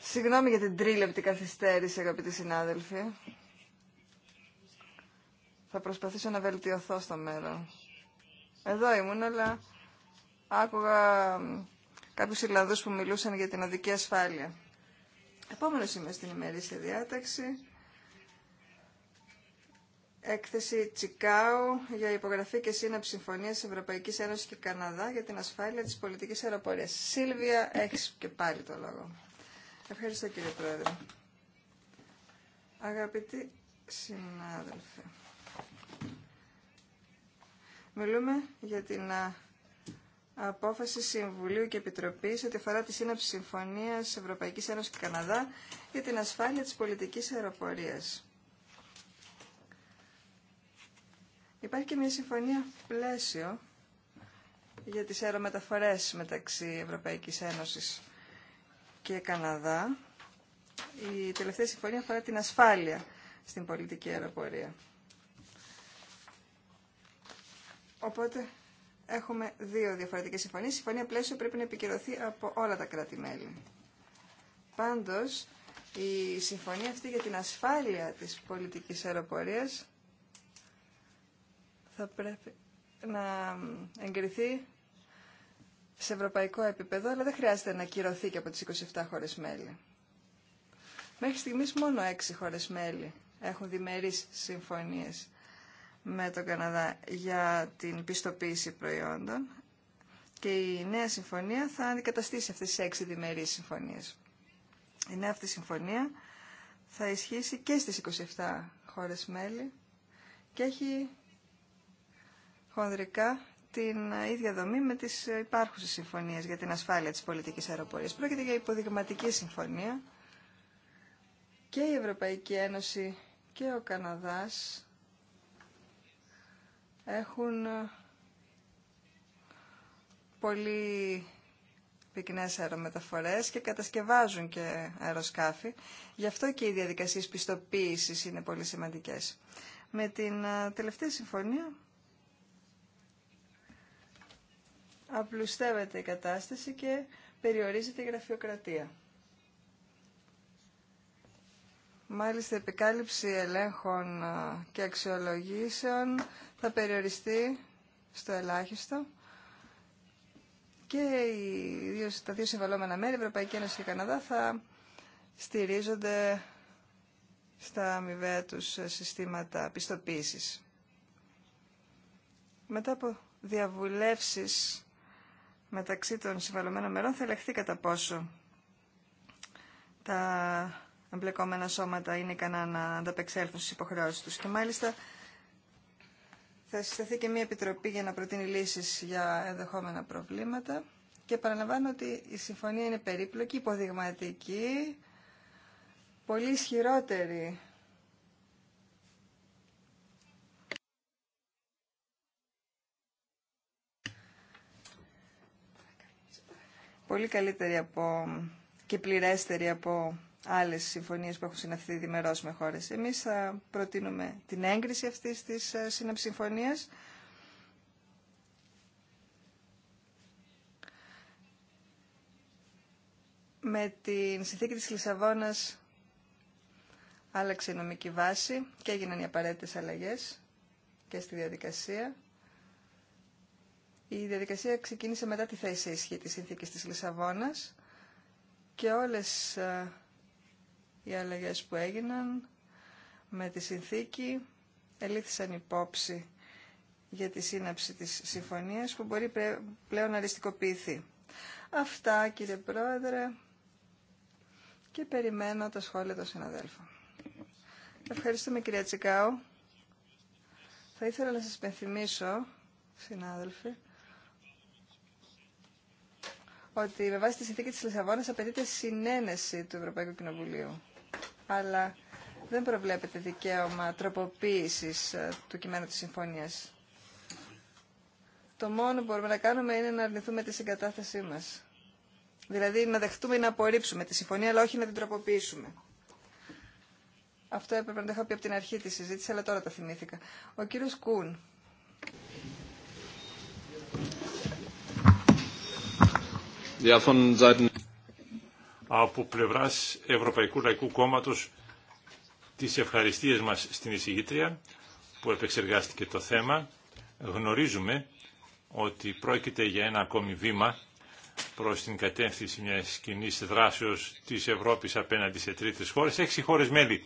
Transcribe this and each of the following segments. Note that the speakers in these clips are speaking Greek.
Συγγνώμη για την τρίλεπτη καθυστέρηση, αγαπητοί συνάδελφοι. Θα προσπαθήσω να βελτιωθώ στο μέρο. Εδώ ήμουν, αλλά άκουγα κάποιου Ιρλανδού που μιλούσαν για την οδική ασφάλεια. Επόμενο είμαι στην ημερήσια διάταξη. Έκθεση Τσικάου για υπογραφή και σύναψη συμφωνία Ευρωπαϊκή Ένωση και Καναδά για την ασφάλεια τη πολιτική αεροπορία. Σίλβια, έχει και πάλι το λόγο. Ευχαριστώ κύριε Πρόεδρε. Αγαπητοί συνάδελφοι, μιλούμε για την απόφαση Συμβουλίου και Επιτροπή ότι αφορά τη σύναψη συμφωνίας Ευρωπαϊκής Ένωση και Καναδά για την ασφάλεια τη πολιτική αεροπορία. Υπάρχει και μια συμφωνία πλαίσιο για τις αερομεταφορές μεταξύ Ευρωπαϊκής Ένωσης και Καναδά. Η τελευταία συμφωνία αφορά την ασφάλεια στην πολιτική αεροπορία. Οπότε έχουμε δύο διαφορετικές συμφωνίες. Η συμφωνία πλαίσιο πρέπει να επικυρωθεί από όλα τα κράτη-μέλη. Πάντως, η συμφωνία αυτή για την ασφάλεια της πολιτικής αεροπορίας θα πρέπει να εγκριθεί σε ευρωπαϊκό επίπεδο, αλλά δεν χρειάζεται να κυρωθεί και από τις 27 χώρες μέλη. Μέχρι στιγμής μόνο 6 χώρες μέλη έχουν διμερείς συμφωνίες με τον Καναδά για την πιστοποίηση προϊόντων και η νέα συμφωνία θα αντικαταστήσει αυτές τις 6 διμερείς συμφωνίες. Η νέα αυτή συμφωνία θα ισχύσει και στις 27 χώρες μέλη και έχει χονδρικά την ίδια δομή με τις υπάρχουσες συμφωνίες για την ασφάλεια της πολιτικής αεροπορίας. Πρόκειται για υποδειγματική συμφωνία και η Ευρωπαϊκή Ένωση και ο Καναδάς έχουν πολύ πυκνές αερομεταφορές και κατασκευάζουν και αεροσκάφη. Γι' αυτό και οι διαδικασίες πιστοποίησης είναι πολύ σημαντικές. Με την τελευταία συμφωνία απλουστεύεται η κατάσταση και περιορίζεται η γραφειοκρατία. Μάλιστα, η επικάλυψη ελέγχων και αξιολογήσεων θα περιοριστεί στο ελάχιστο και οι δύο, τα δύο συμβαλόμενα μέρη, Ευρωπαϊκή Ένωση και Καναδά, θα στηρίζονται στα αμοιβαία τους συστήματα πιστοποίησης. Μετά από διαβουλεύσεις μεταξύ των συμβαλωμένων μερών θα ελεγχθεί κατά πόσο τα εμπλεκόμενα σώματα είναι ικανά να ανταπεξέλθουν στις υποχρεώσεις τους. Και μάλιστα θα συσταθεί και μια επιτροπή για να προτείνει λύσεις για ενδεχόμενα προβλήματα. Και παραλαμβάνω ότι η συμφωνία είναι περίπλοκη, υποδειγματική, πολύ ισχυρότερη πολύ καλύτερη από... και πληρέστερη από άλλες συμφωνίες που έχουν συναυθεί διμερώς με χώρες. Εμείς θα προτείνουμε την έγκριση αυτής της ε, συναψυμφωνίας. Με την συνθήκη της Λισαβόνας άλλαξε η νομική βάση και έγιναν οι απαραίτητες αλλαγές και στη διαδικασία. Η διαδικασία ξεκίνησε μετά τη θέση ισχύ της συνθήκης της Λισαβόνας και όλες ε, οι αλλαγές που έγιναν με τη συνθήκη ελήφθησαν υπόψη για τη σύναψη της συμφωνίας που μπορεί πλέον να αριστικοποιηθεί. Αυτά κύριε Πρόεδρε και περιμένω τα σχόλια των συναδέλφων. Ευχαριστούμε κυρία Τσικάου. Θα ήθελα να σας πενθυμίσω, συνάδελφοι, ότι με βάση τη συνθήκη της Λισαβόνα απαιτείται συνένεση του Ευρωπαϊκού Κοινοβουλίου. Αλλά δεν προβλέπεται δικαίωμα τροποποίησης ε, του κειμένου της συμφωνίας. Το μόνο που μπορούμε να κάνουμε είναι να αρνηθούμε τη συγκατάθεσή μας. Δηλαδή να δεχτούμε ή να απορρίψουμε τη συμφωνία, αλλά όχι να την τροποποιήσουμε. Αυτό έπρεπε να το είχα πει από την αρχή τη συζήτηση, αλλά τώρα το θυμήθηκα. Ο κύριο Κούν Από πλευράς Ευρωπαϊκού Λαϊκού Κόμματο τι ευχαριστίε μας στην εισηγήτρια που επεξεργάστηκε το θέμα. Γνωρίζουμε ότι πρόκειται για ένα ακόμη βήμα προς την κατεύθυνση μια κοινή δράσεως της Ευρώπης απέναντι σε τρίτες χώρες. Έξι χώρες μέλη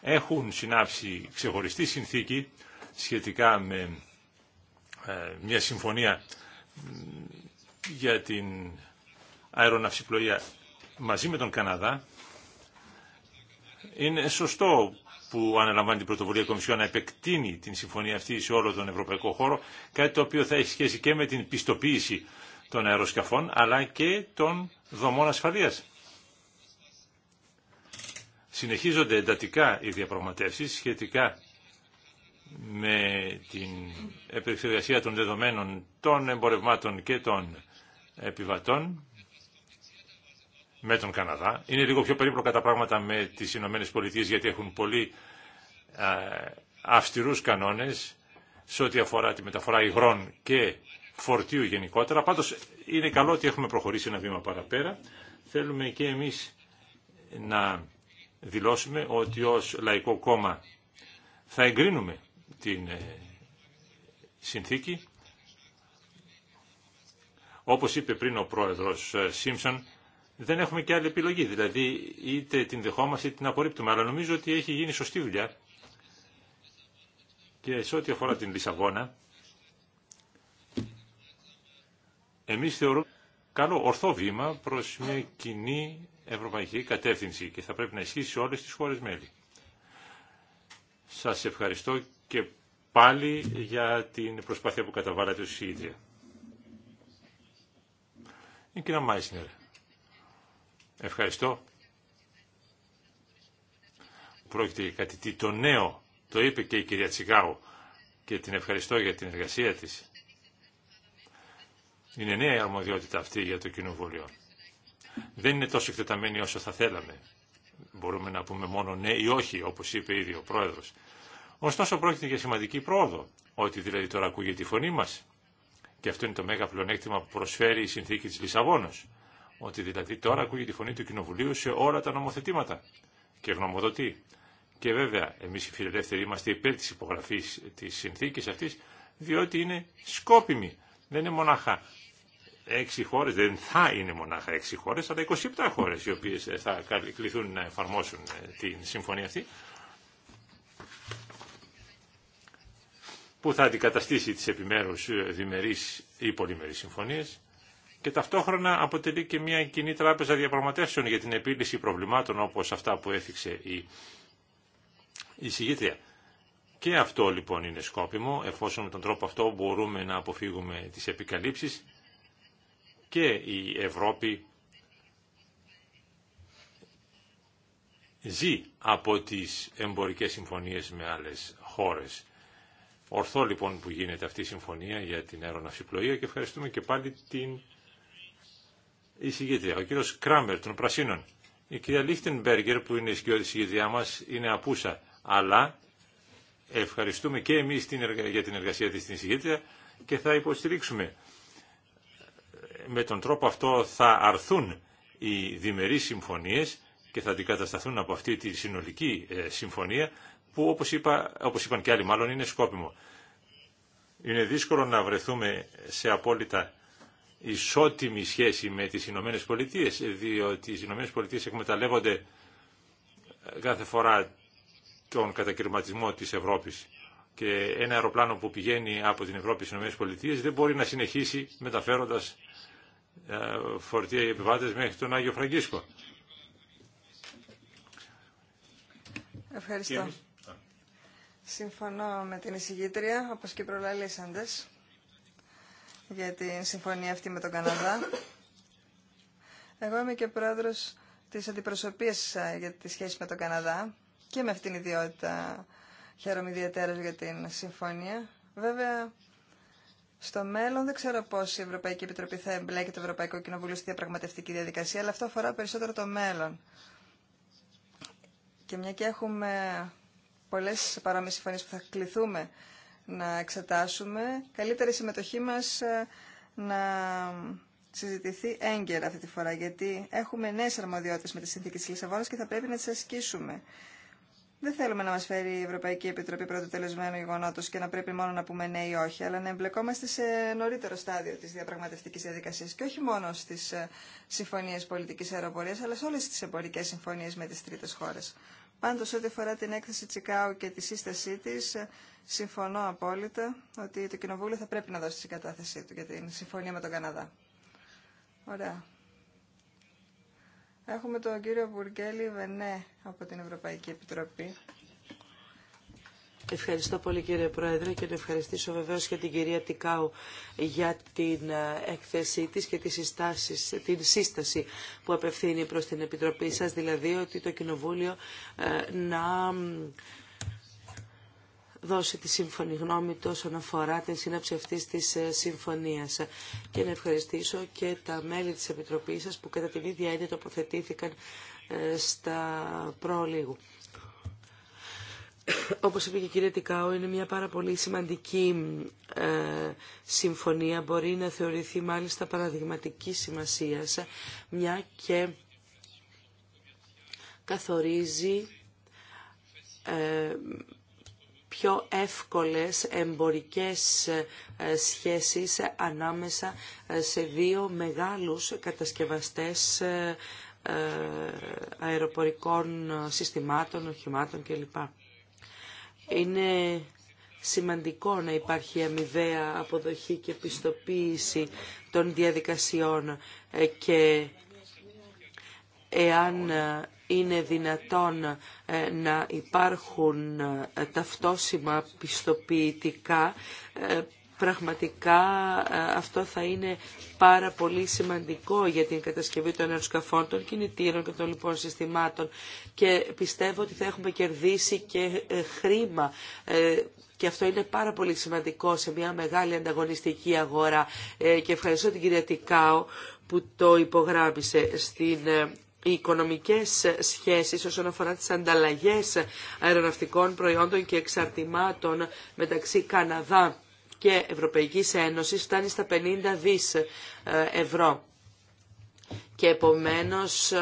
έχουν συνάψει ξεχωριστή συνθήκη σχετικά με ε, μια συμφωνία για την αεροναυσιπλοεία μαζί με τον Καναδά, είναι σωστό που αναλαμβάνει την πρωτοβουλία Κομισιόν να επεκτείνει την συμφωνία αυτή σε όλο τον ευρωπαϊκό χώρο, κάτι το οποίο θα έχει σχέση και με την πιστοποίηση των αεροσκαφών, αλλά και των δομών ασφαλείας. Συνεχίζονται εντατικά οι διαπραγματεύσεις σχετικά με την επεξεργασία των δεδομένων των εμπορευμάτων και των επιβατών με τον Καναδά. Είναι λίγο πιο περίπλοκα τα πράγματα με τις Ηνωμένε Πολιτείες γιατί έχουν πολύ αυστηρούς κανόνες σε ό,τι αφορά τη μεταφορά υγρών και φορτίου γενικότερα. Πάντως είναι καλό ότι έχουμε προχωρήσει ένα βήμα παραπέρα. Θέλουμε και εμείς να δηλώσουμε ότι ως Λαϊκό Κόμμα θα εγκρίνουμε την ε, συνθήκη. Όπως είπε πριν ο πρόεδρος ε, Σίμψον, δεν έχουμε και άλλη επιλογή. Δηλαδή είτε την δεχόμαστε είτε την απορρίπτουμε. Αλλά νομίζω ότι έχει γίνει σωστή δουλειά. Και σε ό,τι αφορά την Λισαβόνα, εμείς θεωρούμε καλό ορθό βήμα προς μια κοινή ευρωπαϊκή κατεύθυνση και θα πρέπει να ισχύσει σε όλες τις χώρες μέλη. Σας ευχαριστώ και πάλι για την προσπάθεια που καταβάλατε ως Μάισνερ. Ευχαριστώ. Πρόκειται για κάτι το νέο, το είπε και η κυρία Τσιγάου και την ευχαριστώ για την εργασία της. Είναι νέα η αρμοδιότητα αυτή για το Κοινοβούλιο. Δεν είναι τόσο εκτεταμένη όσο θα θέλαμε. Μπορούμε να πούμε μόνο ναι ή όχι, όπως είπε ήδη ο Πρόεδρος. Ωστόσο πρόκειται για σημαντική πρόοδο, ότι δηλαδή τώρα ακούγεται η φωνή μας. Και αυτό είναι το μέγα πλεονέκτημα που προσφέρει η συνθήκη της Λισαβόνος. Ότι δηλαδή τώρα ακούγεται τη φωνή του Κοινοβουλίου σε όλα τα νομοθετήματα και γνωμοδοτεί. Και βέβαια εμείς οι φιλελεύθεροι είμαστε υπέρ τη υπογραφής της συνθήκης αυτής διότι είναι σκόπιμη. Δεν είναι μονάχα έξι χώρε. δεν θα είναι μονάχα έξι χώρε, αλλά 27 χώρε οι οποίες θα κληθούν να εφαρμόσουν ε, την συμφωνία αυτή, που θα αντικαταστήσει τι επιμέρου ε, διμερείς ή πολυμερείς συμφωνίε και ταυτόχρονα αποτελεί και μια κοινή τράπεζα διαπραγματεύσεων για την επίλυση προβλημάτων όπως αυτά που έθιξε η, η Και αυτό λοιπόν είναι σκόπιμο, εφόσον με τον τρόπο αυτό μπορούμε να αποφύγουμε τις επικαλύψεις και η Ευρώπη ζει από τις εμπορικές συμφωνίες με άλλες χώρες. Ορθό λοιπόν που γίνεται αυτή η συμφωνία για την αεροναυσιπλοεία και ευχαριστούμε και πάλι την η ο κύριος Κράμερ των Πρασίνων. Η κυρία Λίχτενμπέργκερ που είναι η συγγετριά μας είναι απούσα, αλλά ευχαριστούμε και εμείς για την εργασία της στην εισηγήτρια και θα υποστηρίξουμε. Με τον τρόπο αυτό θα αρθούν οι διμερείς συμφωνίες και θα αντικατασταθούν από αυτή τη συνολική ε, συμφωνία που όπως, είπα, όπως είπαν και άλλοι μάλλον είναι σκόπιμο. Είναι δύσκολο να βρεθούμε σε απόλυτα ισότιμη σχέση με τις Ηνωμένε Πολιτείε, διότι οι Ηνωμένε Πολιτείε εκμεταλλεύονται ε, κάθε φορά τον κατακαιρματισμό της Ευρώπης και ένα αεροπλάνο που πηγαίνει από την Ευρώπη στις Ηνωμένες Πολιτείες δεν μπορεί να συνεχίσει μεταφέροντας ε, φορτία ή επιβάτες μέχρι τον Άγιο Φραγκίσκο. Ευχαριστώ. Συμφωνώ με την εισηγήτρια, όπως και προλαλήσαντες για την συμφωνία αυτή με τον Καναδά. Εγώ είμαι και πρόεδρος της αντιπροσωπείας ε, για τη σχέση με τον Καναδά και με αυτήν την ιδιότητα χαίρομαι ιδιαίτερα για την συμφωνία. Βέβαια, στο μέλλον δεν ξέρω πώ η Ευρωπαϊκή Επιτροπή θα εμπλέκει το Ευρωπαϊκό Κοινοβούλιο στη διαπραγματευτική διαδικασία, αλλά αυτό αφορά περισσότερο το μέλλον. Και μια και έχουμε πολλέ παρόμοιε συμφωνίε που θα κληθούμε να εξετάσουμε, καλύτερη συμμετοχή μας ε, να συζητηθεί έγκαιρα αυτή τη φορά, γιατί έχουμε νέες αρμοδιότητες με τη συνθήκη της Λισαβόνας και θα πρέπει να τις ασκήσουμε. Δεν θέλουμε να μας φέρει η Ευρωπαϊκή Επιτροπή πρώτο τελεσμένο γεγονότος και να πρέπει μόνο να πούμε ναι ή όχι, αλλά να εμπλεκόμαστε σε νωρίτερο στάδιο της διαπραγματευτικής διαδικασίας και όχι μόνο στις ε, συμφωνίες πολιτικής αεροπορίας, αλλά σε όλες τις εμπορικές συμφωνίες με τις τρίτες χώρες. Πάντως, ό,τι αφορά την έκθεση Τσικάου και τη σύστασή της, ε, συμφωνώ απόλυτα ότι το Κοινοβούλιο θα πρέπει να δώσει τη συγκατάθεσή του για την συμφωνία με τον Καναδά. Ωραία. Έχουμε τον κύριο Μπουργκέλη Βενέ από την Ευρωπαϊκή Επιτροπή. Ευχαριστώ πολύ κύριε Πρόεδρε και να ευχαριστήσω βεβαίως και την κυρία Τικάου για την ε, έκθεσή της και τις συστάσεις, την σύσταση που απευθύνει προς την Επιτροπή σας, δηλαδή ότι το Κοινοβούλιο ε, να δώσει τη σύμφωνη γνώμη του όσον αφορά την σύναψη αυτή τη ε, συμφωνία. Και να ευχαριστήσω και τα μέλη τη Επιτροπή σα που κατά την ίδια έννοια τοποθετήθηκαν ε, στα προλίγου. Όπω είπε και η κυρία Τικάου, είναι μια πάρα πολύ σημαντική ε, συμφωνία. Μπορεί να θεωρηθεί μάλιστα παραδειγματική σημασία, μια και καθορίζει πιο εύκολες εμπορικές ε, σχέσεις ανάμεσα ε, σε δύο μεγάλους κατασκευαστές ε, αεροπορικών συστημάτων, οχημάτων κλπ. Είναι σημαντικό να υπάρχει αμοιβαία αποδοχή και πιστοποίηση των διαδικασιών και εάν είναι δυνατόν ε, να υπάρχουν ε, ταυτόσημα πιστοποιητικά ε, πραγματικά αυτό θα είναι πάρα πολύ σημαντικό για την κατασκευή των αεροσκαφών, των κινητήρων και των λοιπόν συστημάτων και πιστεύω ότι θα έχουμε κερδίσει και χρήμα και αυτό είναι πάρα πολύ σημαντικό σε μια μεγάλη ανταγωνιστική αγορά και ευχαριστώ την κυρία που το υπογράμμισε στην οι οικονομικές σχέσεις όσον αφορά τις ανταλλαγές αεροναυτικών προϊόντων και εξαρτημάτων μεταξύ Καναδά και Ευρωπαϊκής Ένωσης φτάνει στα 50 δις ε, ευρώ και επομένως ε,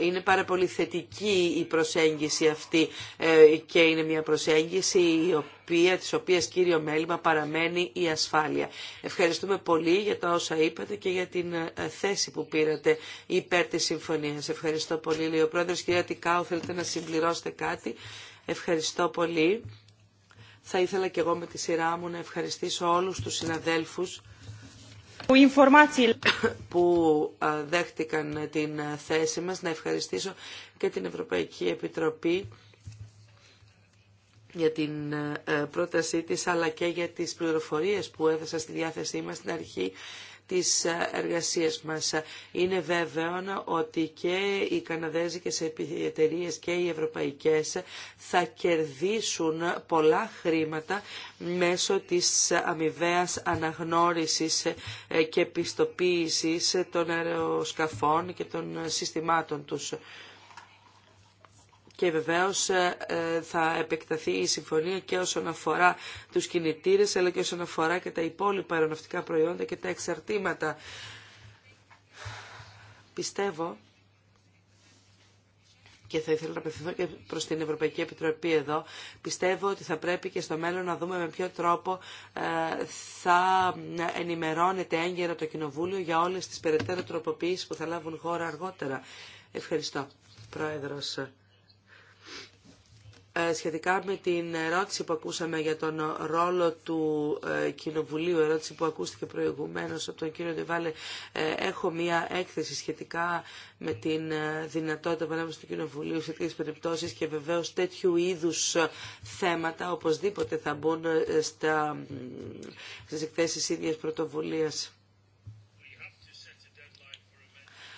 ε, είναι πάρα πολύ θετική η προσέγγιση αυτή ε, και είναι μια προσέγγιση η οποία, της οποίας κύριο μέλημα παραμένει η ασφάλεια. Ευχαριστούμε πολύ για τα όσα είπατε και για την θέση που πήρατε υπέρ της συμφωνίας. Ευχαριστώ πολύ, λέει ο Πρόεδρος. Κυρία Τικάου, θέλετε να συμπληρώσετε κάτι. Ευχαριστώ πολύ. Θα ήθελα και εγώ με τη σειρά μου να ευχαριστήσω όλους τους συναδέλφους που δέχτηκαν την θέση μας. Να ευχαριστήσω και την Ευρωπαϊκή Επιτροπή για την ε, πρότασή της αλλά και για τις πληροφορίες που έδωσα στη διάθεσή μας στην αρχή της εργασίες μας. Είναι βέβαιο ότι και οι καναδέζικες εταιρείε και οι ευρωπαϊκές θα κερδίσουν πολλά χρήματα μέσω της αμοιβαία αναγνώρισης και πιστοποίησης των αεροσκαφών και των συστημάτων τους και βεβαίως ε, ε, θα επεκταθεί η συμφωνία και όσον αφορά τους κινητήρες αλλά και όσον αφορά και τα υπόλοιπα αεροναυτικά προϊόντα και τα εξαρτήματα. Πιστεύω και θα ήθελα να απευθυνθώ και προς την Ευρωπαϊκή Επιτροπή εδώ, πιστεύω ότι θα πρέπει και στο μέλλον να δούμε με ποιο τρόπο ε, θα ενημερώνεται έγκαιρα το Κοινοβούλιο για όλες τις περαιτέρω τροποποιήσεις που θα λάβουν χώρα αργότερα. Ευχαριστώ, Πρόεδρος. Ε, σχετικά με την ερώτηση που ακούσαμε για τον ρόλο του ε, Κοινοβουλίου, ερώτηση που ακούστηκε προηγουμένως από τον κύριο Ντεβάλε, ε, έχω μία έκθεση σχετικά με την δυνατότητα παρέμβασης του Κοινοβουλίου σε τέτοιες περιπτώσεις και βεβαίως τέτοιου είδους θέματα οπωσδήποτε θα μπουν στα, στις εκθέσεις ίδιας πρωτοβουλίας.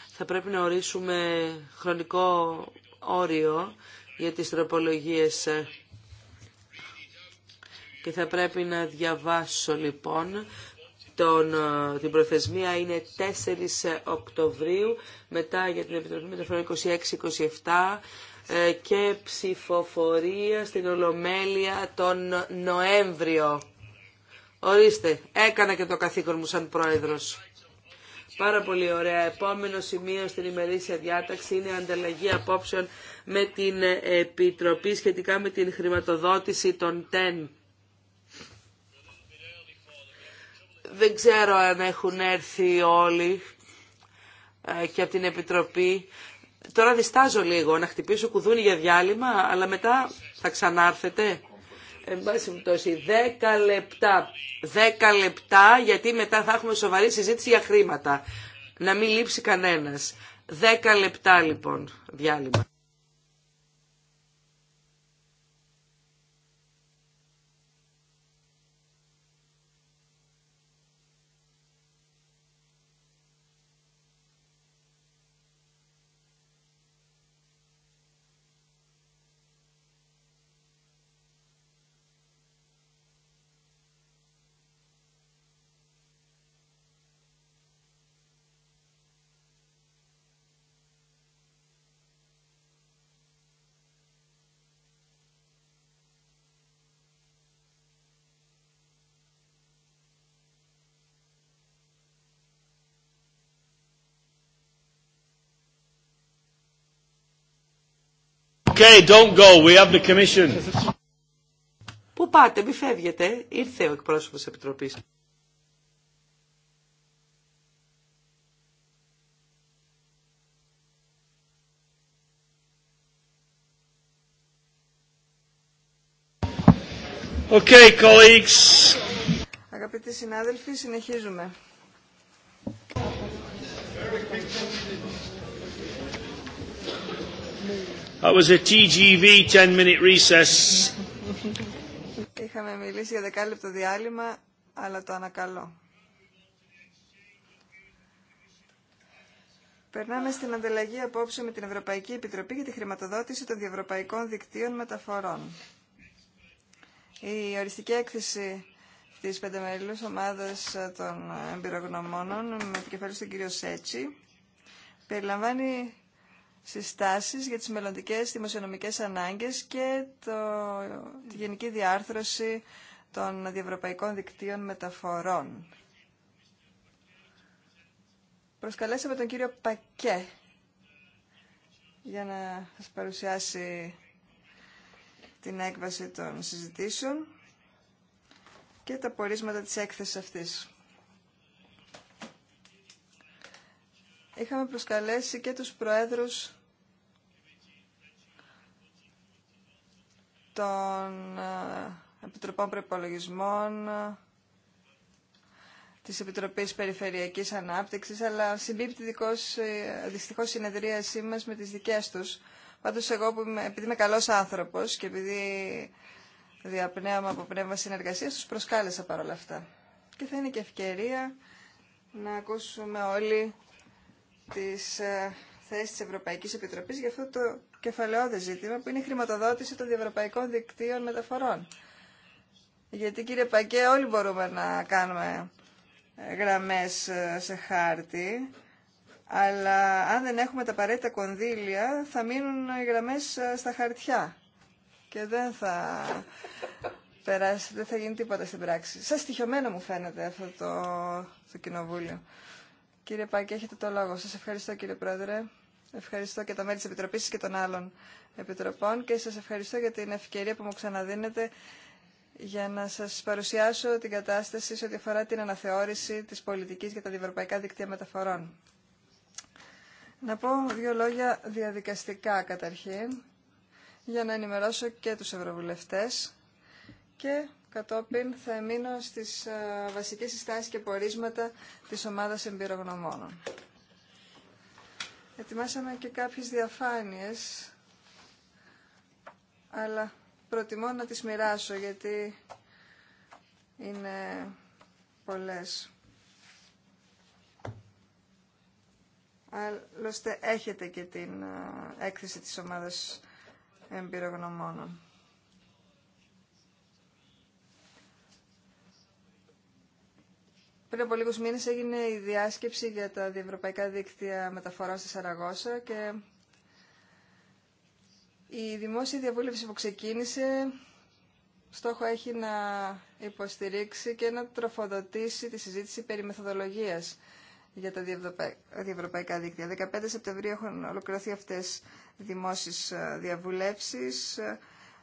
Θα πρέπει να ορίσουμε χρονικό όριο για τις τροπολογίες και θα πρέπει να διαβάσω λοιπόν τον, την προθεσμία είναι 4 Οκτωβρίου μετά για την Επιτροπή Μεταφορών 26-27 ε, και ψηφοφορία στην Ολομέλεια τον Νοέμβριο. Ορίστε, έκανα και το καθήκον μου σαν πρόεδρος. Πάρα πολύ ωραία. Επόμενο σημείο στην ημερήσια διάταξη είναι ανταλλαγή απόψεων με την ε, Επιτροπή σχετικά με την χρηματοδότηση των ΤΕΝ. Δεν ξέρω αν έχουν έρθει όλοι ε, και από την Επιτροπή. Τώρα διστάζω λίγο να χτυπήσω κουδούνι για διάλειμμα, αλλά μετά θα ξανάρθετε. Εν πάση περιπτώσει, 10 λεπτά. 10 λεπτά, γιατί μετά θα έχουμε σοβαρή συζήτηση για χρήματα. Να μην λείψει κανένας. 10 λεπτά λοιπόν διάλειμμα. Okay, don't go. We have the commission. Πού πάτε, μη φεύγετε. Ήρθε ο εκπρόσωπος Επιτροπής. Okay, colleagues. Αγαπητοί συνάδελφοι, συνεχίζουμε. Thank you. Είχαμε μιλήσει για δεκάλεπτο διάλειμμα, αλλά το ανακαλώ. Περνάμε στην ανταλλαγή απόψε με την Ευρωπαϊκή Επιτροπή για τη χρηματοδότηση των διευρωπαϊκών δικτύων μεταφορών. Η οριστική έκθεση της πεντεμεριλούς ομάδας των εμπειρογνωμόνων με επικεφαλή τον κύριο Σέτσι περιλαμβάνει συστάσεις για τις μελλοντικές δημοσιονομικές ανάγκες και το, τη γενική διάρθρωση των διευρωπαϊκών δικτύων μεταφορών. Προσκαλέσαμε τον κύριο Πακέ για να σας παρουσιάσει την έκβαση των συζητήσεων και τα πορίσματα της έκθεσης αυτής. είχαμε προσκαλέσει και τους προέδρους των ε, Επιτροπών Προπολογισμών, της Επιτροπής Περιφερειακής Ανάπτυξης, αλλά συμπίπτει δικός, ε, δυστυχώς η συνεδρίασή μας με τις δικές τους. Πάντως εγώ, που επειδή είμαι καλός άνθρωπος και επειδή διαπνέαμε από πνεύμα συνεργασίας, τους προσκάλεσα παρόλα αυτά. Και θα είναι και ευκαιρία να ακούσουμε όλοι της ε, θέσης της Ευρωπαϊκής Επιτροπής για αυτό το κεφαλαιόδε ζήτημα που είναι η χρηματοδότηση των διευρωπαϊκών δικτύων μεταφορών. Γιατί κύριε Πακέ όλοι μπορούμε να κάνουμε ε, γραμμές ε, σε χάρτη, αλλά αν δεν έχουμε τα απαραίτητα κονδύλια θα μείνουν οι γραμμές στα χαρτιά και δεν θα περάσει, δεν θα γίνει τίποτα στην πράξη. Σας στοιχειωμένο μου φαίνεται αυτό το κοινοβούλιο. Κύριε Πάκη, έχετε το λόγο. Σας ευχαριστώ κύριε Πρόεδρε. Ευχαριστώ και τα μέλη της Επιτροπής και των άλλων Επιτροπών και σας ευχαριστώ για την ευκαιρία που μου ξαναδίνετε για να σας παρουσιάσω την κατάσταση σε ό,τι αφορά την αναθεώρηση της πολιτικής για τα διευρωπαϊκά δικτύα μεταφορών. Να πω δύο λόγια διαδικαστικά καταρχήν, για να ενημερώσω και τους ευρωβουλευτές και Κατόπιν θα εμείνω στις ε, βασικές συστάσεις και πορίσματα της ομάδας εμπειρογνωμόνων. Ετοιμάσαμε και κάποιες διαφάνειες, αλλά προτιμώ να τις μοιράσω γιατί είναι πολλές. Άλλωστε έχετε και την ε, έκθεση της ομάδας εμπειρογνωμόνων. Πριν από λίγους μήνες έγινε η διάσκεψη για τα διευρωπαϊκά δίκτυα μεταφορών στη Σαραγώσα και η δημόσια διαβούλευση που ξεκίνησε στόχο έχει να υποστηρίξει και να τροφοδοτήσει τη συζήτηση περί μεθοδολογίας για τα διευρωπαϊκά δίκτυα. 15 Σεπτεμβρίου έχουν ολοκληρωθεί αυτές οι δημόσιες ε, διαβουλεύσεις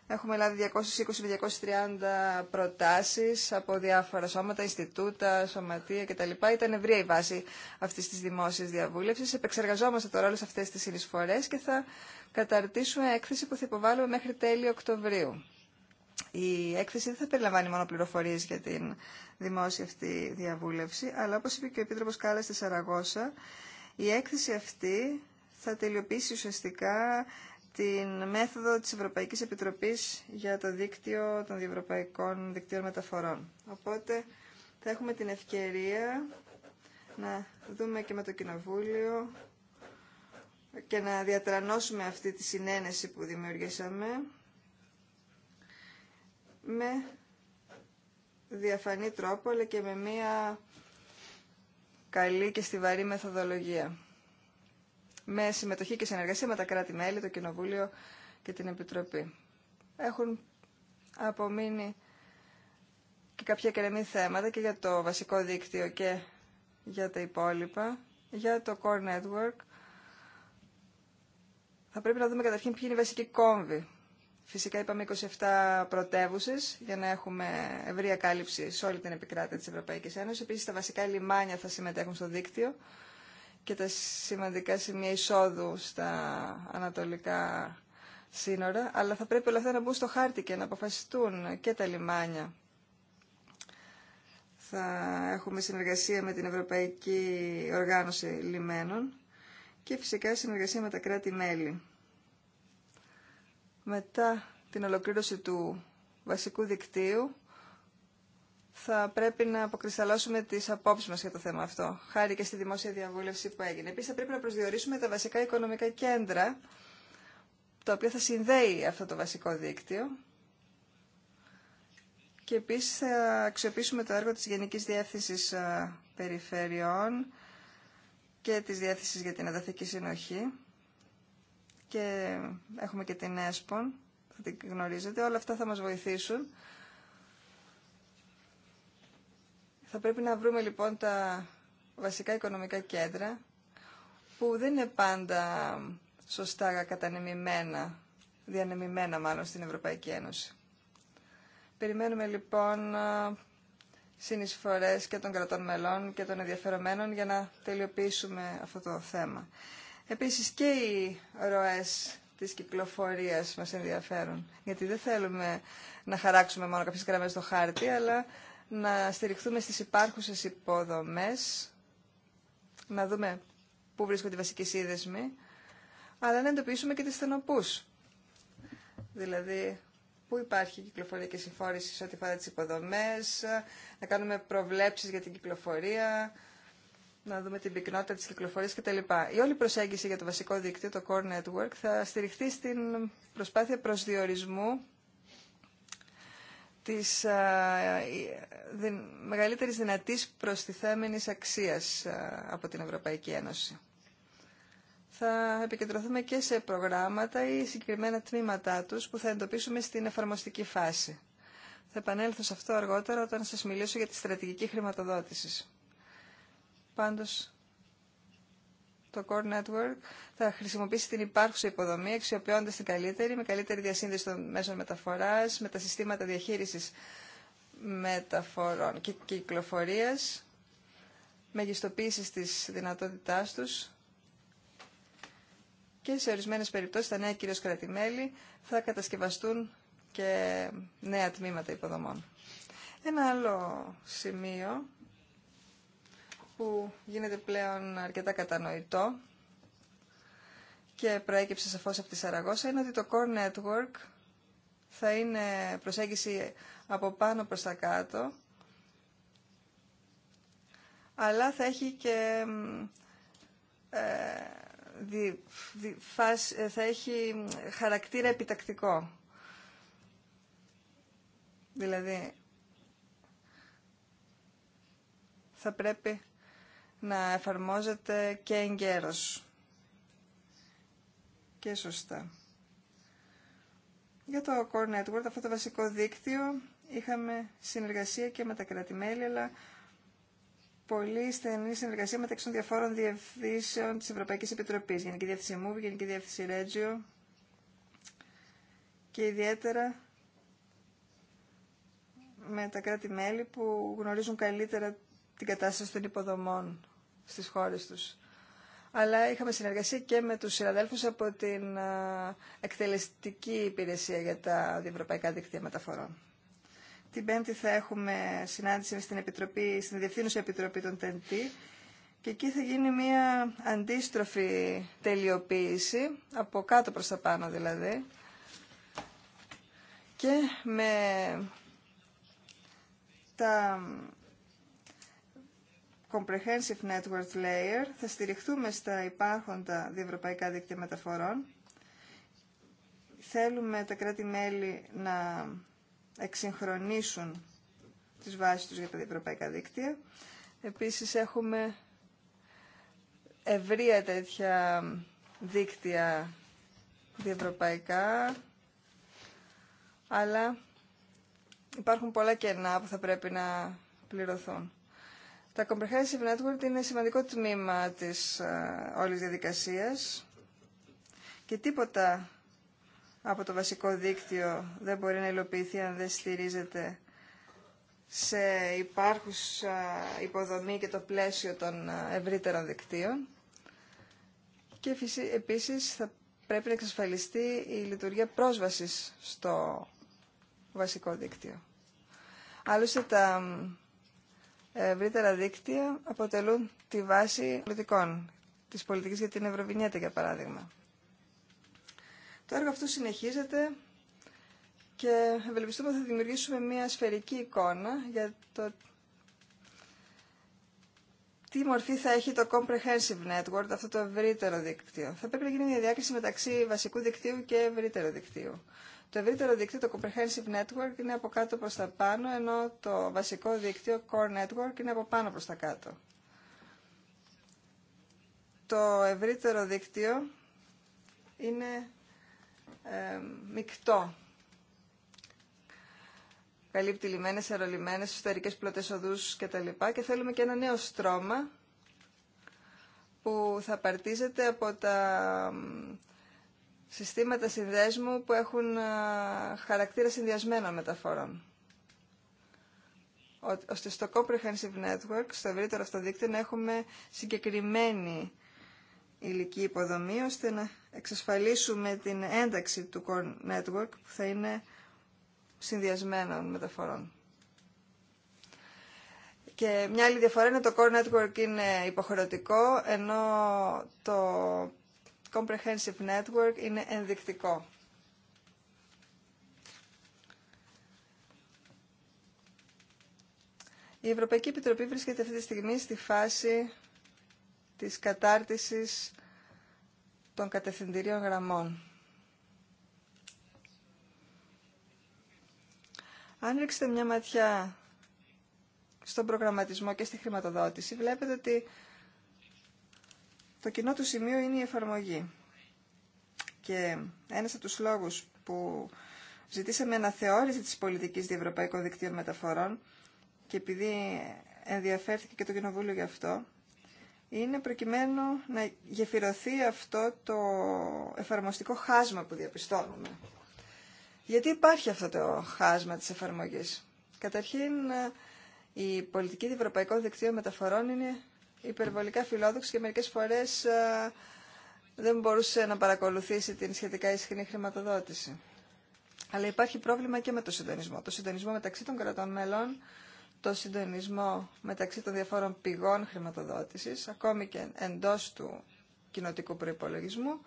Έχουμε λάβει 220 230 προτάσει από διάφορα σώματα, Ινστιτούτα, Σωματεία κτλ. Ήταν ευρία η βάση αυτή τη δημόσιας διαβούλευση. Επεξεργαζόμαστε τώρα όλε αυτέ τι συνεισφορέ και θα καταρτήσουμε έκθεση που θα υποβάλουμε μέχρι τέλη Οκτωβρίου. Η έκθεση δεν θα περιλαμβάνει μόνο πληροφορίε για την δημόσια αυτή διαβούλευση, αλλά όπω είπε και ο Επίτροπο Κάλλα στη Σαραγώσα, η έκθεση αυτή θα τελειοποιήσει ουσιαστικά την μέθοδο της Ευρωπαϊκής Επιτροπής για το δίκτυο των διευρωπαϊκών δικτύων μεταφορών. Οπότε θα έχουμε την ευκαιρία να δούμε και με το Κοινοβούλιο και να διατρανώσουμε αυτή τη συνένεση που δημιουργήσαμε με διαφανή τρόπο αλλά και με μία καλή και στιβαρή μεθοδολογία με συμμετοχή και συνεργασία με τα κράτη-μέλη, το Κοινοβούλιο και την Επιτροπή. Έχουν απομείνει και κάποια κρεμή θέματα και για το βασικό δίκτυο και για τα υπόλοιπα, για το Core Network. Θα πρέπει να δούμε καταρχήν ποιοι είναι οι βασικοί κόμβοι. Φυσικά είπαμε 27 πρωτεύουσε για να έχουμε ευρία κάλυψη σε όλη την επικράτεια της Ευρωπαϊκής Ένωσης. Επίσης τα βασικά λιμάνια θα συμμετέχουν στο δίκτυο και τα σημαντικά σημεία εισόδου στα ανατολικά σύνορα, αλλά θα πρέπει όλα αυτά να μπουν στο χάρτη και να αποφασιστούν και τα λιμάνια. Θα έχουμε συνεργασία με την Ευρωπαϊκή Οργάνωση Λιμένων και φυσικά συνεργασία με τα κράτη-μέλη. Μετά την ολοκλήρωση του βασικού δικτύου θα πρέπει να αποκρισταλώσουμε τι απόψει μα για το θέμα αυτό, χάρη και στη δημόσια διαβούλευση που έγινε. Επίση, θα πρέπει να προσδιορίσουμε τα βασικά οικονομικά κέντρα, τα οποία θα συνδέει αυτό το βασικό δίκτυο. Και επίση θα αξιοποιήσουμε το έργο τη Γενική Διεύθυνση ε, Περιφερειών και τη Διεύθυνση για την Εδαφική Συνοχή. Και έχουμε και την ΕΣΠΟΝ, θα την γνωρίζετε. Όλα αυτά θα μα βοηθήσουν Θα πρέπει να βρούμε λοιπόν τα βασικά οικονομικά κέντρα που δεν είναι πάντα σωστά κατανεμημένα, διανεμημένα μάλλον στην Ευρωπαϊκή Ένωση. Περιμένουμε λοιπόν συνεισφορές και των κρατών μελών και των ενδιαφερομένων για να τελειοποιήσουμε αυτό το θέμα. Επίσης και οι ροές της κυκλοφορίας μας ενδιαφέρουν, γιατί δεν θέλουμε να χαράξουμε μόνο κάποιες γραμμές στο χάρτη, αλλά να στηριχθούμε στις υπάρχουσες υποδομές, να δούμε πού βρίσκονται οι βασικοί σύνδεσμοι, αλλά να εντοπίσουμε και τις στενοπούς. Δηλαδή, πού υπάρχει κυκλοφορία και συμφόρηση σε ό,τι αφορά τις υποδομές, να κάνουμε προβλέψεις για την κυκλοφορία, να δούμε την πυκνότητα της κυκλοφορίας κτλ. Η όλη προσέγγιση για το βασικό δίκτυο, το Core Network, θα στηριχθεί στην προσπάθεια προσδιορισμού της ε, ε, μεγαλύτερης δυνατής προστιθέμενης αξίας ε, από την Ευρωπαϊκή Ένωση. Θα επικεντρωθούμε και σε προγράμματα ή συγκεκριμένα τμήματά τους που θα εντοπίσουμε στην εφαρμοστική φάση. Θα επανέλθω σε αυτό αργότερα όταν σας μιλήσω για τη στρατηγική χρηματοδότηση. Πάντως, το Core Network θα χρησιμοποιήσει την υπάρχουσα υποδομή, αξιοποιώντα την καλύτερη, με καλύτερη διασύνδεση των μέσων μεταφορά, με τα συστήματα διαχείριση μεταφορών και κυκλοφορία, μεγιστοποίηση τη δυνατότητά του και σε ορισμένε περιπτώσει τα νέα κυρίω κρατημέλη θα κατασκευαστούν και νέα τμήματα υποδομών. Ένα άλλο σημείο που γίνεται πλέον αρκετά κατανοητό και προέκυψε σαφώς από τη Σαραγώσα είναι ότι το Core Network θα είναι προσέγγιση από πάνω προς τα κάτω αλλά θα έχει και ε, ε, θα έχει χαρακτήρα επιτακτικό. Δηλαδή, θα πρέπει να εφαρμόζεται και εγκαίρως και σωστά. Για το Core Network, αυτό το βασικό δίκτυο, είχαμε συνεργασία και με τα κρατημέλη, αλλά πολύ στενή συνεργασία μεταξύ των διαφόρων διευθύνσεων της Ευρωπαϊκής Επιτροπής, Γενική Διεύθυνση MOVE, Γενική Διεύθυνση Regio και ιδιαίτερα με τα κράτη-μέλη που γνωρίζουν καλύτερα την κατάσταση των υποδομών στις χώρες τους. Αλλά είχαμε συνεργασία και με τους συναδέλφους από την εκτελεστική υπηρεσία για τα διευρωπαϊκά δίκτυα μεταφορών. Την Πέμπτη θα έχουμε συνάντηση στην, Επιτροπή, στην Διευθύνουσα Επιτροπή των ΤΕΝΤΗ και εκεί θα γίνει μια αντίστροφη τελειοποίηση, από κάτω προς τα πάνω δηλαδή, και με τα Comprehensive Network Layer θα στηριχτούμε στα υπάρχοντα διευρωπαϊκά δίκτυα μεταφορών. Θέλουμε τα κράτη-μέλη να εξυγχρονίσουν τις βάσεις τους για τα διευρωπαϊκά δίκτυα. Επίσης έχουμε ευρεία τέτοια δίκτυα διευρωπαϊκά, αλλά υπάρχουν πολλά κενά που θα πρέπει να πληρωθούν. Τα comprehensive network είναι σημαντικό τμήμα της ε, όλης διαδικασίας και τίποτα από το βασικό δίκτυο δεν μπορεί να υλοποιηθεί αν δεν στηρίζεται σε υπάρχουσα υποδομή και το πλαίσιο των ε, ευρύτερων δικτύων. Και επίσης θα πρέπει να εξασφαλιστεί η λειτουργία πρόσβασης στο βασικό δίκτυο. Άλλωστε τα ευρύτερα δίκτυα αποτελούν τη βάση πολιτικών, της πολιτικής για την Ευρωβινιέτα για παράδειγμα. Το έργο αυτό συνεχίζεται και ευελπιστούμε ότι θα δημιουργήσουμε μια σφαιρική εικόνα για το τι μορφή θα έχει το Comprehensive Network, αυτό το ευρύτερο δίκτυο. Θα πρέπει να γίνει μια διάκριση μεταξύ βασικού δικτύου και ευρύτερου δικτύου. Το ευρύτερο δίκτυο, το Comprehensive Network, είναι από κάτω προς τα πάνω, ενώ το βασικό δίκτυο, Core Network, είναι από πάνω προς τα κάτω. Το ευρύτερο δίκτυο είναι ε, μεικτό. Καλύπτει λιμένες, αερολιμένες, ιστορικές πλωτές οδούς κτλ. Και θέλουμε και ένα νέο στρώμα που θα παρτίζεται από τα συστήματα συνδέσμου που έχουν χαρακτήρα συνδυασμένων μεταφορών ώστε στο Comprehensive Network, στο ευρύτερο αυτό δίκτυο, να έχουμε συγκεκριμένη υλική υποδομή, ώστε να εξασφαλίσουμε την ένταξη του Core Network, που θα είναι συνδυασμένων μεταφορών. Και μια άλλη διαφορά είναι το Core Network είναι υποχρεωτικό, ενώ το Comprehensive Network είναι ενδεικτικό. Η Ευρωπαϊκή Επιτροπή βρίσκεται αυτή τη στιγμή στη φάση της κατάρτισης των κατευθυντηρίων γραμμών. Αν ρίξετε μια ματιά στον προγραμματισμό και στη χρηματοδότηση, βλέπετε ότι το κοινό του σημείο είναι η εφαρμογή. Και ένας από τους λόγους που ζητήσαμε αναθεώρηση της πολιτικής διευρωπαϊκών δικτύων μεταφορών και επειδή ενδιαφέρθηκε και το Κοινοβούλιο γι' αυτό, είναι προκειμένου να γεφυρωθεί αυτό το εφαρμοστικό χάσμα που διαπιστώνουμε. Γιατί υπάρχει αυτό το χάσμα της εφαρμογής. Καταρχήν, η πολιτική διευρωπαϊκών δικτύων μεταφορών είναι υπερβολικά φιλόδοξη και μερικές φορές ε, δεν μπορούσε να παρακολουθήσει την σχετικά ισχυρή χρηματοδότηση. Αλλά υπάρχει πρόβλημα και με το συντονισμό. Το συντονισμό μεταξύ των κρατών μέλων, το συντονισμό μεταξύ των διαφόρων πηγών χρηματοδότησης, ακόμη και εντός του κοινοτικού προϋπολογισμού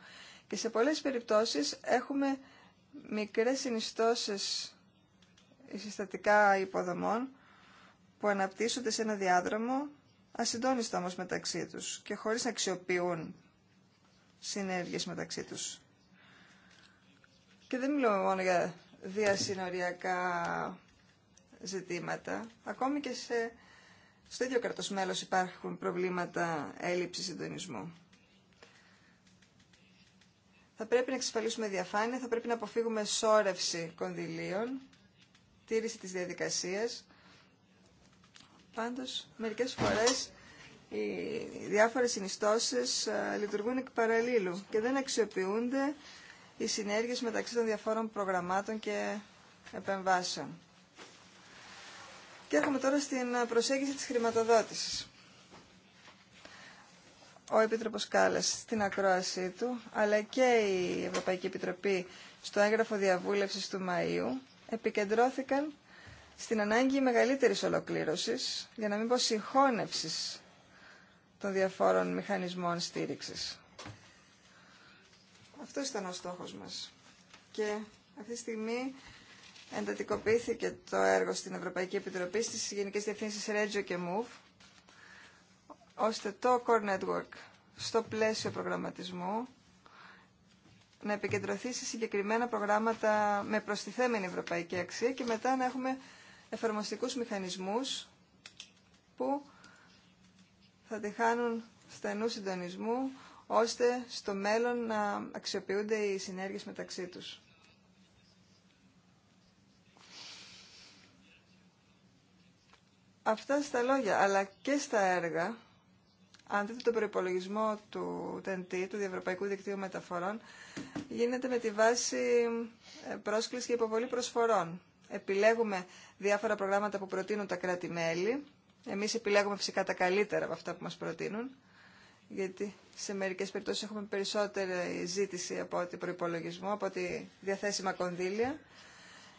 και σε πολλές περιπτώσεις έχουμε μικρές συνιστώσεις συστατικά υποδομών που αναπτύσσονται σε ένα διάδρομο ασυντόνιστα όμως μεταξύ τους και χωρίς να αξιοποιούν συνέργειες μεταξύ τους. Και δεν μιλούμε μόνο για διασυνοριακά ζητήματα. Ακόμη και σε, στο ίδιο κρατος υπάρχουν προβλήματα έλλειψης συντονισμού. Θα πρέπει να εξασφαλίσουμε διαφάνεια, θα πρέπει να αποφύγουμε σόρευση κονδυλίων, τήρηση της διαδικασίας, Πάντως, μερικές φορές οι διάφορες συνιστώσεις ε, λειτουργούν εκ παραλλήλου και δεν αξιοποιούνται οι συνέργειες μεταξύ των διαφόρων προγραμμάτων και επεμβάσεων. Και έρχομαι τώρα στην προσέγγιση της χρηματοδότησης. Ο Επίτροπος Κάλλας στην ακρόασή του, αλλά και η Ευρωπαϊκή Επιτροπή στο έγγραφο διαβούλευσης του Μαΐου, επικεντρώθηκαν στην ανάγκη μεγαλύτερης ολοκλήρωσης, για να μην πω συγχώνευσης των διαφόρων μηχανισμών στήριξης. Αυτό ήταν ο στόχος μας. Και αυτή τη στιγμή εντατικοποιήθηκε το έργο στην Ευρωπαϊκή Επιτροπή στις Γενικές Διευθύνσεις Regio και MOVE, ώστε το Core Network στο πλαίσιο προγραμματισμού να επικεντρωθεί σε συγκεκριμένα προγράμματα με προστιθέμενη ευρωπαϊκή αξία και μετά να έχουμε εφαρμοστικούς μηχανισμούς που θα τη χάνουν στενού συντονισμού ώστε στο μέλλον να αξιοποιούνται οι συνέργειες μεταξύ τους. Αυτά στα λόγια, αλλά και στα έργα, αν δείτε τον προπολογισμό του TNT, του Διευρωπαϊκού Δικτύου Μεταφορών, γίνεται με τη βάση ε, πρόσκληση και υποβολή προσφορών επιλέγουμε διάφορα προγράμματα που προτείνουν τα κράτη-μέλη. Εμείς επιλέγουμε φυσικά τα καλύτερα από αυτά που μας προτείνουν, γιατί σε μερικές περιπτώσεις έχουμε περισσότερη ζήτηση από ό,τι προϋπολογισμό, από ό,τι διαθέσιμα κονδύλια.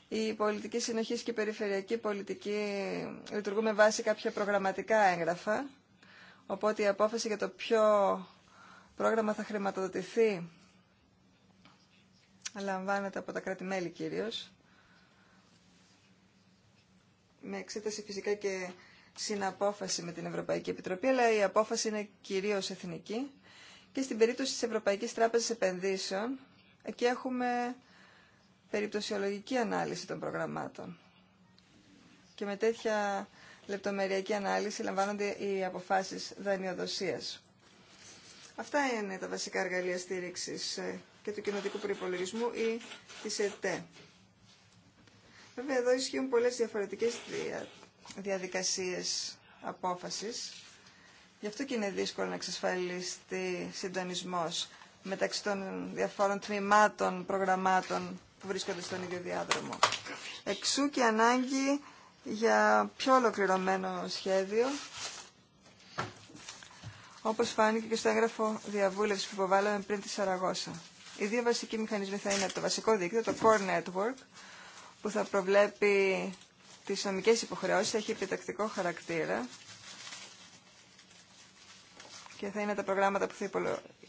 Η πολιτική συνοχή και η περιφερειακή πολιτική λειτουργούν με βάση κάποια προγραμματικά έγγραφα, οπότε η απόφαση για το ποιο πρόγραμμα θα χρηματοδοτηθεί λαμβάνεται από τα κράτη-μέλη κυρίως με εξέταση φυσικά και συναπόφαση με την Ευρωπαϊκή Επιτροπή, αλλά η απόφαση είναι κυρίως εθνική. Και στην περίπτωση της Ευρωπαϊκής Τράπεζας Επενδύσεων, εκεί έχουμε περιπτωσιολογική ανάλυση των προγραμμάτων. Και με τέτοια λεπτομεριακή ανάλυση λαμβάνονται οι αποφάσεις δανειοδοσίας. Αυτά είναι τα βασικά εργαλεία στήριξης ε, και του κοινοτικού προϋπολογισμού ή της ΕΤΕ. Βέβαια εδώ ισχύουν πολλές διαφορετικές διαδικασίες απόφασης. Γι' αυτό και είναι δύσκολο να εξασφαλιστεί συντονισμός μεταξύ των διαφόρων τμήματων, προγραμμάτων που βρίσκονται στον ίδιο διάδρομο. Εξού και ανάγκη για πιο ολοκληρωμένο σχέδιο, όπως φάνηκε και στο έγγραφο διαβούλευση που υποβάλαμε πριν τη Σαραγώσα. Οι δύο βασικοί μηχανισμοί θα είναι το βασικό δίκτυο, το Core Network, που θα προβλέπει τις νομικές υποχρεώσεις, έχει επιτακτικό χαρακτήρα και θα είναι τα προγράμματα που θα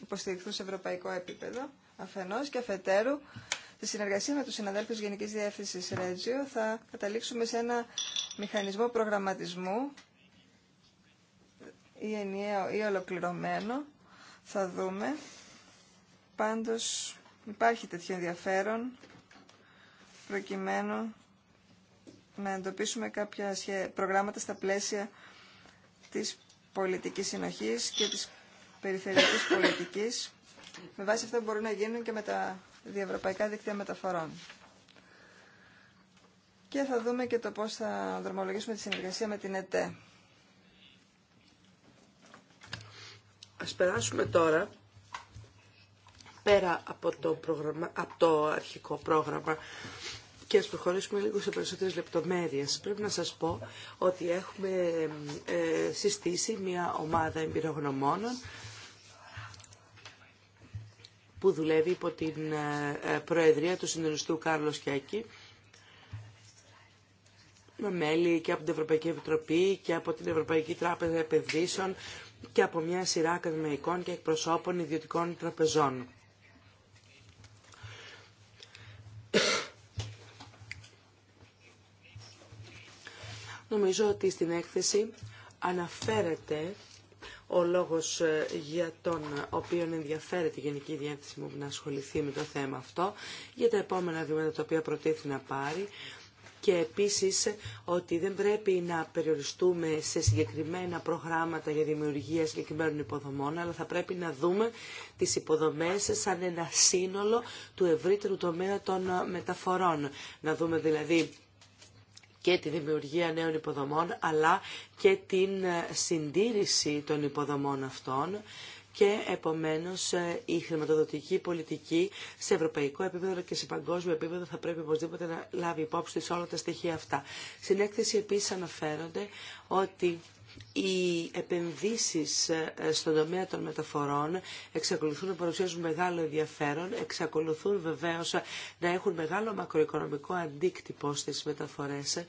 υποστηριχθούν σε ευρωπαϊκό επίπεδο αφενός και αφετέρου. Στη συνεργασία με τους συναδέλφους Γενικής Διεύθυνσης Ρέτζιο θα καταλήξουμε σε ένα μηχανισμό προγραμματισμού ή ενιαίο ή ολοκληρωμένο. Θα δούμε. Πάντως υπάρχει τέτοιο ενδιαφέρον προκειμένου να εντοπίσουμε κάποια προγράμματα στα πλαίσια της πολιτικής συνοχής και της περιφερειακής πολιτικής. Με βάση αυτό μπορούν να γίνουν και με τα διευρωπαϊκά δίκτυα μεταφορών. Και θα δούμε και το πώς θα δρομολογήσουμε τη συνεργασία με την ΕΤΕ. Ας περάσουμε τώρα πέρα από το, από το αρχικό πρόγραμμα και ας προχωρήσουμε λίγο σε περισσότερες λεπτομέρειες. Πρέπει να σας πω ότι έχουμε ε, συστήσει μια ομάδα εμπειρογνωμόνων που δουλεύει υπό την ε, προεδρία του συντονιστού Κάρλος Κιάκη με μέλη και από την Ευρωπαϊκή Επιτροπή και από την Ευρωπαϊκή Τράπεζα Επενδύσεων και από μια σειρά ακαδημαϊκών και εκπροσώπων ιδιωτικών τραπεζών. Νομίζω ότι στην έκθεση αναφέρεται ο λόγος ε, για τον οποίο ενδιαφέρεται η Γενική Διεύθυνση μου να ασχοληθεί με το θέμα αυτό, για τα επόμενα βήματα τα οποία προτίθεται να πάρει και επίσης ότι δεν πρέπει να περιοριστούμε σε συγκεκριμένα προγράμματα για δημιουργία συγκεκριμένων υποδομών, αλλά θα πρέπει να δούμε τις υποδομές σαν ένα σύνολο του ευρύτερου τομέα των μεταφορών. Να δούμε δηλαδή και τη δημιουργία νέων υποδομών, αλλά και την ε, συντήρηση των υποδομών αυτών και επομένως ε, η χρηματοδοτική πολιτική σε ευρωπαϊκό επίπεδο και σε παγκόσμιο επίπεδο θα πρέπει οπωσδήποτε να λάβει υπόψη σε όλα τα στοιχεία αυτά. Στην έκθεση επίσης αναφέρονται ότι οι επενδύσεις ε, στον τομέα των μεταφορών εξακολουθούν να παρουσιάζουν μεγάλο ενδιαφέρον, εξακολουθούν βεβαίως να έχουν μεγάλο μακροοικονομικό αντίκτυπο στις μεταφορές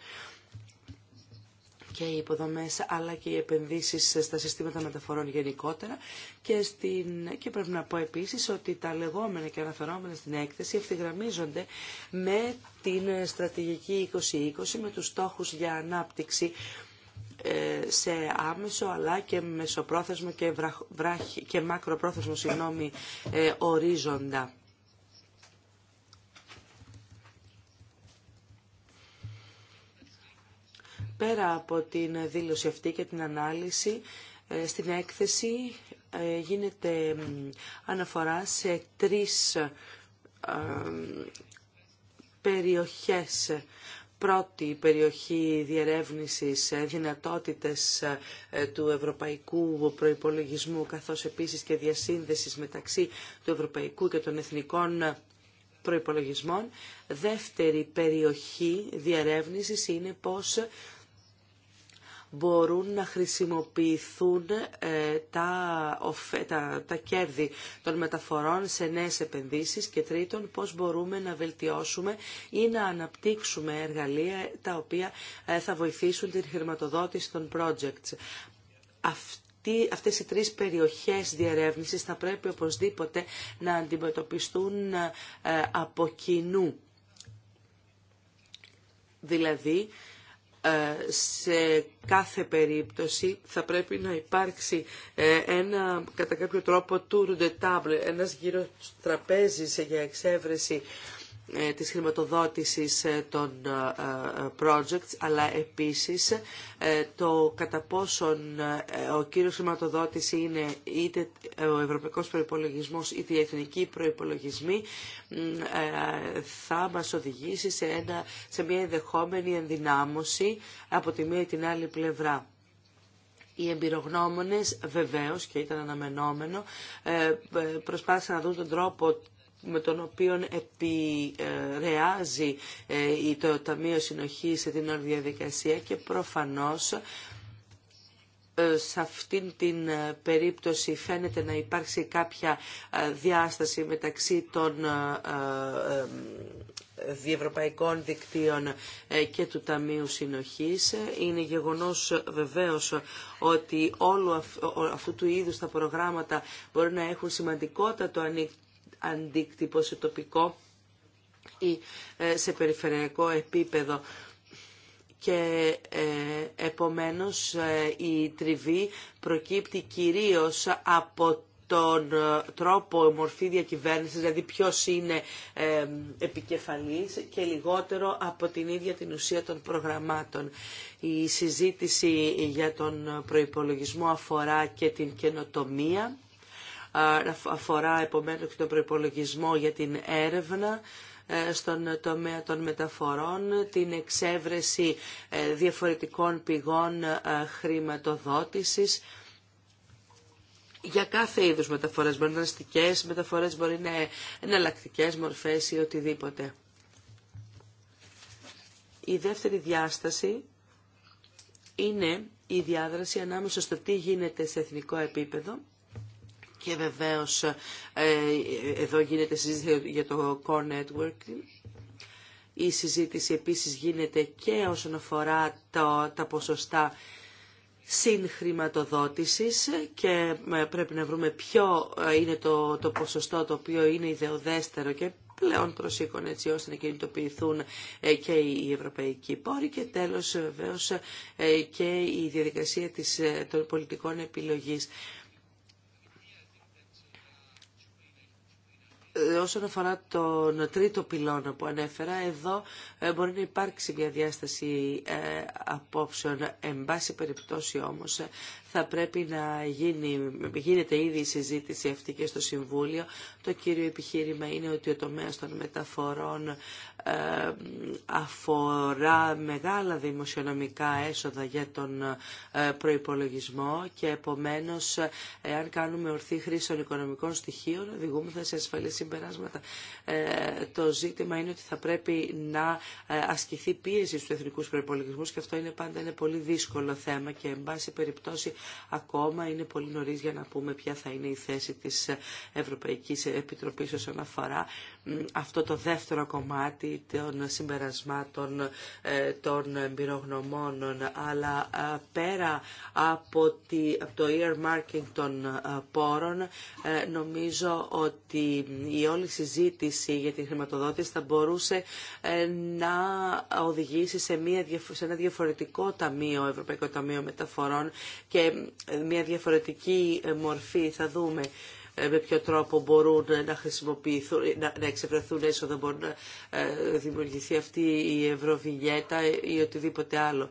και οι υποδομές αλλά και οι επενδύσεις στα συστήματα μεταφορών γενικότερα και, στην... και πρέπει να πω επίσης ότι τα λεγόμενα και αναφερόμενα στην έκθεση ευθυγραμμίζονται με την στρατηγική 2020, με τους στόχους για ανάπτυξη ε, σε άμεσο αλλά και μεσοπρόθεσμο και, και μακροπρόθεσμο συγγνώμη, ε, ορίζοντα. Πέρα από την δήλωση αυτή και την ανάλυση, ε, στην έκθεση γίνεται αναφορά σε τρεις περιοχές πρώτη περιοχή διερεύνησης ε, δυνατότητες ε, ε, του ευρωπαϊκού προϋπολογισμού καθώς επίσης και διασύνδεσης μεταξύ του ευρωπαϊκού και των εθνικών προϋπολογισμών. Δεύτερη περιοχή διερεύνησης είναι πώς μπορούν να χρησιμοποιηθούν ε, τα, τα, τα κέρδη των μεταφορών σε νέες επενδύσεις και τρίτον πώς μπορούμε να βελτιώσουμε ή να αναπτύξουμε εργαλεία τα οποία ε, θα βοηθήσουν την χρηματοδότηση των projects. Αυτή, αυτές οι τρεις περιοχές διερεύνησης θα πρέπει οπωσδήποτε να αντιμετωπιστούν ε, από κοινού. Δηλαδή, ε, σε κάθε περίπτωση θα πρέπει να υπάρξει ε, ένα κατά κάποιο τρόπο tour de table, ένας γύρος τραπέζι για εξέβρεση ε, της χρηματοδότησης ε, των ε, projects, αλλά επίσης το κατά πόσον ο κύριος χρηματοδότηση είναι είτε ο ευρωπαϊκός προϋπολογισμός είτε οι εθνικοί προϋπολογισμή θα μας οδηγήσει σε, ένα, σε μια ενδεχόμενη ενδυνάμωση από τη μία ή την άλλη πλευρά. Οι εμπειρογνώμονες βεβαίως και ήταν αναμενόμενο προσπάθησαν να δουν τον τρόπο με τον οποίο επηρεάζει ε, το Ταμείο Συνοχής σε την όλη διαδικασία και προφανώς ε, σε αυτήν την ε, περίπτωση φαίνεται να υπάρξει κάποια διάσταση μεταξύ των διευρωπαϊκών δικτύων και του Ταμείου Συνοχής. Είναι γεγονός βεβαίως ότι όλου αυτού του είδους τα προγράμματα μπορεί να έχουν σημαντικότατο αντίκτυπο σε τοπικό ή ε, σε περιφερειακό επίπεδο και ε, επομένως ε, η τριβή προκύπτει κυρίως από τον τρόπο μορφή διακυβέρνησης, δηλαδή ποιος είναι επικεφαλής και λιγότερο από την ίδια την ουσία των προγραμμάτων. Η συζήτηση για τον προϋπολογισμό αφορά και την καινοτομία αφορά επομένως τον προπολογισμό για την έρευνα ε, στον τομέα των μεταφορών, την εξέβρεση ε, διαφορετικών πηγών ε, χρηματοδότησης για κάθε είδους μεταφορές, μπορεί να είναι αστικές μεταφορές, μπορεί να είναι εναλλακτικέ, μορφέ ή οτιδήποτε. Η δεύτερη διάσταση είναι η διάδραση ανάμεσα στο τι γίνεται σε εθνικό επίπεδο και βεβαίως ε, εδώ γίνεται συζήτηση για το Core Network. Η συζήτηση επίσης γίνεται και όσον αφορά το, τα ποσοστά συγχρηματοδότησης και ε, πρέπει να βρούμε ποιο ε, είναι το, το ποσοστό το οποίο είναι ιδεοδέστερο και πλέον προσήκον έτσι ώστε να κινητοποιηθούν και οι ευρωπαϊκοί πόροι και τέλος βεβαίως και η διαδικασία της, των πολιτικών επιλογής. Ε, όσον αφορά τον τρίτο πυλώνα που ανέφερα, εδώ ε, μπορεί να υπάρξει μια διάσταση ε, απόψεων. Εν πάση περιπτώσει όμως θα πρέπει να γίνει, γίνεται ήδη η συζήτηση αυτή και στο Συμβούλιο. Το κύριο επιχείρημα είναι ότι ο τομέας των μεταφορών ε, αφορά μεγάλα δημοσιονομικά έσοδα για τον ε, προϋπολογισμό και επομένως ε, εάν κάνουμε ορθή χρήση των οικονομικών στοιχείων οδηγούμεθα σε ασφαλή συμπεράσματα. Το ζήτημα είναι ότι θα πρέπει να ασκηθεί πίεση στους εθνικούς προϋπολογισμούς και αυτό είναι πάντα ένα πολύ δύσκολο θέμα και εν πάση περιπτώσει Ακόμα είναι πολύ νωρίς για να πούμε ποια θα είναι η θέση της Ευρωπαϊκής Επιτροπής όσον αφορά αυτό το δεύτερο κομμάτι των συμπερασμάτων ε, των εμπειρογνωμόνων. Αλλά ε, πέρα από το earmarking των ε, πόρων, νομίζω ότι η όλη συζήτηση για την χρηματοδότηση θα μπορούσε να οδηγήσει σε, μια, ένα διαφορετικό ταμείο, Ευρωπαϊκό Ταμείο Μεταφορών και μια διαφορετική ε, μορφή. Θα δούμε ε, με ποιο τρόπο μπορούν να χρησιμοποιηθούν, να, να εξευρεθούν έσοδα, μπορεί να ε, δημιουργηθεί αυτή η ευρωβιγέτα ή οτιδήποτε άλλο.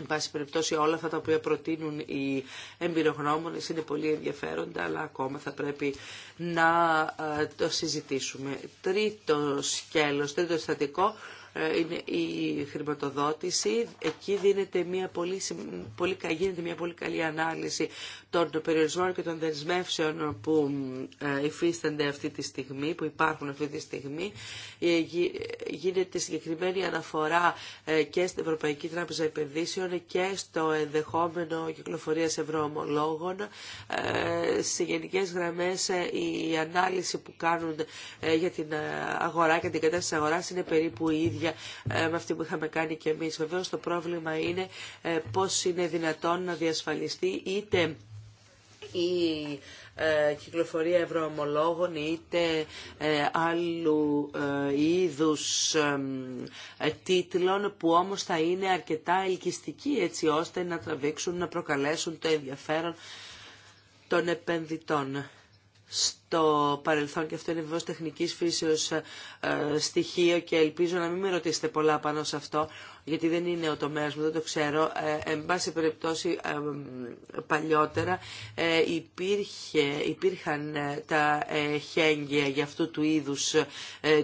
Εν πάση περιπτώσει όλα αυτά τα οποία προτείνουν οι εμπειρογνώμονες είναι πολύ ενδιαφέροντα, αλλά ακόμα θα πρέπει να το συζητήσουμε. Τρίτο σκέλος, τρίτο στατικό είναι η χρηματοδότηση. Εκεί δίνεται μια πολύ, γίνεται μια πολύ καλή ανάλυση των περιορισμών και των δεσμεύσεων που ε, υφίστανται αυτή τη στιγμή, που υπάρχουν αυτή τη στιγμή. Ε, γίνεται συγκεκριμένη αναφορά ε, και στην Ευρωπαϊκή Τράπεζα Επενδύσεων και στο ενδεχόμενο κυκλοφορίας ευρωομολόγων. Σε γενικές γραμμές η ανάλυση που κάνουν για την αγορά και την κατάσταση αγοράς είναι περίπου ίδια ε, με αυτή που είχαμε κάνει και εμείς. Βεβαίως το πρόβλημα είναι ε, πώς είναι δυνατόν να διασφαλιστεί είτε η ε, κυκλοφορία ευρωομολόγων είτε άλλου είδους τίτλων που όμως θα είναι αρκετά ελκυστικοί έτσι ώστε να τραβήξουν, να προκαλέσουν το ενδιαφέρον των επενδυτών στο παρελθόν και αυτό είναι βεβαίως τεχνικής φύσεως ε, στοιχείο και ελπίζω να μην με ρωτήσετε πολλά πάνω σε αυτό γιατί δεν είναι ο τομέας μου, δεν το ξέρω. Ε, εν πάση περιπτώσει ε, παλιότερα ε, υπήρχε, υπήρχαν τα χέγγια για αυτού του είδους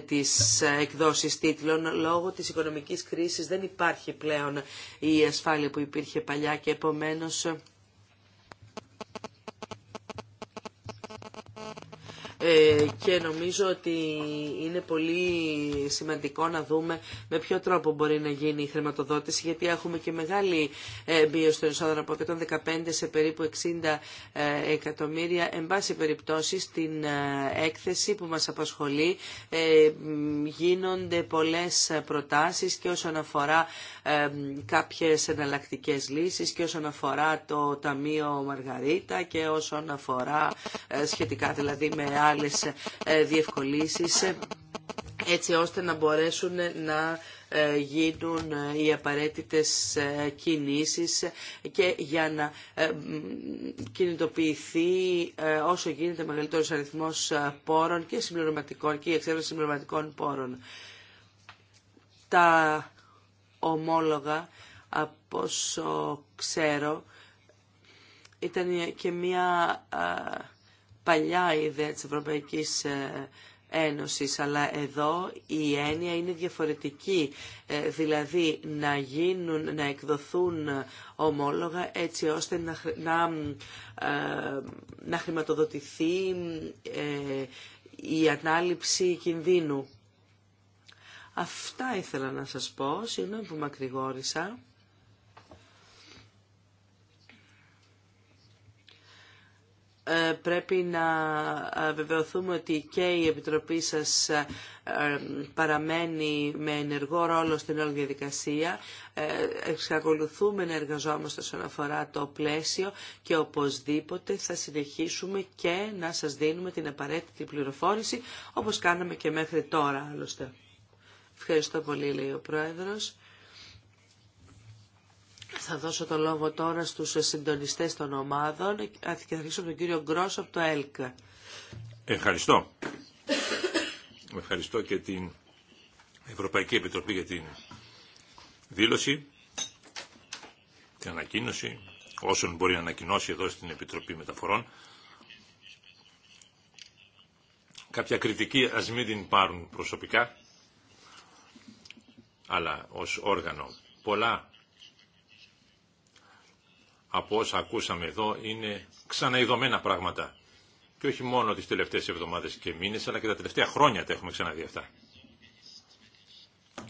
της εκδόσης τίτλων. Λόγω της οικονομικής κρίσης δεν υπάρχει πλέον η ασφάλεια που υπήρχε παλιά και επομένως Ε, και νομίζω ότι είναι πολύ σημαντικό να δούμε με ποιο τρόπο μπορεί να γίνει η χρηματοδότηση γιατί έχουμε και μεγάλη μείωση των εισόδων από 115 σε περίπου 60 ε, εκατομμύρια. Εν πάση περιπτώσει στην ε, έκθεση που μας απασχολεί γίνονται πολλές προτάσεις και όσον αφορά κάποιες εναλλακτικέ λύσεις και όσον αφορά το Ταμείο Μαργαρίτα και όσον αφορά σχετικά δηλαδή με άλλες άλλες ε, διευκολύσεις ε, έτσι ώστε να μπορέσουν να ε, γίνουν οι απαραίτητες κινήσεις και για να κινητοποιηθεί όσο γίνεται μεγαλύτερος αριθμός πόρων και συμπληρωματικών και η συμπληρωματικών πόρων. Τα ομόλογα, από όσο ξέρω, ήταν και μία παλιά ιδέα της Ευρωπαϊκής ε, Ένωσης, αλλά εδώ η έννοια είναι διαφορετική, ε, δηλαδή να, γίνουν, να εκδοθούν ε, ομόλογα έτσι ώστε να, να, χρηματοδοτηθεί η ανάληψη κινδύνου. Αυτά ήθελα να σας πω, συγγνώμη που μακρηγόρησα. Ε, πρέπει να ε, βεβαιωθούμε ότι και η Επιτροπή σας ε, παραμένει με ενεργό ρόλο στην όλη διαδικασία. Εξακολουθούμε να εργαζόμαστε όσον αφορά το πλαίσιο και οπωσδήποτε θα συνεχίσουμε και να σας δίνουμε την απαραίτητη πληροφόρηση όπως κάναμε και μέχρι τώρα άλλωστε. Ευχαριστώ πολύ λέει ο Πρόεδρος. Θα δώσω το λόγο τώρα στους συντονιστές των ομάδων και θα αρχίσω τον κύριο Γκρός από το ΕΛΚΑ. Ευχαριστώ. Ευχαριστώ και την Ευρωπαϊκή Επιτροπή για την δήλωση, την ανακοίνωση, όσων μπορεί να ανακοινώσει εδώ στην Επιτροπή Μεταφορών. Κάποια κριτική ας μην την πάρουν προσωπικά, αλλά ως όργανο. Πολλά από όσα ακούσαμε εδώ είναι ξαναειδωμένα πράγματα. Και όχι μόνο τις τελευταίες εβδομάδες και μήνες, αλλά και τα τελευταία χρόνια τα έχουμε ξαναδεί αυτά.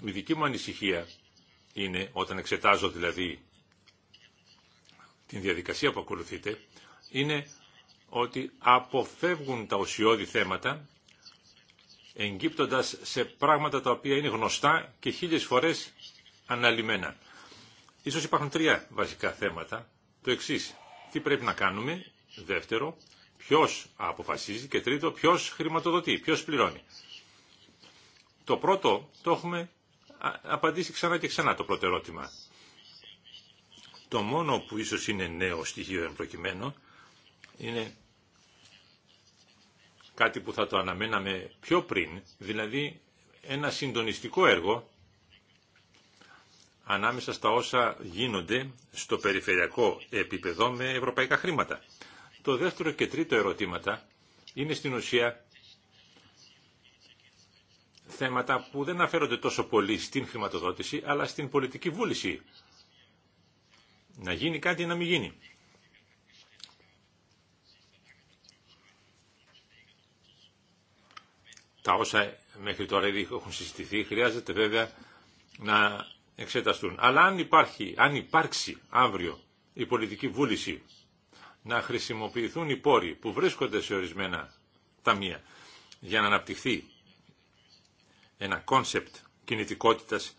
Η δική μου ανησυχία είναι, όταν εξετάζω δηλαδή την διαδικασία που ακολουθείτε, είναι ότι αποφεύγουν τα ουσιώδη θέματα, εγκύπτοντας σε πράγματα τα οποία είναι γνωστά και χίλιες φορές αναλυμένα. Ίσως υπάρχουν τρία βασικά θέματα το εξή. Τι πρέπει να κάνουμε, δεύτερο, ποιο αποφασίζει και τρίτο, ποιο χρηματοδοτεί, ποιο πληρώνει. Το πρώτο το έχουμε απαντήσει ξανά και ξανά το πρώτο ερώτημα. Το μόνο που ίσως είναι νέο στοιχείο εν είναι κάτι που θα το αναμέναμε πιο πριν, δηλαδή ένα συντονιστικό έργο ανάμεσα στα όσα γίνονται στο περιφερειακό επίπεδο με ευρωπαϊκά χρήματα. Το δεύτερο και τρίτο ερωτήματα είναι στην ουσία θέματα που δεν αφαίρονται τόσο πολύ στην χρηματοδότηση, αλλά στην πολιτική βούληση. Να γίνει κάτι ή να μην γίνει. Τα όσα μέχρι τώρα ήδη έχουν συζητηθεί, χρειάζεται βέβαια να εξεταστούν. Αλλά αν, υπάρχει, αν υπάρξει αύριο η πολιτική βούληση να χρησιμοποιηθούν οι πόροι που βρίσκονται σε ορισμένα ταμεία για να αναπτυχθεί ένα κόνσεπτ κινητικότητας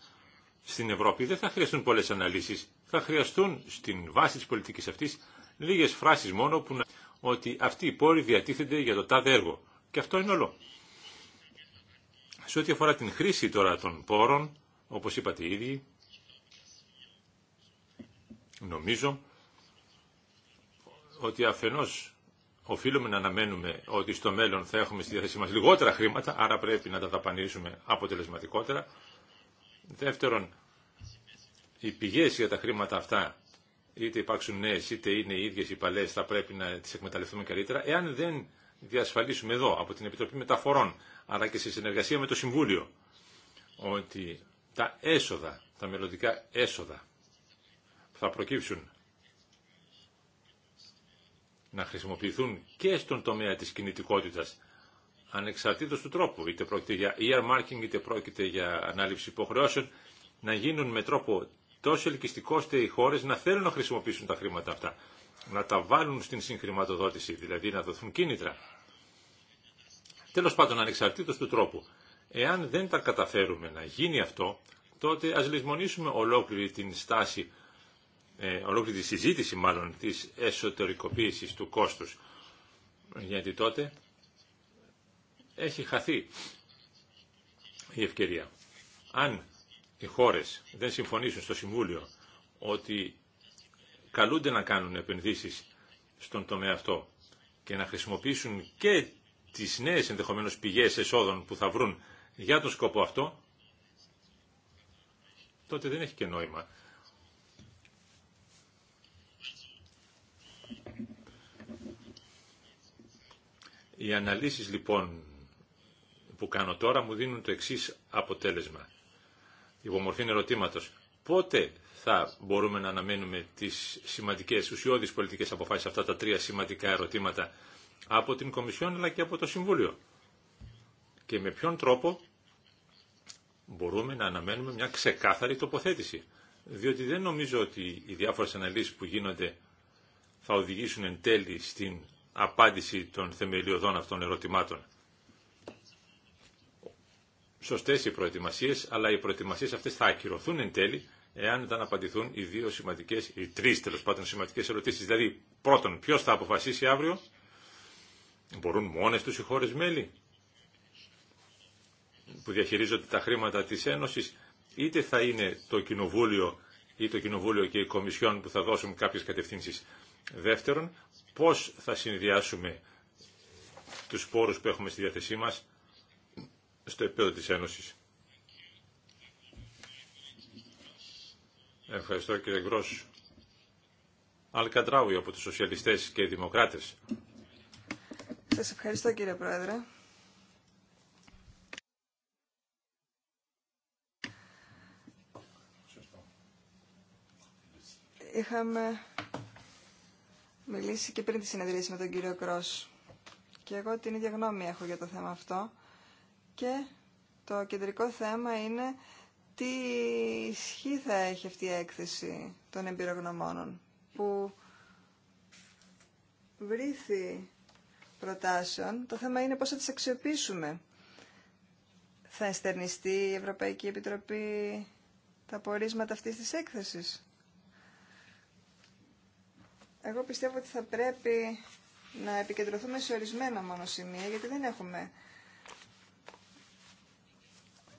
στην Ευρώπη, δεν θα χρειαστούν πολλές αναλύσεις, θα χρειαστούν στην βάση της πολιτικής αυτής λίγες φράσεις μόνο που να... ότι αυτοί οι πόροι διατίθενται για το τάδε έργο. Και αυτό είναι όλο. Σε ό,τι αφορά την χρήση τώρα των πόρων, όπως είπατε ήδη, νομίζω ότι αφενός οφείλουμε να αναμένουμε ότι στο μέλλον θα έχουμε στη διάθεσή μας λιγότερα χρήματα, άρα πρέπει να τα δαπανίσουμε αποτελεσματικότερα. Δεύτερον, οι πηγές για τα χρήματα αυτά, είτε υπάρξουν νέε είτε είναι οι ίδιες οι παλές, θα πρέπει να τις εκμεταλλευτούμε καλύτερα, εάν δεν διασφαλίσουμε εδώ από την Επιτροπή Μεταφορών, αλλά και σε συνεργασία με το Συμβούλιο, ότι τα έσοδα, τα μελλοντικά έσοδα που θα προκύψουν να χρησιμοποιηθούν και στον τομέα της κινητικότητας ανεξαρτήτως του τρόπου, είτε πρόκειται για earmarking, είτε πρόκειται για ανάληψη υποχρεώσεων, να γίνουν με τρόπο τόσο ελκυστικό ώστε οι χώρες να θέλουν να χρησιμοποιήσουν τα χρήματα αυτά, να τα βάλουν στην συγχρηματοδότηση, δηλαδή να δοθούν κίνητρα. Τέλος πάντων, ανεξαρτήτως του τρόπου, Εάν δεν τα καταφέρουμε να γίνει αυτό, τότε ας λησμονήσουμε ολόκληρη την στάση, ε, ολόκληρη τη συζήτηση μάλλον της εσωτερικοποίησης του κόστους. Γιατί τότε έχει χαθεί η ευκαιρία. Αν οι χώρες δεν συμφωνήσουν στο Συμβούλιο ότι καλούνται να κάνουν επενδύσεις στον τομέα αυτό και να χρησιμοποιήσουν και τις νέες ενδεχομένως πηγές εσόδων που θα βρουν για τον σκοπό αυτό, τότε δεν έχει και νόημα. Οι αναλύσεις λοιπόν που κάνω τώρα μου δίνουν το εξής αποτέλεσμα. είναι ερωτήματος. Πότε θα μπορούμε να αναμένουμε τις σημαντικές, ουσιώδεις πολιτικές αποφάσεις, αυτά τα τρία σημαντικά ερωτήματα από την Κομισιόν αλλά και από το Συμβούλιο. Και με ποιον τρόπο μπορούμε να αναμένουμε μια ξεκάθαρη τοποθέτηση. Διότι δεν νομίζω ότι οι διάφορες αναλύσεις που γίνονται θα οδηγήσουν εν τέλει στην απάντηση των θεμελιωδών αυτών ερωτημάτων. Σωστές οι προετοιμασίες, αλλά οι προετοιμασίες αυτές θα ακυρωθούν εν τέλει εάν δεν απαντηθούν οι δύο σημαντικές, οι τρεις πάντων σημαντικές ερωτήσεις. Δηλαδή, πρώτον, ποιος θα αποφασίσει αύριο, μπορούν μόνες τους οι χώρες μέλη που διαχειρίζονται τα χρήματα της Ένωσης, είτε θα είναι το Κοινοβούλιο ή το Κοινοβούλιο και η Κομισιόν που θα δώσουν κάποιες κατευθύνσεις. Δεύτερον, πώς θα συνδυάσουμε τους πόρους που έχουμε στη διάθεσή μας στο επίπεδο της Ένωσης. Ευχαριστώ κύριε Γκρός. Αλκαντράουι από τους Σοσιαλιστές και Δημοκράτες. Σας ευχαριστώ κύριε Πρόεδρε. είχαμε μιλήσει και πριν τη συνεδρίαση με τον κύριο Κρός. Και εγώ την ίδια γνώμη έχω για το θέμα αυτό. Και το κεντρικό θέμα είναι τι ισχύ θα έχει αυτή η έκθεση των εμπειρογνωμόνων που βρήθη προτάσεων. Το θέμα είναι πώς θα τις αξιοποιήσουμε. Θα εστερνιστεί η Ευρωπαϊκή Επιτροπή τα πορίσματα αυτής της έκθεσης. Εγώ πιστεύω ότι θα πρέπει να επικεντρωθούμε σε ορισμένα μόνο σημεία, γιατί δεν έχουμε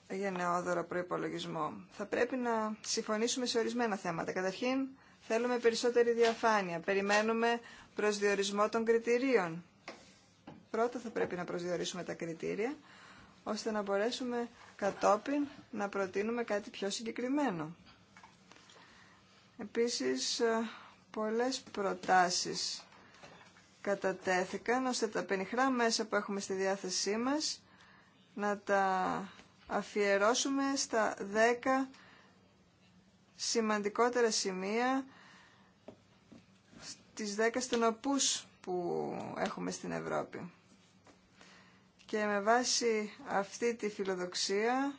γενναιόδωρο προϋπολογισμό. Θα πρέπει να συμφωνήσουμε σε ορισμένα θέματα. Καταρχήν, θέλουμε περισσότερη διαφάνεια. Περιμένουμε προσδιορισμό των κριτηρίων. Πρώτα θα πρέπει να προσδιορίσουμε τα κριτήρια, ώστε να μπορέσουμε κατόπιν να προτείνουμε κάτι πιο συγκεκριμένο. Επίσης, πολλές προτάσεις κατατέθηκαν, ώστε τα πενιχρά μέσα που έχουμε στη διάθεσή μας να τα αφιερώσουμε στα 10 σημαντικότερα σημεία στις 10 στενοπούς που έχουμε στην Ευρώπη. Και με βάση αυτή τη φιλοδοξία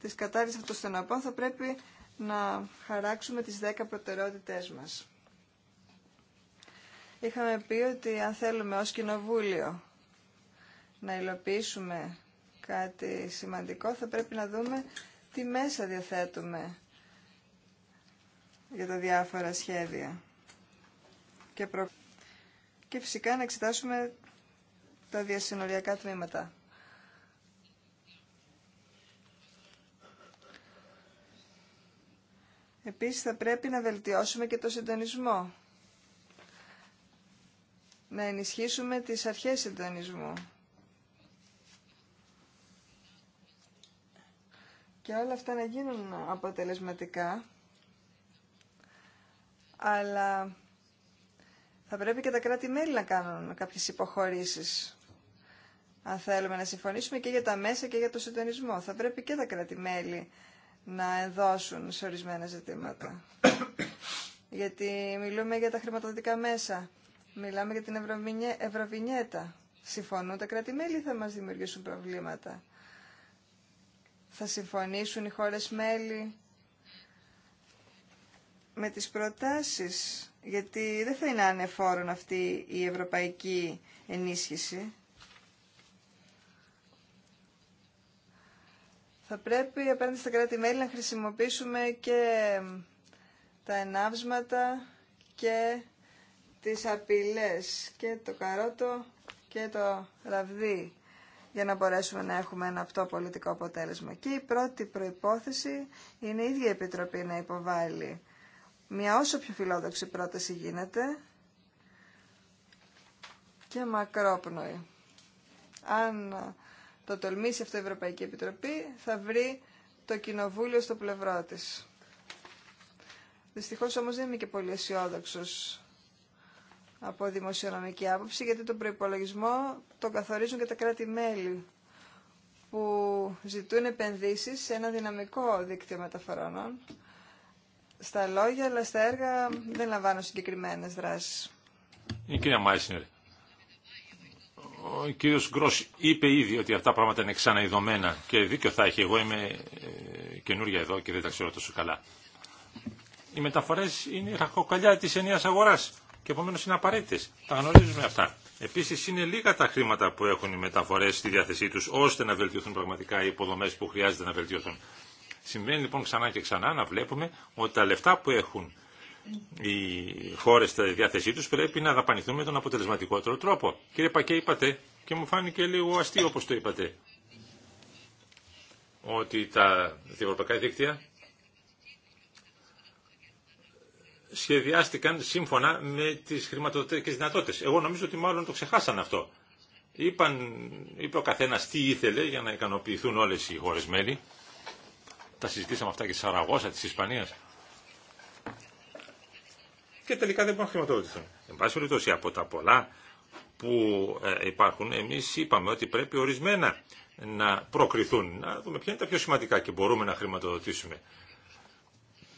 της κατάρτισης των στενοπών θα πρέπει να χαράξουμε τις 10 προτεραιότητές μας είχαμε πει ότι αν θέλουμε ως κοινοβούλιο να υλοποιήσουμε κάτι σημαντικό θα πρέπει να δούμε τι μέσα διαθέτουμε για τα διάφορα σχέδια και, και φυσικά να εξετάσουμε τα διασυνοριακά τμήματα. Επίσης θα πρέπει να βελτιώσουμε και το συντονισμό να ενισχύσουμε τις αρχές συντονισμού. Και όλα αυτά να γίνουν αποτελεσματικά, αλλά θα πρέπει και τα κράτη-μέλη να κάνουν κάποιες υποχωρήσεις. Αν θέλουμε να συμφωνήσουμε και για τα μέσα και για το συντονισμό, θα πρέπει και τα κράτη-μέλη να ενδώσουν σε ορισμένα ζητήματα. Γιατί μιλούμε για τα χρηματοδοτικά μέσα Μιλάμε για την Ευρωβινιέτα. Συμφωνούν τα κράτη-μέλη θα μας δημιουργήσουν προβλήματα. Θα συμφωνήσουν οι χώρες μέλη με τις προτάσεις, γιατί δεν θα είναι ανεφόρον αυτή η ευρωπαϊκή ενίσχυση. Θα πρέπει απέναντι στα κράτη-μέλη να χρησιμοποιήσουμε και τα ενάβσματα και τις απειλές και το καρότο και το ραβδί για να μπορέσουμε να έχουμε ένα αυτό πολιτικό αποτέλεσμα. Και η πρώτη προϋπόθεση είναι η ίδια Επιτροπή να υποβάλει μια όσο πιο φιλόδοξη πρόταση γίνεται και μακρόπνοη. Αν το τολμήσει αυτό η Ευρωπαϊκή Επιτροπή θα βρει το Κοινοβούλιο στο πλευρό της. Δυστυχώς όμως δεν είμαι και πολύ αισιόδοξο από δημοσιονομική άποψη, γιατί τον προϋπολογισμό τον καθορίζουν και τα κράτη-μέλη που ζητούν επενδύσεις σε ένα δυναμικό δίκτυο μεταφορών. Στα λόγια, αλλά στα έργα δεν λαμβάνω συγκεκριμένες δράσεις. Η κυρία Μάισνερ. Ο κύριος Γκρός είπε ήδη ότι αυτά τα πράγματα είναι ξαναειδωμένα και δίκιο θα έχει. Εγώ είμαι ε, καινούρια εδώ και δεν τα ξέρω τόσο καλά. Οι μεταφορές είναι η ραχοκαλιά της ενιαίας αγορά και επομένω είναι απαραίτητε. Τα γνωρίζουμε αυτά. Επίση είναι λίγα τα χρήματα που έχουν οι μεταφορέ στη διάθεσή του ώστε να βελτιωθούν πραγματικά οι υποδομέ που χρειάζεται να βελτιωθούν. Συμβαίνει λοιπόν ξανά και ξανά να βλέπουμε ότι τα λεφτά που έχουν οι χώρε στη διάθεσή του πρέπει να δαπανηθούν με τον αποτελεσματικότερο τρόπο. Κύριε Πακέ, είπατε και μου φάνηκε λίγο αστείο όπω το είπατε ότι τα διευρωπαϊκά δίκτυα σχεδιάστηκαν σύμφωνα με τι χρηματοδοτικές δυνατότητε. Εγώ νομίζω ότι μάλλον το ξεχάσαν αυτό. Είπαν, είπε ο καθένα τι ήθελε για να ικανοποιηθούν όλε οι χώρε μέλη. Τα συζητήσαμε αυτά και στη Σαραγώσα τη Ισπανία. Και τελικά δεν μπορούν να χρηματοδοτηθούν. Εν πάση περιπτώσει, από τα πολλά που ε, υπάρχουν, εμεί είπαμε ότι πρέπει ορισμένα να προκριθούν. Να δούμε ποια είναι τα πιο σημαντικά και μπορούμε να χρηματοδοτήσουμε.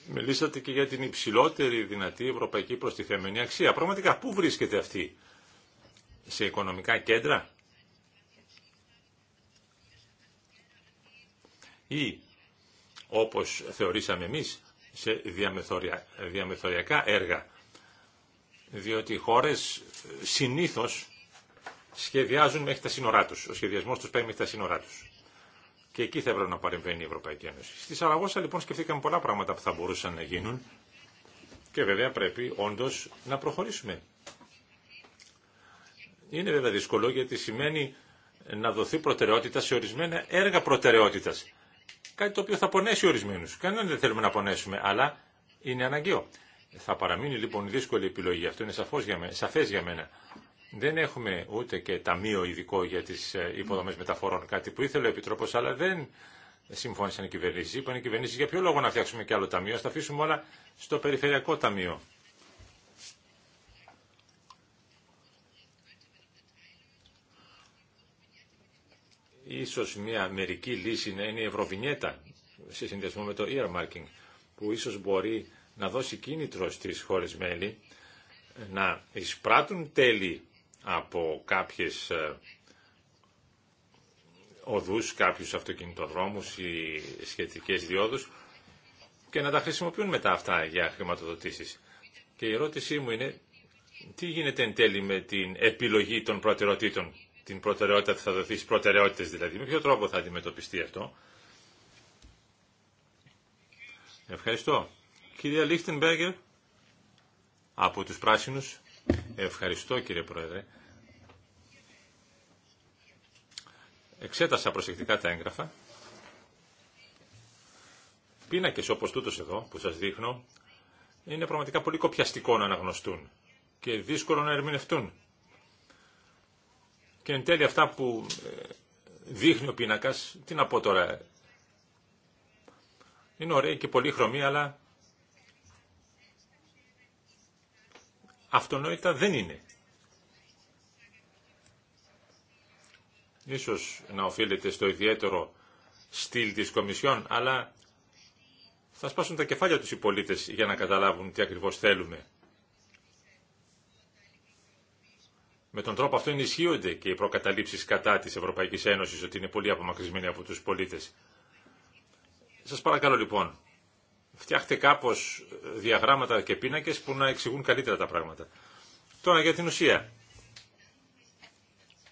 Μιλήσατε και για την υψηλότερη δυνατή ευρωπαϊκή προστιθέμενη αξία. Πραγματικά, πού βρίσκεται αυτή, σε οικονομικά κέντρα ή, όπως θεωρήσαμε εμείς, σε διαμεθωρια... διαμεθοριακά έργα. Διότι οι χώρες συνήθως σχεδιάζουν μέχρι τα σύνορά τους. Ο σχεδιασμός τους παίρνει μέχρι τα σύνορά τους. Και εκεί θα έπρεπε να παρεμβαίνει η Ευρωπαϊκή Ένωση. Στη Σαραγώσα λοιπόν σκεφτήκαμε πολλά πράγματα που θα μπορούσαν να γίνουν και βέβαια πρέπει όντω να προχωρήσουμε. Είναι βέβαια δύσκολο γιατί σημαίνει να δοθεί προτεραιότητα σε ορισμένα έργα προτεραιότητα. Κάτι το οποίο θα πονέσει ορισμένου. Κανέναν δεν θέλουμε να πονέσουμε, αλλά είναι αναγκαίο. Θα παραμείνει λοιπόν δύσκολη επιλογή. Αυτό είναι σαφώς για σαφές για μένα. Δεν έχουμε ούτε και ταμείο ειδικό για τις ε, υποδομές μεταφορών, κάτι που ήθελε ο Επιτρόπος, αλλά δεν συμφώνησαν οι κυβερνήσεις. Είπαν οι κυβερνήσεις για ποιο λόγο να φτιάξουμε και άλλο ταμείο, ας τα αφήσουμε όλα στο περιφερειακό ταμείο. Ίσως μια μερική λύση να είναι η Ευρωβινιέτα σε συνδυασμό με το earmarking, που ίσως μπορεί να δώσει κίνητρο στις χώρες μέλη να εισπράττουν τέλη από κάποιες ε, οδούς, κάποιους αυτοκινητοδρόμους ή σχετικές διόδους και να τα χρησιμοποιούν μετά αυτά για χρηματοδοτήσεις. Και η ερώτησή μου είναι τι γίνεται εν τέλει με την επιλογή των προτεραιοτήτων, την προτεραιότητα που θα δοθεί στις προτεραιότητες δηλαδή, με ποιο τρόπο θα αντιμετωπιστεί αυτό. Ευχαριστώ. Κυρία Λίχτενμπέργκερ, από τους Πράσινους. Ευχαριστώ κύριε Πρόεδρε. Εξέτασα προσεκτικά τα έγγραφα. Πίνακες όπως τούτος εδώ που σας δείχνω είναι πραγματικά πολύ κοπιαστικό να αναγνωστούν και δύσκολο να ερμηνευτούν. Και εν τέλει αυτά που ε, δείχνει ο πίνακας, τι να πω τώρα, ε, είναι ωραία και πολύ χρωμή αλλά αυτονόητα δεν είναι. Ίσως να οφείλεται στο ιδιαίτερο στυλ της Κομισιόν, αλλά θα σπάσουν τα κεφάλια τους οι πολίτες για να καταλάβουν τι ακριβώς θέλουμε. Με τον τρόπο αυτό ενισχύονται και οι προκαταλήψεις κατά της Ευρωπαϊκής Ένωσης, ότι είναι πολύ απομακρυσμένοι από τους πολίτες. Σας παρακαλώ λοιπόν, φτιάχτε κάπως ε, διαγράμματα και πίνακες που να εξηγούν καλύτερα τα πράγματα. Τώρα για την ουσία.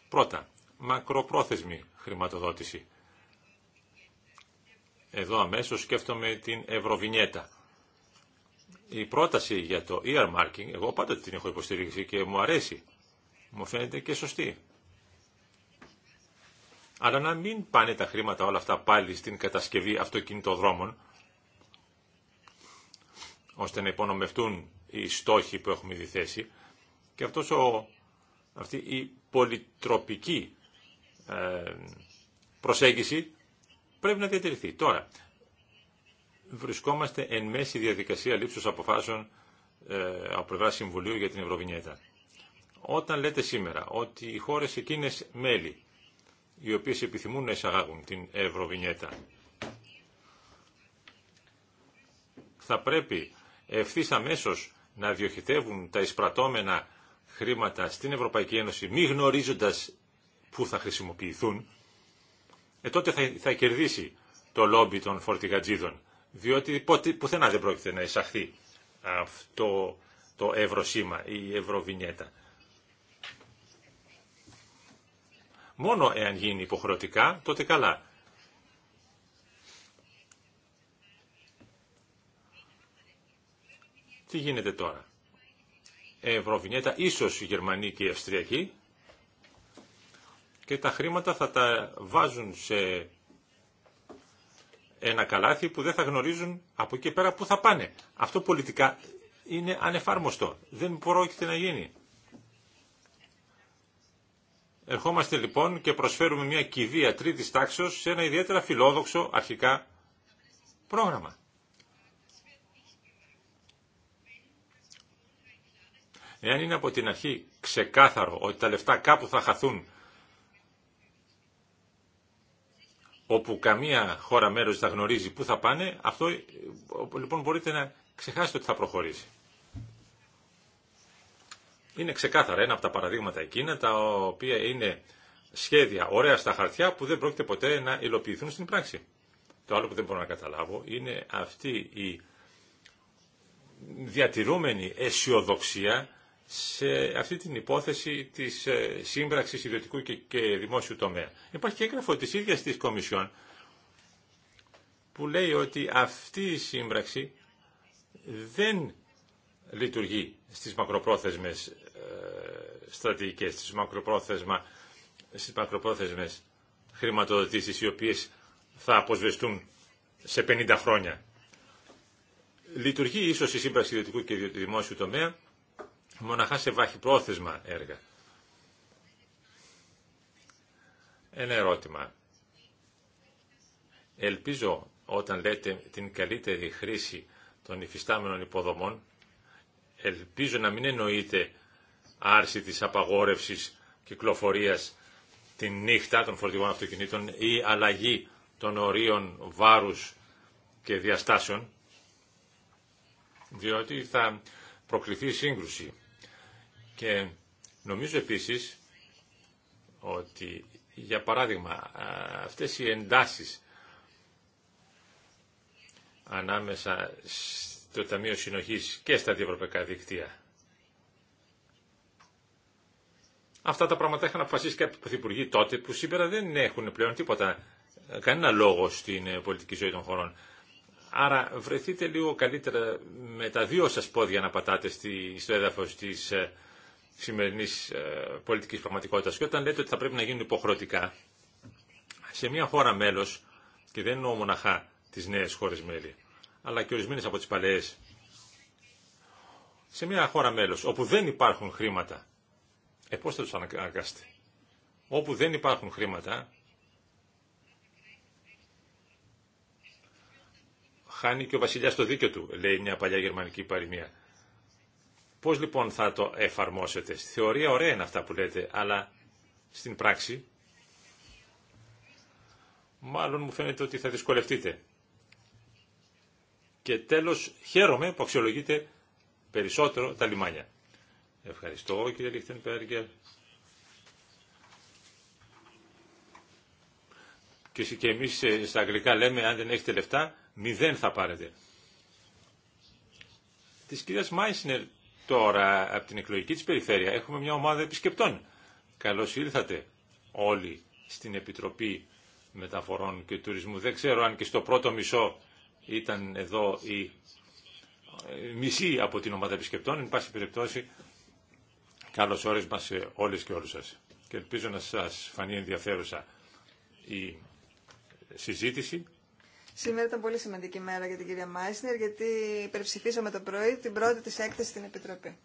Πρώτα, μακροπρόθεσμη χρηματοδότηση. Εδώ αμέσως σκέφτομαι την Ευρωβινιέτα. Η πρόταση για το earmarking, εγώ πάντα την έχω υποστηρίξει και μου αρέσει. Μου φαίνεται και σωστή. Αλλά να μην πάνε τα χρήματα όλα αυτά πάλι στην κατασκευή αυτοκινητοδρόμων, ώστε να υπονομευτούν οι στόχοι που έχουμε διθέσει και αυτός ο, αυτή η πολυτροπική ε, προσέγγιση πρέπει να διατηρηθεί. Τώρα, βρισκόμαστε εν μέση διαδικασία λήψης αποφάσεων ε, από πλευρά Συμβουλίου για την Ευρωβινιέτα. Όταν λέτε σήμερα ότι οι χώρες εκείνες μέλη οι οποίες επιθυμούν να εισαγάγουν την Ευρωβινιέτα θα πρέπει ευθύ αμέσω να διοχετεύουν τα εισπρατώμενα χρήματα στην Ευρωπαϊκή Ένωση μη γνωρίζοντας πού θα χρησιμοποιηθούν, ε, τότε θα, θα κερδίσει το λόμπι των φορτηγατζίδων, διότι ποτέ, πουθενά δεν πρόκειται να εισαχθεί αυτό το ευρωσήμα ή η ευρωβινιέτα. Μόνο εάν γίνει υποχρεωτικά, τότε καλά. Τι γίνεται τώρα. Ευρωβινιέτα, ίσως οι Γερμανοί και οι Αυστριακοί, και τα χρήματα θα τα βάζουν σε ένα καλάθι που δεν θα γνωρίζουν από εκεί πέρα που θα πάνε. Αυτό πολιτικά είναι ανεφάρμοστο. Δεν πρόκειται να γίνει. Ερχόμαστε λοιπόν και προσφέρουμε μια κηδεία τρίτης τάξεως σε ένα ιδιαίτερα φιλόδοξο αρχικά πρόγραμμα. Εάν είναι από την αρχή ξεκάθαρο ότι τα λεφτά κάπου θα χαθούν όπου καμία χώρα μέρος θα γνωρίζει πού θα πάνε, αυτό λοιπόν μπορείτε να ξεχάσετε ότι θα προχωρήσει. Είναι ξεκάθαρα ένα από τα παραδείγματα εκείνα τα οποία είναι σχέδια ωραία στα χαρτιά που δεν πρόκειται ποτέ να υλοποιηθούν στην πράξη. Το άλλο που δεν μπορώ να καταλάβω είναι αυτή η διατηρούμενη αισιοδοξία σε αυτή την υπόθεση της ε, σύμπραξης ιδιωτικού και δημόσιου τομέα. Υπάρχει και έγγραφο της ίδιας της Κομισιόν που λέει ότι αυτή η σύμπραξη δεν λειτουργεί στις μακροπρόθεσμες ε, στρατηγικές, στις, μακροπρόθεσμα, στις μακροπρόθεσμες χρηματοδοτήσεις οι οποίες θα αποσβεστούν σε 50 χρόνια. Λειτουργεί ίσως η σύμπραξη ιδιωτικού και δημόσιου τομέα μοναχά σε βαχυπρόθεσμα έργα. Ένα ερώτημα. Ελπίζω όταν λέτε την καλύτερη χρήση των υφιστάμενων υποδομών, ελπίζω να μην εννοείται άρση της απαγόρευσης κυκλοφορίας την νύχτα των φορτηγών αυτοκινήτων ή αλλαγή των ορίων βάρους και διαστάσεων, διότι θα προκληθεί σύγκρουση και νομίζω επίσης ότι για παράδειγμα αυτές οι εντάσεις ανάμεσα στο Ταμείο Συνοχής και στα διευρωπαϊκά δικτύα. Αυτά τα πράγματα είχαν αποφασίσει κάποιοι πρωθυπουργοί τότε που σήμερα δεν έχουν πλέον τίποτα, κανένα λόγο στην ε, πολιτική ζωή των χωρών. Άρα βρεθείτε λίγο καλύτερα με τα δύο σας πόδια να πατάτε στη, στο έδαφος της ε, σημερινής ε, πολιτική πραγματικότητα. Και όταν λέτε ότι θα πρέπει να γίνουν υποχρεωτικά, σε μια χώρα μέλο και δεν εννοώ μοναχά τι νέε χώρε μέλη, αλλά και ορισμένε από τις παλαιέ, σε μια χώρα μέλο, όπου δεν υπάρχουν χρήματα, ε, πώς θα τους αναγκάσετε. Όπου δεν υπάρχουν χρήματα, χάνει και ο βασιλιάς το δίκιο του, λέει μια παλιά γερμανική παροιμία. Πώς λοιπόν θα το εφαρμόσετε. Στη θεωρία ωραία είναι αυτά που λέτε, αλλά στην πράξη μάλλον μου φαίνεται ότι θα δυσκολευτείτε. Και τέλος χαίρομαι που αξιολογείτε περισσότερο τα λιμάνια. Ευχαριστώ κύριε Λίχτενπέργκερ. Και εσύ και εμείς ε, στα αγγλικά λέμε αν δεν έχετε λεφτά μηδέν θα πάρετε. Της κυρίας Μάισνερ Τώρα, από την εκλογική της περιφέρεια, έχουμε μια ομάδα επισκεπτών. Καλώς ήλθατε όλοι στην Επιτροπή Μεταφορών και Τουρισμού. Δεν ξέρω αν και στο πρώτο μισό ήταν εδώ η ε, μισή από την ομάδα επισκεπτών. Εν πάση περιπτώσει, καλώς ώρες μας σε όλες και όλους σας. Και ελπίζω να σας φανεί ενδιαφέρουσα η συζήτηση. Σήμερα ήταν πολύ σημαντική μέρα για την κυρία Μάισνερ, γιατί υπερψηφίσαμε το πρωί την πρώτη της έκθεση στην Επιτροπή.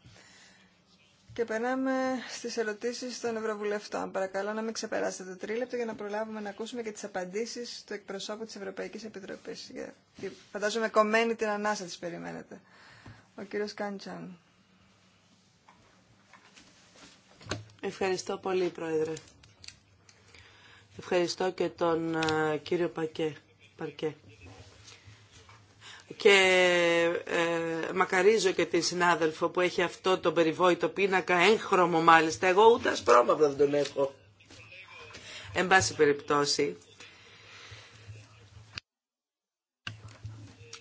Και περνάμε στις ερωτήσεις των Ευρωβουλευτών. Παρακαλώ να μην ξεπεράσετε το τρίλεπτο για να προλάβουμε να ακούσουμε και τις απαντήσεις του εκπροσώπου της Ευρωπαϊκής Επιτροπής. Γιατί φαντάζομαι κομμένη την ανάσα της περιμένετε. Ο κύριος Κάντσαν. Ευχαριστώ πολύ, Πρόεδρε. Ευχαριστώ και τον ε, κύριο Πακέ παρκέ. Και ε, μακαρίζω και την συνάδελφο που έχει αυτό το περιβόητο πίνακα, έγχρωμο μάλιστα. Εγώ ούτε ασπρόμαυρο δεν τον έχω. Εν πάση περιπτώσει,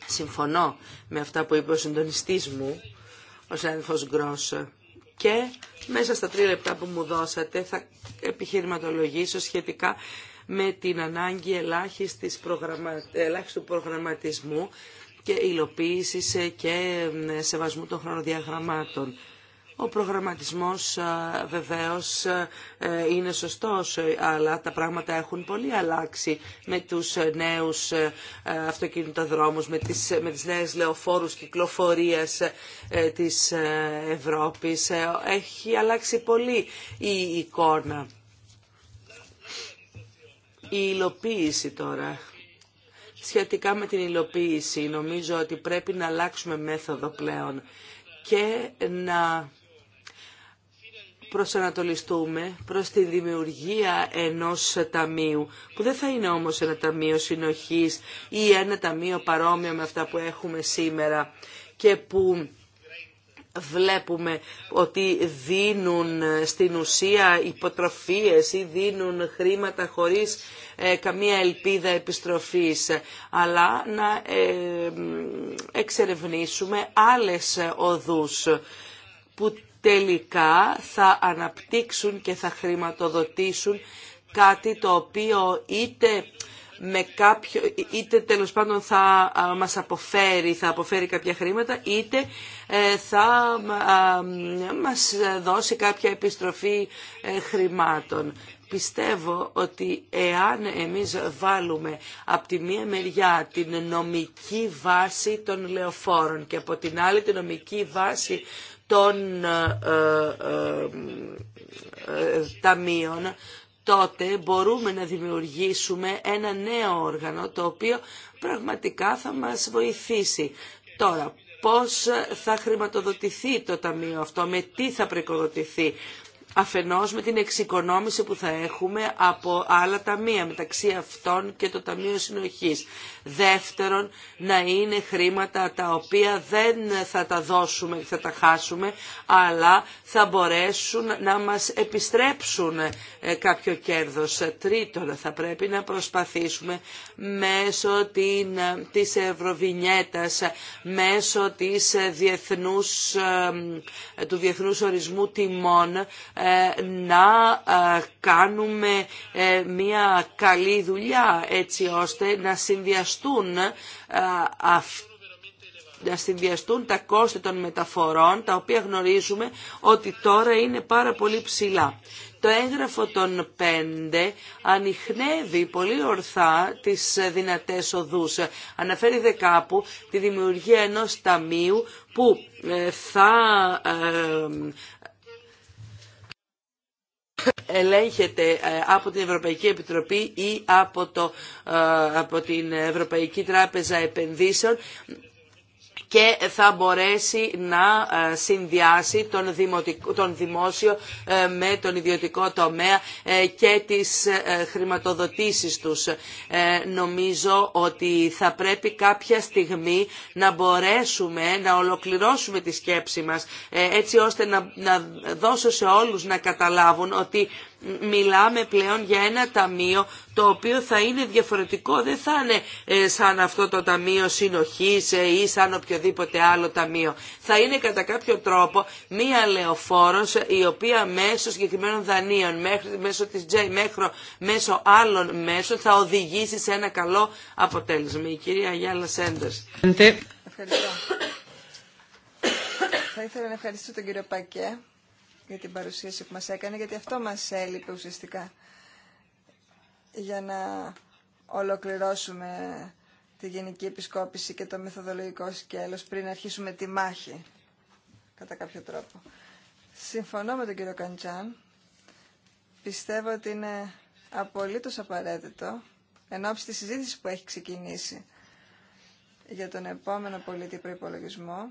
συμφωνώ με αυτά που είπε ο συντονιστής μου, ο συνάδελφος Γκρός, και μέσα στα τρία λεπτά που μου δώσατε θα επιχειρηματολογήσω σχετικά με την ανάγκη ελάχιστης προγραμμα... ελάχιστου προγραμματισμού και υλοποίησης και σεβασμού των χρονοδιαγραμμάτων. Ο προγραμματισμός βεβαίως είναι σωστός, αλλά τα πράγματα έχουν πολύ αλλάξει με τους νέους αυτοκινητοδρόμους, με τις, με τις νέες λεωφόρους κυκλοφορίας της Ευρώπης. Έχει αλλάξει πολύ η εικόνα. Η υλοποίηση τώρα. Σχετικά με την υλοποίηση, νομίζω ότι πρέπει να αλλάξουμε μέθοδο πλέον και να προσανατολιστούμε προς τη δημιουργία ενός ταμείου, που δεν θα είναι όμως ένα ταμείο συνοχής ή ένα ταμείο παρόμοιο με αυτά που έχουμε σήμερα και που βλέπουμε ότι δίνουν στην ουσία υποτροφίες ή δίνουν χρήματα χωρίς ε, καμία ελπίδα επιστροφής, αλλά να ε, εξερευνήσουμε άλλες οδούς που τελικά θα αναπτύξουν και θα χρηματοδοτήσουν κάτι το οποίο είτε με κάποιο, είτε τέλος πάντων θα μας αποφέρει, θα αποφέρει κάποια χρήματα, είτε ε, θα μας δώσει κάποια επιστροφή ε, χρημάτων. Πιστεύω ότι εάν εμείς βάλουμε από τη μία μεριά την νομική βάση των λεωφόρων και από την άλλη την νομική βάση των ε, ταμείων, τότε μπορούμε να δημιουργήσουμε ένα νέο όργανο το οποίο πραγματικά θα μας βοηθήσει. Τώρα, πώς θα χρηματοδοτηθεί το ταμείο αυτό, με τι θα προοικοδοτηθεί αφενός με την εξοικονόμηση που θα έχουμε από άλλα ταμεία, μεταξύ αυτών και το Ταμείο Συνοχής. Δεύτερον, να είναι χρήματα τα οποία δεν θα τα δώσουμε θα τα χάσουμε, αλλά θα μπορέσουν να μας επιστρέψουν ε, κάποιο κέρδος. Τρίτον, θα πρέπει να προσπαθήσουμε μέσω την, ε, της Ευρωβινιέτας, μέσω της ε, διεθνούς, του διεθνούς ορισμού τιμών, ε, να ε, κάνουμε ε, μια καλή δουλειά έτσι ώστε να συνδυαστούν να συνδυαστούν τα κόστη των μεταφορών, τα οποία γνωρίζουμε ότι τώρα είναι πάρα πολύ ψηλά. Το έγγραφο των 5 ανοιχνεύει πολύ ορθά τις δυνατές οδούς. Αναφέρει δε κάπου τη δημιουργία ενός ταμείου που θα ελέγχεται ε, από την Ευρωπαϊκή Επιτροπή ή από, το, ε, από την Ευρωπαϊκή Τράπεζα Επενδύσεων και θα μπορέσει να ε, συνδυάσει τον, τον δημόσιο ε, με τον ιδιωτικό τομέα ε, και τις χρηματοδοτήσεις τους. Νομίζω ότι θα πρέπει κάποια στιγμή να μπορέσουμε να ολοκληρώσουμε τη σκέψη μας έτσι ώστε να δώσω σε όλους να καταλάβουν ότι μιλάμε πλέον για ένα ταμείο το οποίο θα είναι διαφορετικό, δεν θα είναι ε, σαν αυτό το ταμείο συνοχής ε, ή σαν οποιοδήποτε άλλο ταμείο. Θα είναι κατά κάποιο τρόπο μία λεωφόρος ε, η οποία μέσω συγκεκριμένων δανείων, μέσω της J, μέσω άλλων μέσων θα οδηγήσει σε ένα καλό αποτέλεσμα. Η κυρία Γιάννα Σέντερς. Ευχαριστώ. θα ήθελα να ευχαριστήσω τον κύριο Πακέ για την παρουσίαση που μας έκανε, γιατί αυτό μας έλειπε ουσιαστικά για να ολοκληρώσουμε τη Γενική Επισκόπηση και το μεθοδολογικό σκέλος πριν αρχίσουμε τη μάχη, κατά κάποιο τρόπο. Συμφωνώ με τον κύριο Καντζάν. Πιστεύω ότι είναι απολύτως απαραίτητο, εν ώψη της συζήτησης που έχει ξεκινήσει για τον επόμενο πολίτη προϋπολογισμό,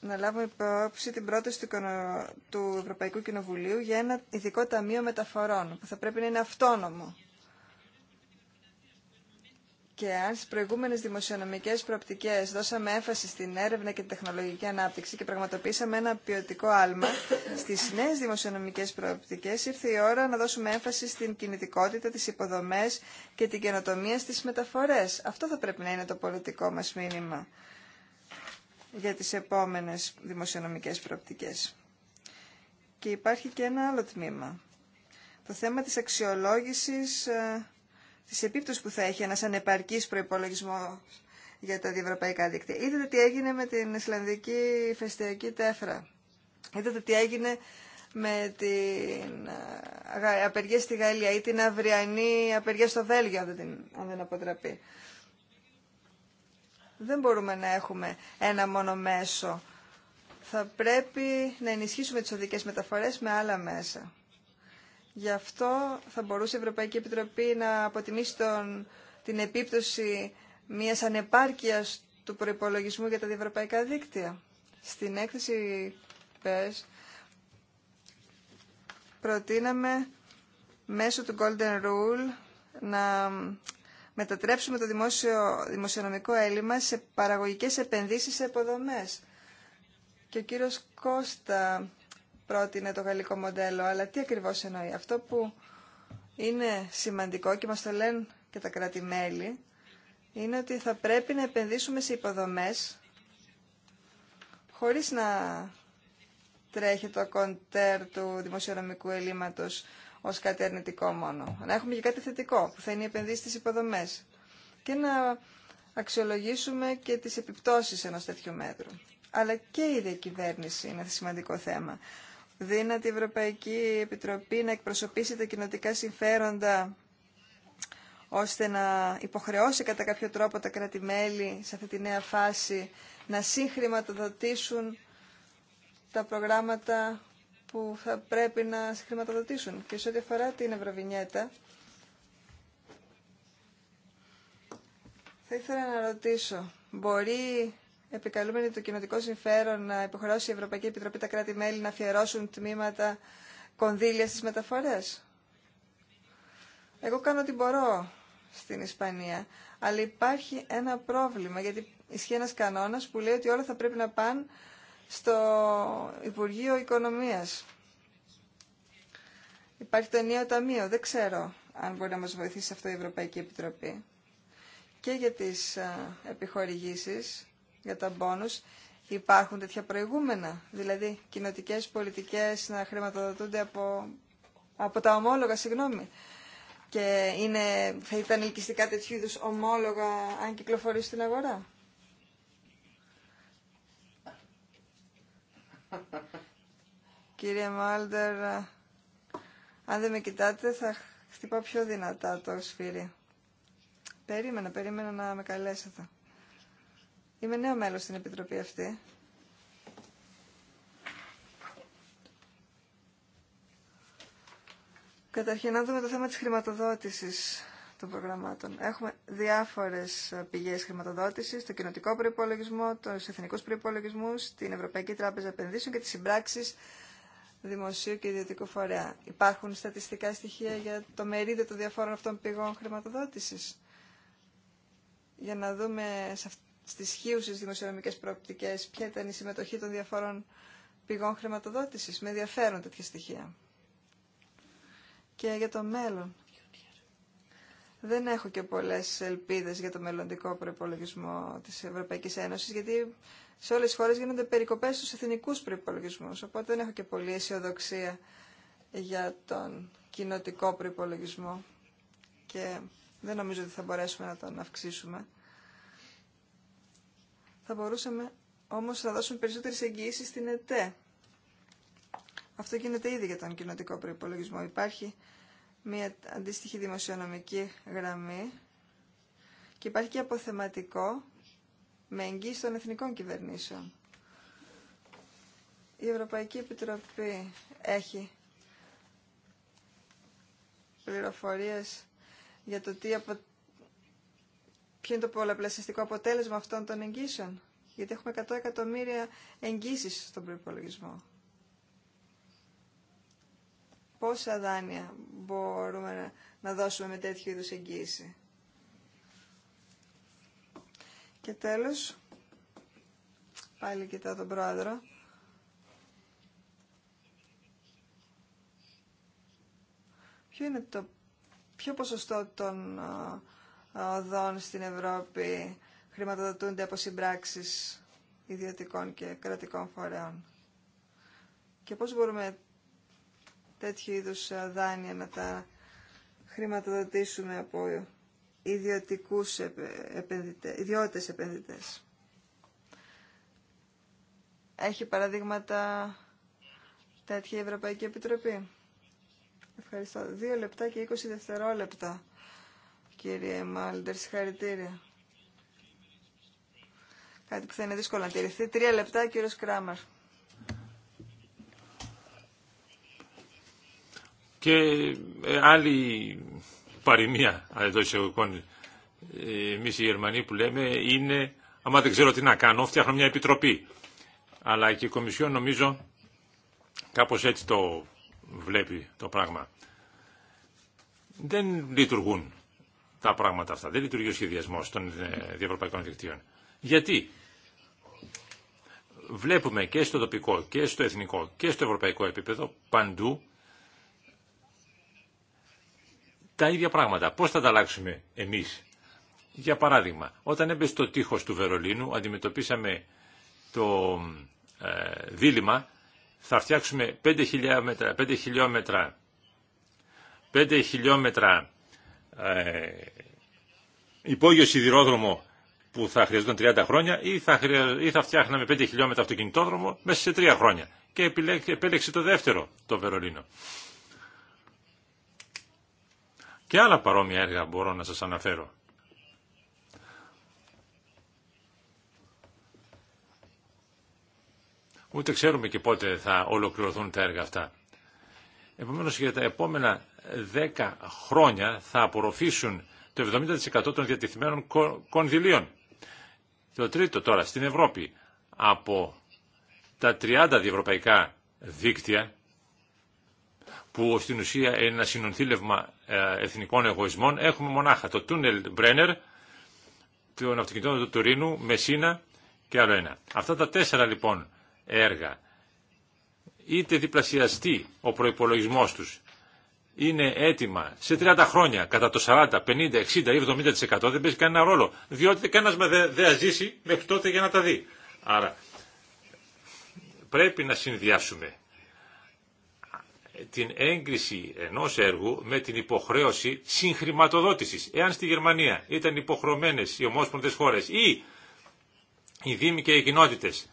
να λάβουμε υπόψη την πρόταση του Ευρωπαϊκού Κοινοβουλίου για ένα ειδικό ταμείο μεταφορών, που θα πρέπει να είναι αυτόνομο. Και αν στι προηγούμενε δημοσιονομικέ προοπτικέ δώσαμε έμφαση στην έρευνα και την τεχνολογική ανάπτυξη και πραγματοποιήσαμε ένα ποιοτικό άλμα, στι νέε δημοσιονομικέ προοπτικέ ήρθε η ώρα να δώσουμε έμφαση στην κινητικότητα, τι υποδομέ και την καινοτομία στι μεταφορέ. Αυτό θα πρέπει να είναι το πολιτικό μα μήνυμα για τις επόμενες δημοσιονομικές προοπτικές. Και υπάρχει και ένα άλλο τμήμα. Το θέμα της αξιολόγησης ε, της επίπτωσης που θα έχει ένας ανεπαρκής προϋπολογισμός για τα διευρωπαϊκά δίκτυα. Είδατε τι έγινε με την Ισλανδική Φεστιακή Τέφρα. Είδατε τι έγινε με την ε, απεργία στη Γαλλία ή την αυριανή απεργία στο Βέλγιο, αν δεν αποτραπεί δεν μπορούμε να έχουμε ένα μόνο μέσο. Θα πρέπει να ενισχύσουμε τις οδικές μεταφορές με άλλα μέσα. Γι' αυτό θα μπορούσε η Ευρωπαϊκή Επιτροπή να αποτιμήσει τον, την επίπτωση μιας ανεπάρκειας του προϋπολογισμού για τα διευρωπαϊκά δίκτυα. Στην έκθεση ΠΕΣ προτείναμε μέσω του Golden Rule να μετατρέψουμε το δημοσιονομικό έλλειμμα σε παραγωγικές επενδύσεις σε υποδομές. Και ο κύριος Κώστα πρότεινε το γαλλικό μοντέλο, αλλά τι ακριβώς εννοεί. Αυτό που είναι σημαντικό και μας το λένε και τα κράτη-μέλη, είναι ότι θα πρέπει να επενδύσουμε σε υποδομές χωρίς να τρέχει το κοντέρ του δημοσιονομικού ελλείμματος Ω κάτι αρνητικό μόνο. Να έχουμε και κάτι θετικό, που θα είναι οι επενδύση στι υποδομέ. Και να αξιολογήσουμε και τις επιπτώσεις ενό τέτοιου μέτρου. Αλλά και η διακυβέρνηση είναι σημαντικό θέμα. Δύνατη η Ευρωπαϊκή Επιτροπή να εκπροσωπήσει τα κοινοτικά συμφέροντα ώστε να υποχρεώσει κατά κάποιο τρόπο τα κράτη-μέλη σε αυτή τη νέα φάση να συγχρηματοδοτήσουν τα προγράμματα που θα πρέπει να συγχρηματοδοτήσουν. Και σε ό,τι αφορά την Ευρωβινιέτα, θα ήθελα να ρωτήσω, μπορεί επικαλούμενοι το κοινοτικό συμφέρον να υποχρεώσει η Ευρωπαϊκή Επιτροπή τα κράτη-μέλη να αφιερώσουν τμήματα κονδύλια στις μεταφορές. Εγώ κάνω ό,τι μπορώ στην Ισπανία, αλλά υπάρχει ένα πρόβλημα, γιατί ισχύει ένας κανόνας που λέει ότι όλα θα πρέπει να πάνε στο Υπουργείο Οικονομίας. Υπάρχει το ενιαίο ταμείο. Δεν ξέρω αν μπορεί να μας βοηθήσει αυτό η Ευρωπαϊκή Επιτροπή. Και για τις επιχορηγήσεις, για τα μπόνους, υπάρχουν τέτοια προηγούμενα. Δηλαδή, κοινοτικέ πολιτικές να χρηματοδοτούνται από, από τα ομόλογα, συγγνώμη. Και είναι, θα ήταν ελκυστικά τέτοιου είδου ομόλογα αν κυκλοφορεί στην αγορά. Κύριε Μάλτερ, αν δεν με κοιτάτε θα χτυπάω πιο δυνατά το σφύρι. Περίμενα, περίμενα να με καλέσετε. Είμαι νέο μέλος στην Επιτροπή αυτή. Καταρχήν να δούμε το θέμα της χρηματοδότησης των προγραμμάτων. Έχουμε διάφορε ε, πηγέ χρηματοδότηση, το κοινοτικό προπολογισμό, του εθνικού προπολογισμού, την Ευρωπαϊκή Τράπεζα Επενδύσεων και τι συμπράξει δημοσίου και ιδιωτικού φορέα. Υπάρχουν στατιστικά στοιχεία για το μερίδιο των διαφόρων αυτών πηγών χρηματοδότηση. Για να δούμε στι χείουσε δημοσιονομικέ προοπτικές ποια ήταν η συμμετοχή των διαφόρων πηγών χρηματοδότηση, Με ενδιαφέρουν τέτοια στοιχεία. Και για το μέλλον δεν έχω και πολλές ελπίδες για το μελλοντικό προπολογισμό της Ευρωπαϊκής Ένωσης, γιατί σε όλες τις χώρες γίνονται περικοπές στους εθνικούς προϋπολογισμούς, οπότε δεν έχω και πολλή αισιοδοξία για τον κοινοτικό προϋπολογισμό και δεν νομίζω ότι θα μπορέσουμε να τον αυξήσουμε. Θα μπορούσαμε όμως να δώσουμε περισσότερες εγγυήσεις στην ΕΤΕ. Αυτό γίνεται ήδη για τον κοινοτικό προϋπολογισμό. Υπάρχει μια αντίστοιχη δημοσιονομική γραμμή και υπάρχει και αποθεματικό με εγγύηση των εθνικών κυβερνήσεων. Η Ευρωπαϊκή Επιτροπή έχει πληροφορίες για το τι απο... ποιο είναι το πολλαπλασιαστικό αποτέλεσμα αυτών των εγγύσεων. Γιατί έχουμε 100 εκατομμύρια εγγύσεις στον προϋπολογισμό. Πόσα δάνεια μπορούμε να δώσουμε με τέτοιου είδους εγγύηση. Και τέλος, πάλι κοιτάω τον πρόεδρο. Ποιο είναι το ποιο ποσοστό των οδών στην Ευρώπη χρηματοδοτούνται από συμπράξεις ιδιωτικών και κρατικών φορέων. Και πώς μπορούμε τέτοιου είδους ε, δάνεια να τα χρηματοδοτήσουμε από ιδιωτικούς επενδυτές, ιδιώτες επενδυτές. Έχει παραδείγματα τέτοια η Ευρωπαϊκή Επιτροπή. Ευχαριστώ. Δύο λεπτά και 20 δευτερόλεπτα, κύριε Μάλντερ. Συγχαρητήρια. Κάτι που θα είναι δύσκολο να τηρηθεί. Τρία λεπτά, κύριος Κράμαρ. και ε, άλλη παροιμία εδώ εισαγωγικών εμεί οι Γερμανοί που λέμε είναι άμα δεν ξέρω τι να κάνω φτιάχνω μια επιτροπή αλλά και η Κομισιόν νομίζω κάπως έτσι το βλέπει το πράγμα δεν λειτουργούν τα πράγματα αυτά δεν λειτουργεί ο σχεδιασμό των ε, διευρωπαϊκών δικτύων γιατί βλέπουμε και στο τοπικό και στο εθνικό και στο ευρωπαϊκό επίπεδο παντού τα ίδια πράγματα. Πώς θα τα αλλάξουμε εμείς. Για παράδειγμα, όταν έπεσε στο τείχος του Βερολίνου αντιμετωπίσαμε το ε, δίλημα θα φτιάξουμε 5 χιλιόμετρα, 5 χιλιόμετρα, 5 χιλιόμετρα ε, υπόγειο σιδηρόδρομο που θα χρειαζόταν 30 χρόνια ή θα, φτιάχναμε 5 χιλιόμετρα αυτοκινητόδρομο μέσα σε 3 χρόνια. Και επέλεξε το δεύτερο το Βερολίνο. Και άλλα παρόμοια έργα μπορώ να σας αναφέρω. Ούτε ξέρουμε και πότε θα ολοκληρωθούν τα έργα αυτά. Επομένως για τα επόμενα 10 χρόνια θα απορροφήσουν το 70% των διατηθειμένων κονδυλίων. Το τρίτο τώρα στην Ευρώπη από τα 30 διευρωπαϊκά δίκτυα που στην ουσία είναι ένα συνονθήλευμα ε, εθνικών εγωισμών. Έχουμε μονάχα το τούνελ Μπρένερ, το ναυτοκινητό του Τουρίνου, Μεσίνα και άλλο ένα. Αυτά τα τέσσερα λοιπόν έργα, είτε διπλασιαστεί ο προπολογισμό του, είναι έτοιμα σε 30 χρόνια κατά το 40, 50, 60 ή 70% δεν παίζει κανένα ρόλο, διότι κανένα δεν αζήσει μέχρι τότε για να τα δει. Άρα πρέπει να συνδυάσουμε την έγκριση ενός έργου με την υποχρέωση συγχρηματοδότησης. Εάν στη Γερμανία ήταν υποχρεωμένες οι ομόσπονδες χώρες ή οι δήμοι και οι κοινότητες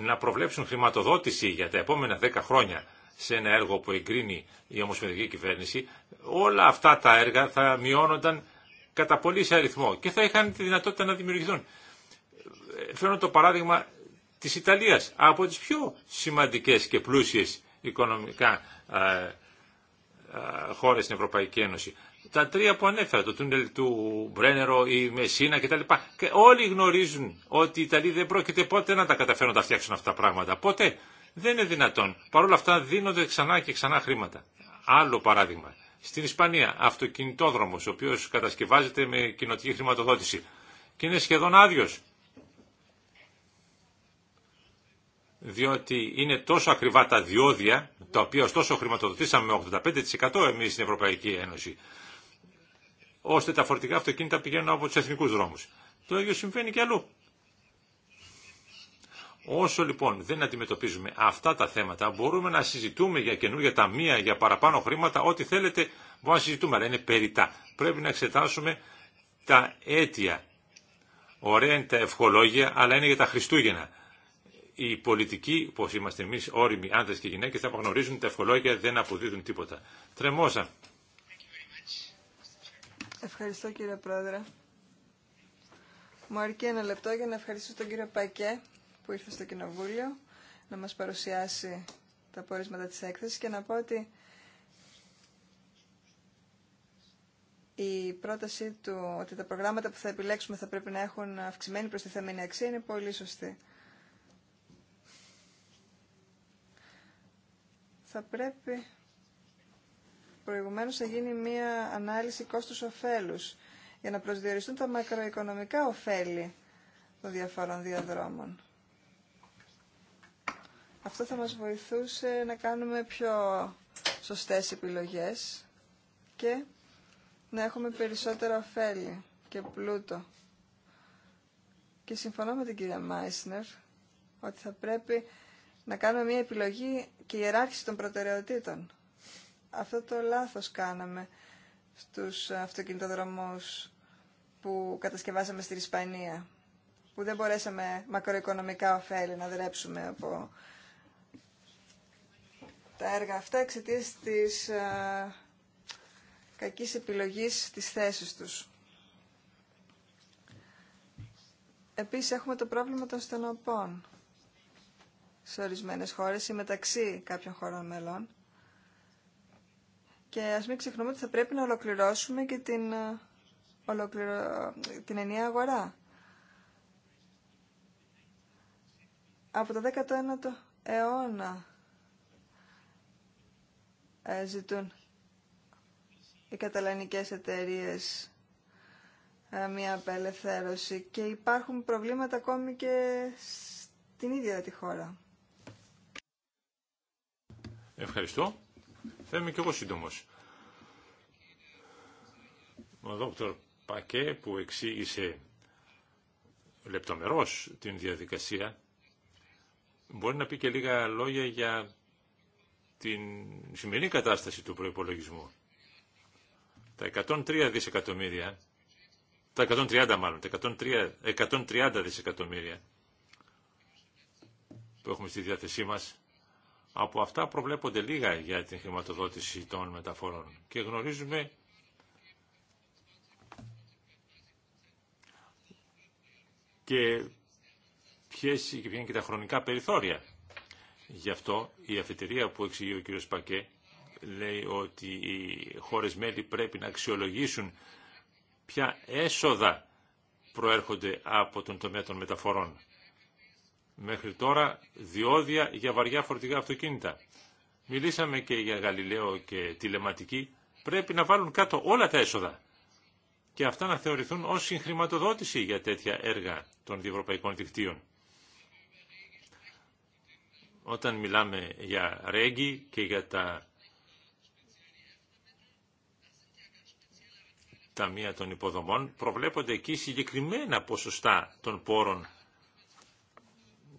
να προβλέψουν χρηματοδότηση για τα επόμενα 10 χρόνια σε ένα έργο που εγκρίνει η Ομοσπονδική Κυβέρνηση, όλα αυτά τα έργα θα μειώνονταν κατά πολύ σε αριθμό και θα είχαν τη δυνατότητα να δημιουργηθούν. Ε, Φέρνω το παράδειγμα της Ιταλίας, από τις πιο σημαντικές και πλούσιες οικονομικά ε, ε, χώρες στην Ευρωπαϊκή Ένωση. Τα τρία που ανέφερα, το τούνελ του Μπρένερο, η Μεσίνα κτλ. Και όλοι γνωρίζουν ότι οι Ιταλοί δεν πρόκειται ποτέ να τα καταφέρουν να φτιάξουν αυτά τα πράγματα. Ποτέ. Δεν είναι δυνατόν. Παρ' όλα αυτά δίνονται ξανά και ξανά χρήματα. Άλλο παράδειγμα. Στην Ισπανία, αυτοκινητόδρομο, ο οποίο κατασκευάζεται με κοινοτική χρηματοδότηση. Και είναι σχεδόν άδειο. διότι είναι τόσο ακριβά τα διόδια, τα οποία ωστόσο χρηματοδοτήσαμε με 85% εμείς στην Ευρωπαϊκή Ένωση, ώστε τα φορτικά αυτοκίνητα πηγαίνουν από τους εθνικούς δρόμους. Το ίδιο συμβαίνει και αλλού. Όσο λοιπόν δεν αντιμετωπίζουμε αυτά τα θέματα, μπορούμε να συζητούμε για καινούργια ταμεία, για παραπάνω χρήματα, ό,τι θέλετε μπορούμε να συζητούμε, αλλά είναι περιτά. Πρέπει να εξετάσουμε τα αίτια. Ωραία είναι τα ευχολόγια, αλλά είναι για τα Χριστούγεννα οι πολιτικοί, όπω είμαστε εμεί, όριμοι άντρε και γυναίκε, θα ότι τα ευχολόγια δεν αποδίδουν τίποτα. Τρεμόσα. Ευχαριστώ κύριε Πρόεδρε. Μου αρκεί ένα λεπτό για να ευχαριστήσω τον κύριο Πακέ που ήρθε στο Κοινοβούλιο να μας παρουσιάσει τα πόρισματα της έκθεσης και να πω ότι η πρότασή του ότι τα προγράμματα που θα επιλέξουμε θα πρέπει να έχουν αυξημένη προστιθέμενη αξία είναι πολύ σωστή. θα πρέπει προηγουμένως να γίνει μία ανάλυση κόστους-οφέλους για να προσδιοριστούν τα μακροοικονομικά ωφέλη των διαφόρων διαδρόμων. Αυτό θα μας βοηθούσε να κάνουμε πιο σωστές επιλογές και να έχουμε περισσότερα ωφέλη και πλούτο. Και συμφωνώ με την κυρία Μάισνερ ότι θα πρέπει να κάνουμε μια επιλογή και ιεράρχηση των προτεραιοτήτων. Αυτό το λάθος κάναμε στους αυτοκινητοδρομούς που κατασκευάσαμε στην Ισπανία, που δεν μπορέσαμε μακροοικονομικά ωφέλη να δρέψουμε από τα έργα αυτά εξαιτία της ε, κακής επιλογής της θέσης τους. Επίσης έχουμε το πρόβλημα των στενοπών σε ορισμένες χώρες ή μεταξύ κάποιων χωρών μελών. Και ας μην ξεχνούμε ότι θα πρέπει να ολοκληρώσουμε και την, ε, ολοκληρω... την ενιαία αγορά. Από το 19ο αιώνα ε, ζητούν οι καταλανικές εταιρείες ε, μια απελευθέρωση και υπάρχουν προβλήματα ακόμη και στην ίδια τη χώρα. Ευχαριστώ. Θα είμαι και εγώ σύντομο. Ο δόκτωρ Πακέ που εξήγησε λεπτομερώς την διαδικασία μπορεί να πει και λίγα λόγια για την σημερινή κατάσταση του προϋπολογισμού. Τα 103 δισεκατομμύρια, τα 130 μάλλον, τα 130, 130 δισεκατομμύρια που έχουμε στη διάθεσή μας από αυτά προβλέπονται λίγα για την χρηματοδότηση των μεταφορών και γνωρίζουμε και ποιες είναι και τα χρονικά περιθώρια. Γι' αυτό η αφετηρία που εξηγεί ο κ. Πακέ λέει ότι οι χώρες μέλη πρέπει να αξιολογήσουν ποια έσοδα προέρχονται από τον τομέα των μεταφορών μέχρι τώρα διόδια για βαριά φορτηγά αυτοκίνητα. Μιλήσαμε και για Γαλιλαίο και τηλεματική. Πρέπει να βάλουν κάτω όλα τα έσοδα και αυτά να θεωρηθούν ως συγχρηματοδότηση για τέτοια έργα των διευρωπαϊκών δικτύων. Όταν μιλάμε για ρέγγι και για τα ταμεία των υποδομών, προβλέπονται εκεί συγκεκριμένα ποσοστά των πόρων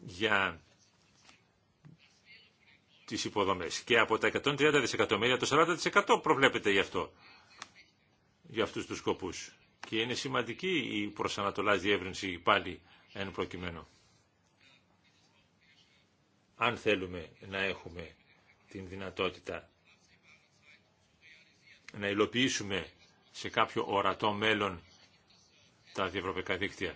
για τις υποδομές. Και από τα 130 δισεκατομμύρια το 40% προβλέπεται γι' αυτό, για αυτούς τους σκοπούς. Και είναι σημαντική η προσανατολάς διεύρυνση πάλι εν προκειμένου. Αν θέλουμε να έχουμε την δυνατότητα να υλοποιήσουμε σε κάποιο ορατό μέλλον τα διευρωπαϊκά δίκτυα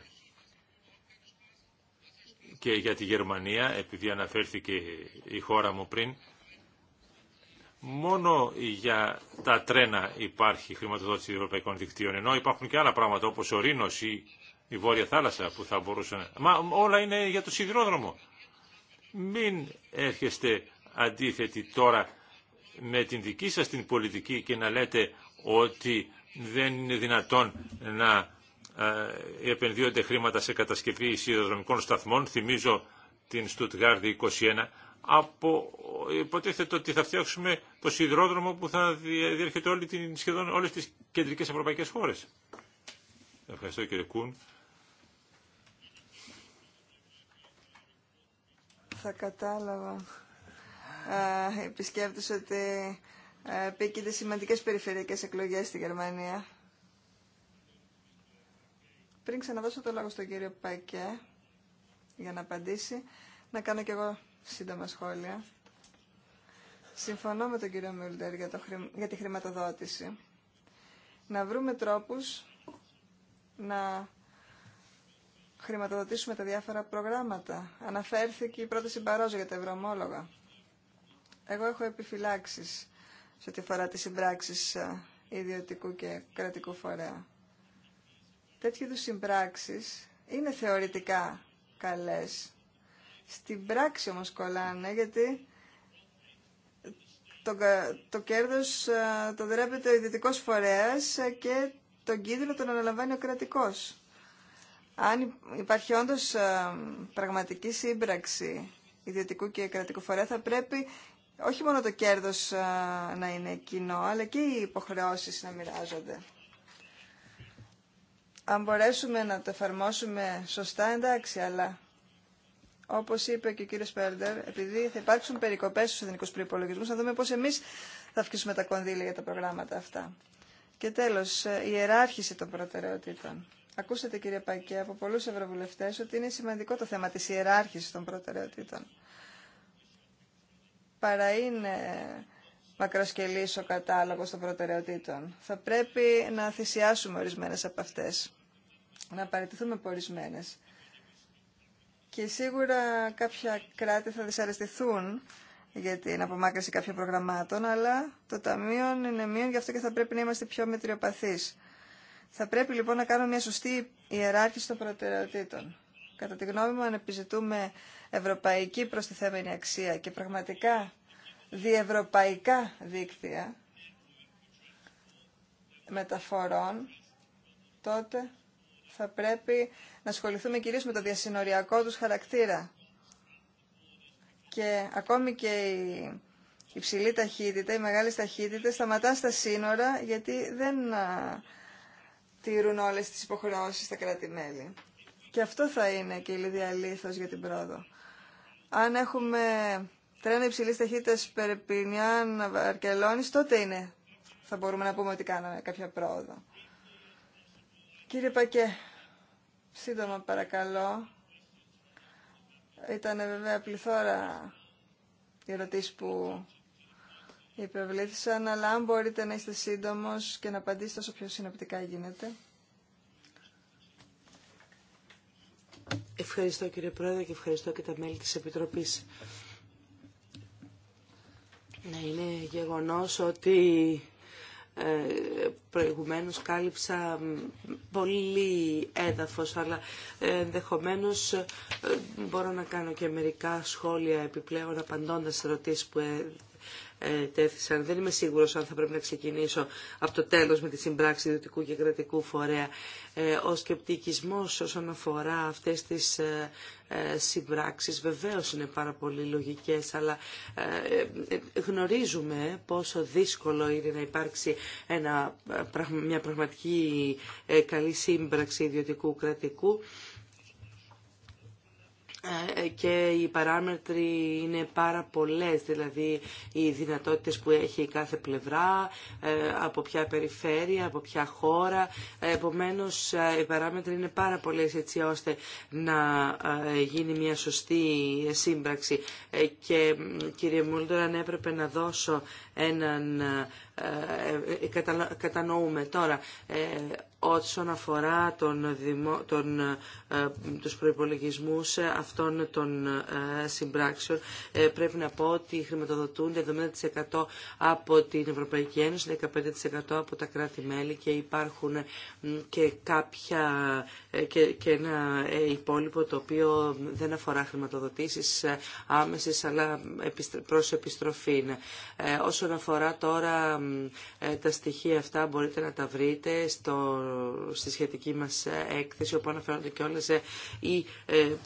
και για τη Γερμανία, επειδή αναφέρθηκε η χώρα μου πριν. Μόνο για τα τρένα υπάρχει χρηματοδότηση ευρωπαϊκών δικτύων, ενώ υπάρχουν και άλλα πράγματα όπως ο Ρήνος ή η Βόρεια Θάλασσα που θα μπορούσαν... Μα όλα είναι για το σιδηρόδρομο. Μην έρχεστε αντίθετη τώρα με την δική σας την πολιτική και να λέτε ότι δεν είναι δυνατόν να ε, επενδύονται χρήματα σε κατασκευή σιδηροδρομικών σταθμών. Θυμίζω την Στουτγάρδη 21. Από... Υποτίθεται ότι θα φτιάξουμε το σιδηρόδρομο που θα διέρχεται όλη την, σχεδόν όλες τις κεντρικές ευρωπαϊκές χώρες. Ευχαριστώ κύριε Κούν. Θα κατάλαβα. Ε, επισκέπτεσαι ότι ε, πήγαινε σημαντικές περιφερειακές εκλογές στη Γερμανία. Πριν ξαναδώσω το λόγο στον κύριο Πακέ για να απαντήσει, να κάνω κι εγώ σύντομα σχόλια. Συμφωνώ με τον κύριο Μιλντερ για, τη χρηματοδότηση. Να βρούμε τρόπους να χρηματοδοτήσουμε τα διάφορα προγράμματα. Αναφέρθηκε η πρόταση Μπαρόζο για τα ευρωομόλογα. Εγώ έχω επιφυλάξεις σε ό,τι αφορά τις συμπράξεις ε, ιδιωτικού και κρατικού φορέα τέτοιου είδους συμπράξεις είναι θεωρητικά καλές. Στην πράξη όμως κολλάνε γιατί το, το κέρδος ε, το δρέπεται ο ιδιωτικός φορέας και τον κίνδυνο τον αναλαμβάνει ο κρατικός. Αν υπάρχει όντως ε, πραγματική σύμπραξη ιδιωτικού και κρατικού φορέα θα πρέπει όχι μόνο το κέρδος ε, να είναι κοινό αλλά και οι υποχρεώσεις να μοιράζονται αν μπορέσουμε να το εφαρμόσουμε σωστά, εντάξει, αλλά Όπω είπε και ο κύριο Πέρντερ, επειδή θα υπάρξουν περικοπές στου εθνικούς προπολογισμού, θα δούμε πω εμεί θα αυξήσουμε τα κονδύλια για τα προγράμματα αυτά. Και τέλο, ε, η ιεράρχηση των προτεραιοτήτων. Ακούσατε κύριε Πακέ από πολλού ευρωβουλευτέ ότι είναι σημαντικό το θέμα τη ιεράρχηση των προτεραιοτήτων. Παρά είναι μακροσκελής ο κατάλογος των προτεραιοτήτων. Θα πρέπει να θυσιάσουμε ορισμένες από αυτές να παραιτηθούμε από ορισμένε. Και σίγουρα κάποια κράτη θα δυσαρεστηθούν για την απομάκρυνση κάποιων προγραμμάτων, αλλά το Ταμείο είναι μείον, γι' αυτό και θα πρέπει να είμαστε πιο μετριοπαθείς. Θα πρέπει λοιπόν να κάνουμε μια σωστή ιεράρχηση των προτεραιοτήτων. Κατά τη γνώμη μου, αν επιζητούμε ευρωπαϊκή προστιθέμενη αξία και πραγματικά διευρωπαϊκά δίκτυα μεταφορών, τότε θα πρέπει να ασχοληθούμε κυρίως με το διασυνοριακό τους χαρακτήρα. Και ακόμη και η υψηλή ταχύτητα, οι μεγάλες ταχύτητες σταματά στα σύνορα γιατί δεν τηρούν όλες τις υποχρεώσεις στα κράτη-μέλη. Και αυτό θα είναι και η λιδιαλήθος για την πρόοδο. Αν έχουμε τρένα υψηλής ταχύτητας Περπινιάν, Βαρκελόνης, τότε είναι θα μπορούμε να πούμε ότι κάναμε κάποια πρόοδο. Κύριε Πακέ, Σύντομα παρακαλώ. Ήταν βέβαια πληθώρα οι ερωτήσει που υπευλήθησαν, αλλά αν μπορείτε να είστε σύντομος και να απαντήσετε όσο πιο συνοπτικά γίνεται. Ευχαριστώ κύριε Πρόεδρε και ευχαριστώ και τα μέλη της Επιτροπής. Να είναι γεγονός ότι προηγουμένως κάλυψα πολύ έδαφος, αλλά ε, ενδεχομένω ε, μπορώ να κάνω και μερικά σχόλια επιπλέον απαντώντας ερωτήσεις που ε, τέθησαν. Δεν είμαι σίγουρος αν θα πρέπει να ξεκινήσω από το τέλο με τη συμπράξη ιδιωτικού και κρατικού φορέα. Ε, ο σκεπτικισμός όσον αφορά αυτές τις ε, ε, συμπράξεις βεβαίω είναι πάρα πολύ λογικέ, αλλά γνωρίζουμε πόσο δύσκολο είναι να υπάρξει ένα, μια πραγματική καλή σύμπραξη ιδιωτικού κρατικού ε, και οι παράμετροι είναι πάρα πολλές, δηλαδή οι δυνατότητες που έχει η κάθε πλευρά, ε, από ποια περιφέρεια, από ποια χώρα. Ε, επομένως, οι παράμετροι είναι πάρα πολλές έτσι ώστε να γίνει μια σωστή σύμπραξη. Και κύριε Μούλτορ, αν έπρεπε να δώσω έναν... Κατανοούμε τώρα όσον αφορά τον δημο, τον, ε, τους προϋπολογισμούς αυτών των ε, συμπράξεων. Ε, πρέπει να πω ότι χρηματοδοτούνται 70% από την Ευρωπαϊκή Ένωση, 15% από τα κράτη-μέλη και υπάρχουν και κάποια ε, και, ένα ε, υπόλοιπο το οποίο δεν αφορά χρηματοδοτήσεις ε, άμεσης αλλά προς επιστροφή. Όσον αφορά τώρα τα στοιχεία αυτά μπορείτε να τα βρείτε στο, στη σχετική μας έκθεση όπου αναφέρονται και όλες οι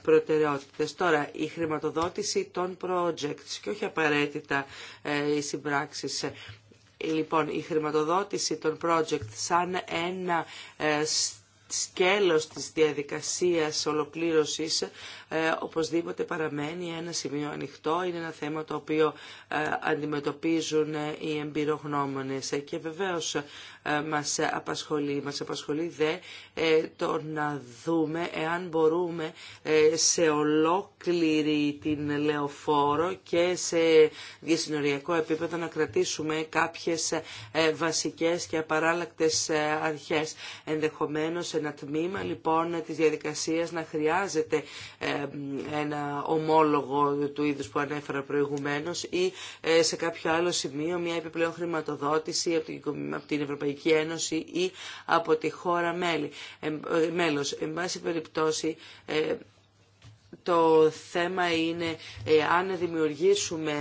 προτεραιότητες. Τώρα, η χρηματοδότηση των projects και όχι απαραίτητα οι συμπράξεις λοιπόν η χρηματοδότηση των project σαν ένα σκέλος της διαδικασίας ολοκλήρωσης ε, οπωσδήποτε παραμένει ένα σημείο ανοιχτό, είναι ένα θέμα το οποίο ε, αντιμετωπίζουν ε, οι εμπειρογνώμονες και βεβαίως μας απασχολεί. Μας απασχολεί δε το να δούμε εάν μπορούμε σε ολόκληρη την λεωφόρο και σε διασυνοριακό επίπεδο να κρατήσουμε κάποιες βασικές και απαράλλακτες αρχές. Ενδεχομένως ένα τμήμα λοιπόν της διαδικασίας να χρειάζεται ένα ομόλογο του είδους που ανέφερα προηγουμένως ή ε, σε κάποιο άλλο σημείο μια επιπλέον χρηματοδότηση από την Ευρωπαϊκή Ένωση ή από τη χώρα μέλη. Ε, μέλος. Εν πάση περιπτώσει, ε, το θέμα είναι αν δημιουργήσουμε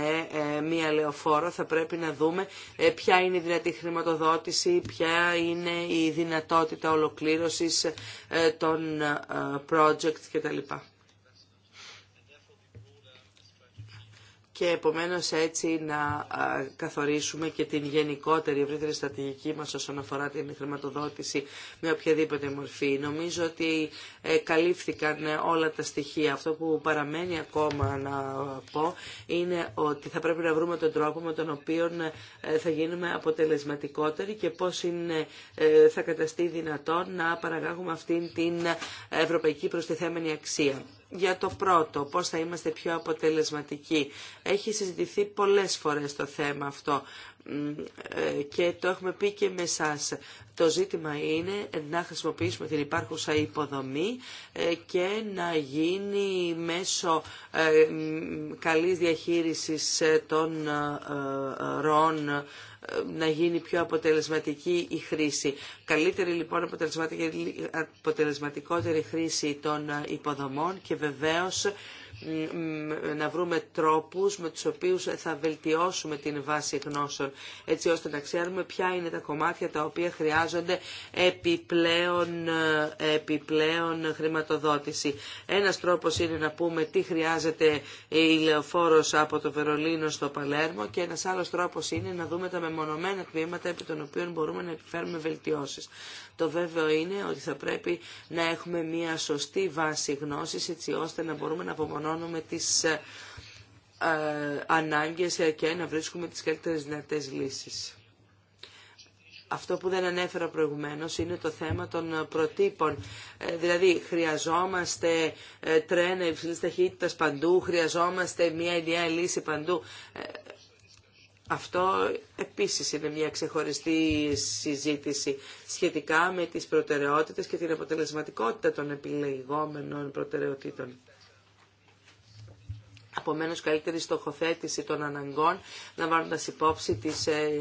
μία λεωφόρο θα πρέπει να δούμε ποια είναι η δυνατή χρηματοδότηση, ποια είναι η δυνατότητα ολοκλήρωσης των project κτλ. και επομένως έτσι να καθορίσουμε και την γενικότερη ευρύτερη στρατηγική μας όσον αφορά την χρηματοδότηση με οποιαδήποτε μορφή. Νομίζω ότι ε, καλύφθηκαν όλα τα στοιχεία. Αυτό που παραμένει ακόμα να πω είναι ότι θα πρέπει να βρούμε τον τρόπο με τον οποίο ε, θα γίνουμε αποτελεσματικότεροι και πώς είναι, ε, θα καταστεί δυνατόν να παραγάγουμε αυτήν την ευρωπαϊκή προστιθέμενη αξία για το πρώτο, πώς θα είμαστε πιο αποτελεσματικοί. Έχει συζητηθεί πολλές φορές το θέμα αυτό. Ε, και το έχουμε πει και με εσά. Το ζήτημα είναι να χρησιμοποιήσουμε την υπάρχουσα υποδομή ε, και να γίνει μέσω ε, καλής διαχείρισης των ροών να γίνει πιο αποτελεσματική η χρήση. Καλύτερη λοιπόν αποτελεσματικότερη χρήση των υποδομών και βεβαίως να βρούμε τρόπους με τους οποίους θα βελτιώσουμε την βάση γνώσεων, έτσι ώστε να ξέρουμε ποια είναι τα κομμάτια τα οποία χρειάζονται επιπλέον, ε, επιπλέον χρηματοδότηση. Ένας τρόπος είναι να πούμε τι χρειάζεται η λεωφόρος από το Βερολίνο στο Παλέρμο και ένας άλλος τρόπος είναι να δούμε τα μεμονωμένα τμήματα επί των οποίων μπορούμε να επιφέρουμε βελτιώσεις. Το βέβαιο είναι ότι θα πρέπει να έχουμε μια σωστή βάση γνώσης έτσι ώστε να μπορούμε να απομονώσουμε με τις ε, ε, ανάγκες ε, και να βρίσκουμε τις καλύτερες δυνατές λύσεις. Αυτό που δεν ανέφερα προηγουμένως είναι το θέμα των προτύπων. Δηλαδή, χρειαζόμαστε τρένα υψηλής ταχύτητας παντού, χρειαζόμαστε μια ενιαία λύση παντού. Αυτό επίσης είναι μια ξεχωριστή συζήτηση σχετικά με τις προτεραιότητες και την αποτελεσματικότητα των επιλεγόμενων προτεραιοτήτων. Απομένως καλύτερη στοχοθέτηση των αναγκών, λαμβάνοντα υπόψη τις ε,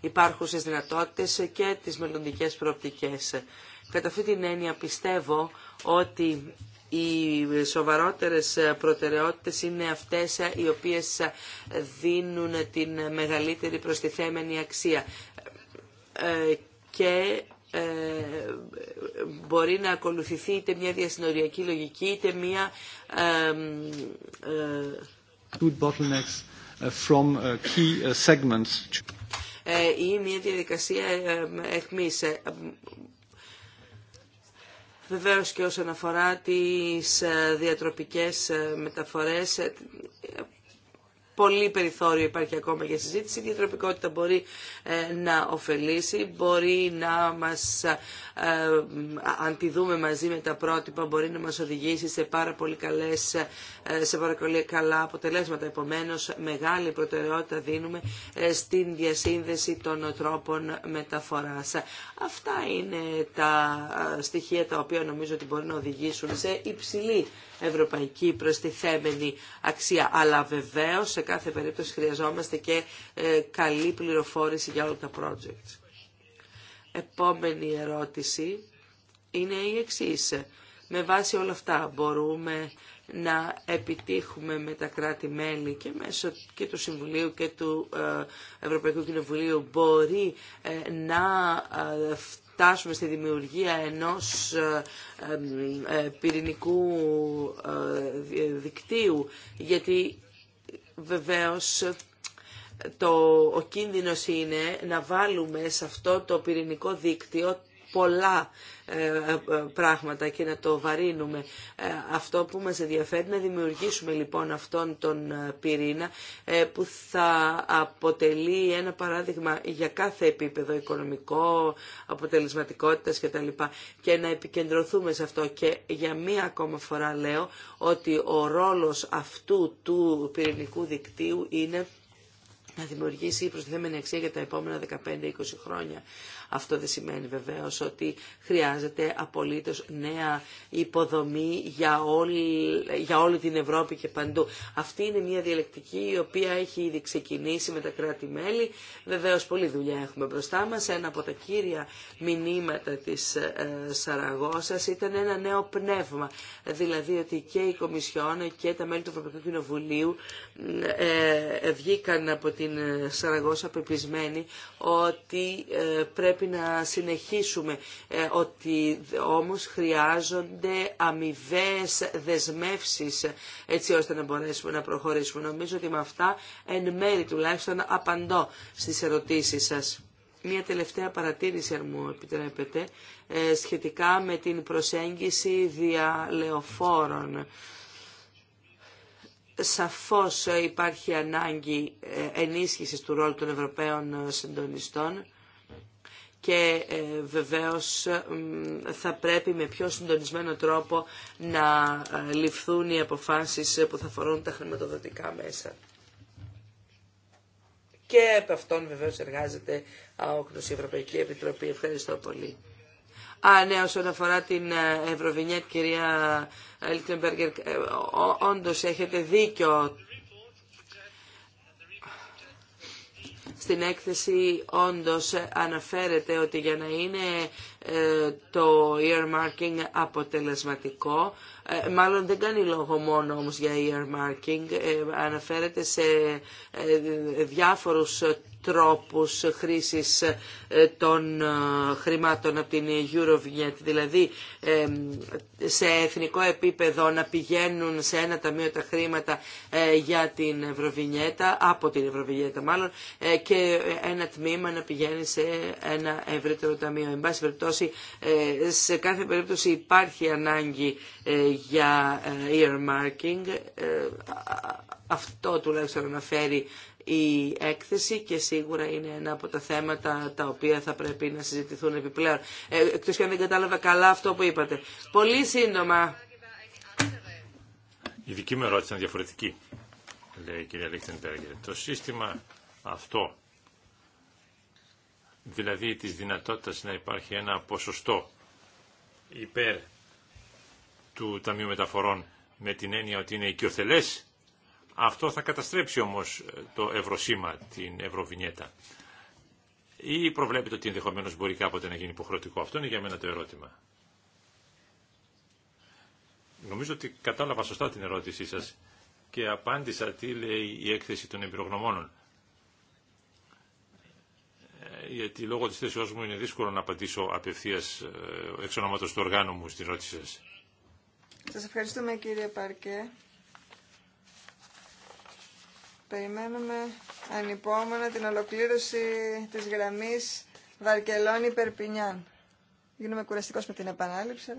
υπάρχουσες δυνατότητες και τις μελλοντικές προοπτικές. Κατά αυτή την έννοια πιστεύω ότι οι σοβαρότερες προτεραιότητες είναι αυτές οι οποίες δίνουν την μεγαλύτερη προστιθέμενη αξία ε, και ε, μπορεί να ακολουθηθεί είτε μια διασυνοριακή λογική είτε μια ή μια διαδικασία εχμής. Ε, Βεβαίω και όσον αφορά τις ε, διατροπικές μεταφορές πολύ περιθώριο υπάρχει ακόμα για συζήτηση. Η διατροπικότητα μπορεί ε, να ωφελήσει, μπορεί να μας, ε, ε, αν τη μαζί με τα πρότυπα, μπορεί να μας οδηγήσει σε πάρα πολύ καλές, σε πάρα καλά αποτελέσματα. Επομένως, μεγάλη προτεραιότητα δίνουμε στην διασύνδεση των τρόπων μεταφοράς. Αυτά είναι τα στοιχεία τα οποία νομίζω ότι μπορεί να οδηγήσουν σε υψηλή ευρωπαϊκή προστιθέμενη αξία. Αλλά βεβαίω σε κάθε περίπτωση χρειαζόμαστε και ε, καλή πληροφόρηση για όλα τα projects. Επόμενη ερώτηση είναι η εξής. Με βάση όλα αυτά μπορούμε να επιτύχουμε με τα κράτη-μέλη και μέσω και του Συμβουλίου και του ε, Ευρωπαϊκού Κοινοβουλίου μπορεί ε, να φτάσουμε στη δημιουργία ενός ε, ε, ε, πυρηνικού δικτύου, γιατί βεβαίως το, ο κίνδυνος είναι να βάλουμε σε αυτό το πυρηνικό δίκτυο πολλά ε, ε, πράγματα και να το βαρύνουμε. Ε, αυτό που μας ενδιαφέρει να δημιουργήσουμε λοιπόν αυτόν τον πυρήνα που θα αποτελεί ένα παράδειγμα για κάθε επίπεδο οικονομικό, αποτελεσματικότητας κτλ. Και να επικεντρωθούμε σε αυτό και για μία ακόμα φορά λέω ότι ο ρόλος αυτού του πυρηνικού δικτύου είναι να δημιουργήσει προστιθέμενη αξία για τα επόμενα 15-20 χρόνια. Αυτό δεν σημαίνει βεβαίως ότι χρειάζεται απολύτως νέα υποδομή για όλη, για όλη την Ευρώπη και παντού. Αυτή είναι μια διαλεκτική η οποία έχει ήδη ξεκινήσει με τα κράτη-μέλη. Βεβαίως πολλή δουλειά έχουμε μπροστά μας. Ένα από τα κύρια μηνύματα της ε, Σαραγώσας ήταν ένα νέο πνεύμα. Δηλαδή ότι και η Κομισιόν και τα μέλη του Ευρωπαϊκού Κοινοβουλίου ε, ε, βγήκαν από την Σαραγώσα πεπισμένοι ότι πρέπει πρέπει να συνεχίσουμε, ε, ότι όμως χρειάζονται αμοιβέ δεσμεύσεις ε, έτσι ώστε να μπορέσουμε να προχωρήσουμε. Νομίζω ότι με αυτά εν μέρη τουλάχιστον απαντώ στις ερωτήσεις σας. Μία τελευταία παρατήρηση, αν μου επιτρέπετε, ε, σχετικά με την προσέγγιση διαλεοφόρων. Σαφώς υπάρχει ανάγκη ενίσχυσης του ρόλου των Ευρωπαίων συντονιστών και ε, βεβαίως θα πρέπει με πιο συντονισμένο τρόπο να ε, ληφθούν οι αποφάσεις που θα φορούν τα χρηματοδοτικά μέσα. Και από αυτόν βεβαίως εργάζεται ο η Ευρωπαϊκή Επιτροπή. Ευχαριστώ πολύ. Α, ναι, όσον αφορά την ε, Ευρωβινιέτ, κυρία Λίτνεμπεργκερ, όντως έχετε δίκιο Στην έκθεση όντως αναφέρεται ότι για να είναι ε, το earmarking αποτελεσματικό, ε, μάλλον δεν κάνει λόγο μόνο όμως για earmarking, ε, αναφέρεται σε διάφορους τρόπους χρήσης ε, των ε, χρημάτων από την Eurovignet, δηλαδή ε, σε εθνικό επίπεδο να πηγαίνουν σε ένα ταμείο τα χρήματα για την Ευρωβινιέτα, από την Ευρωβινιέτα μάλλον, και ένα τμήμα να πηγαίνει σε ένα ευρύτερο ταμείο. Εν πάση περιπτώσει, σε κάθε περίπτωση υπάρχει ανάγκη για earmarking, αυτό τουλάχιστον αναφέρει η έκθεση και σίγουρα είναι ένα από τα θέματα τα οποία θα πρέπει να συζητηθούν επιπλέον. Ε, εκτός και αν δεν κατάλαβα καλά αυτό που είπατε. Πολύ σύντομα. Η δική μου ερώτηση ήταν διαφορετική, λέει η κυρία Λίχτενμπέργκερ. Το σύστημα αυτό, δηλαδή της δυνατότητας να υπάρχει ένα ποσοστό υπέρ του Ταμείου Μεταφορών με την έννοια ότι είναι οικειοθελές αυτό θα καταστρέψει όμως ε, το ευρωσήμα, την ευρωβινιέτα. Ή προβλέπετε ότι ενδεχομένως μπορεί κάποτε να γίνει υποχρεωτικό. Αυτό είναι για μένα το ερώτημα. Νομίζω ότι κατάλαβα σωστά την ερώτησή σας και απάντησα τι λέει η έκθεση των εμπειρογνωμόνων. Ε, γιατί λόγω της θέσης μου είναι δύσκολο να απαντήσω απευθείας ε, εξ ονόματος του οργάνου μου στην ερώτησή σας. Σας ευχαριστούμε κύριε Παρκέ. Περιμένουμε ανυπόμονα την ολοκλήρωση της γραμμής Βαρκελόνη-Περπινιάν. Γίνομαι κουραστικός με την επανάληψη.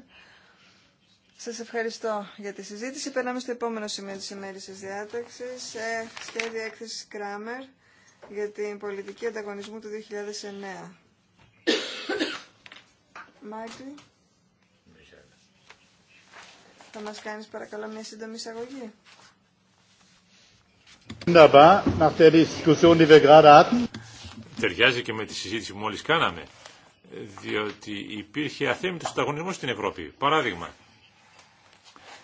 Σας ευχαριστώ για τη συζήτηση. Περνάμε στο επόμενο σημείο της ημέρης της διάταξης, σε σχέδιο έκθεσης Κράμερ για την πολιτική ανταγωνισμού του 2009. Μάικλ, θα μας κάνεις παρακαλώ μια σύντομη εισαγωγή. Ταιριάζει και με τη συζήτηση που μόλις κάναμε, διότι υπήρχε αθέμητο συνταγωνισμό στην Ευρώπη. Παράδειγμα,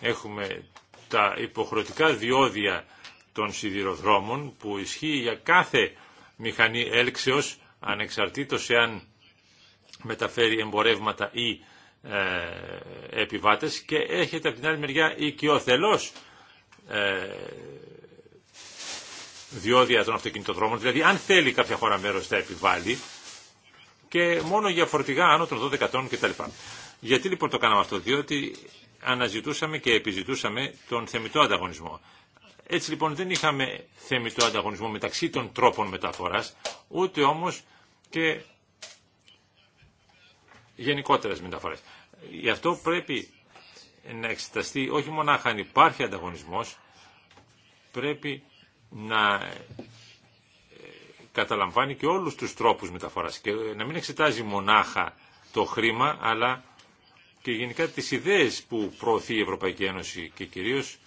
έχουμε τα υποχρεωτικά διόδια των σιδηροδρόμων που ισχύει για κάθε μηχανή έλξεως ανεξαρτήτως εάν μεταφέρει εμπορεύματα ή ε, επιβάτες και έχετε από την άλλη μεριά οικειοθελώς ε, διόδια των αυτοκινητοδρόμων, δηλαδή αν θέλει κάποια χώρα μέρο θα επιβάλλει και μόνο για φορτηγά άνω των 12 ετών κτλ. Γιατί λοιπόν το κάναμε αυτό, διότι αναζητούσαμε και επιζητούσαμε τον θεμητό ανταγωνισμό. Έτσι λοιπόν δεν είχαμε θεμητό ανταγωνισμό μεταξύ των τρόπων μεταφοράς, ούτε όμως και γενικότερες μεταφορές. Γι' αυτό πρέπει να εξεταστεί όχι μονάχα αν υπάρχει ανταγωνισμός, πρέπει να ε, καταλαμβάνει και όλους τους τρόπους μεταφοράς και να μην εξετάζει μονάχα το χρήμα αλλά και γενικά τις ιδέες που προωθεί η Ευρωπαϊκή Ένωση και κυρίως,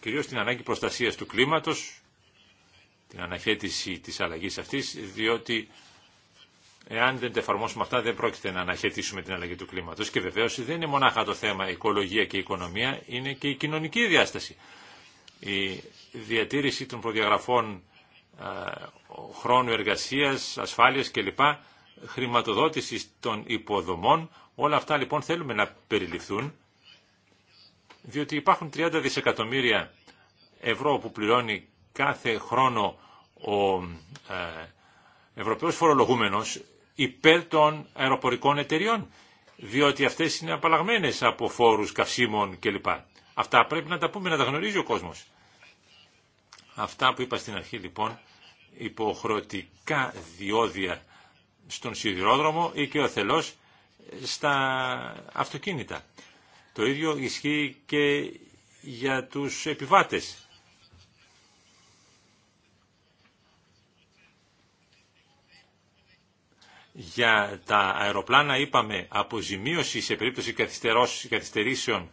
κυρίως την ανάγκη προστασίας του κλίματος, την αναχέτηση της αλλαγής αυτής, διότι εάν δεν τα εφαρμόσουμε αυτά δεν πρόκειται να αναχέτησουμε την αλλαγή του κλίματος και βεβαίως δεν είναι μονάχα το θέμα οικολογία και οικονομία, είναι και η κοινωνική διάσταση. Η διατήρηση των προδιαγραφών ε, χρόνου εργασίας, ασφάλειας κλπ, χρηματοδότηση των υποδομών, όλα αυτά λοιπόν θέλουμε να περιληφθούν, διότι υπάρχουν 30 δισεκατομμύρια ευρώ που πληρώνει κάθε χρόνο ο ε, Ευρωπαίος φορολογούμενος υπέρ των αεροπορικών εταιριών, διότι αυτές είναι απαλλαγμένες από φόρους καυσίμων κλπ. Αυτά πρέπει να τα πούμε, να τα γνωρίζει ο κόσμος. Αυτά που είπα στην αρχή λοιπόν, υποχρεωτικά διόδια στον σιδηρόδρομο ή και ο θελός στα αυτοκίνητα. Το ίδιο ισχύει και για τους επιβάτες. Για τα αεροπλάνα είπαμε αποζημίωση σε περίπτωση καθυστερήσεων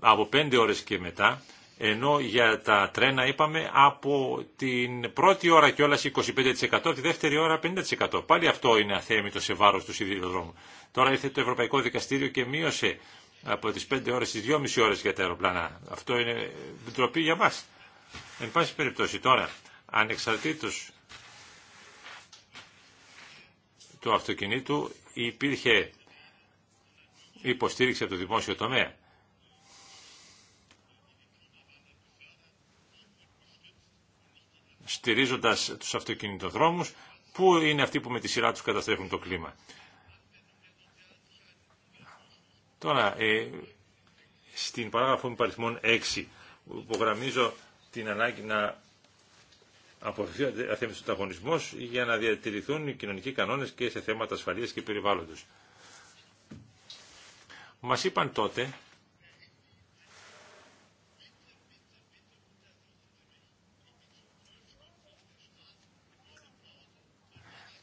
από 5 ώρες και μετά ενώ για τα τρένα είπαμε από την πρώτη ώρα κιόλας 25%, τη δεύτερη ώρα 50%. Πάλι αυτό είναι αθέμητο σε βάρος του σιδηροδρόμου. Τώρα ήρθε το Ευρωπαϊκό Δικαστήριο και μείωσε από τις 5 ώρες στις 2,5 ώρες για τα αεροπλάνα. Αυτό είναι ντροπή για μας. Εν πάση περιπτώσει τώρα, ανεξαρτήτως του αυτοκινήτου υπήρχε υποστήριξη από το δημόσιο τομέα. στηρίζοντας τους αυτοκινητοδρόμους που είναι αυτοί που με τη σειρά τους καταστρέφουν το κλίμα. Τώρα, ε, στην παράγραφο μου παριθμών 6 υπογραμμίζω την ανάγκη να αποφευθεί ο του ανταγωνισμός για να διατηρηθούν οι κοινωνικοί κανόνες και σε θέματα ασφαλείας και περιβάλλοντος. Μας είπαν τότε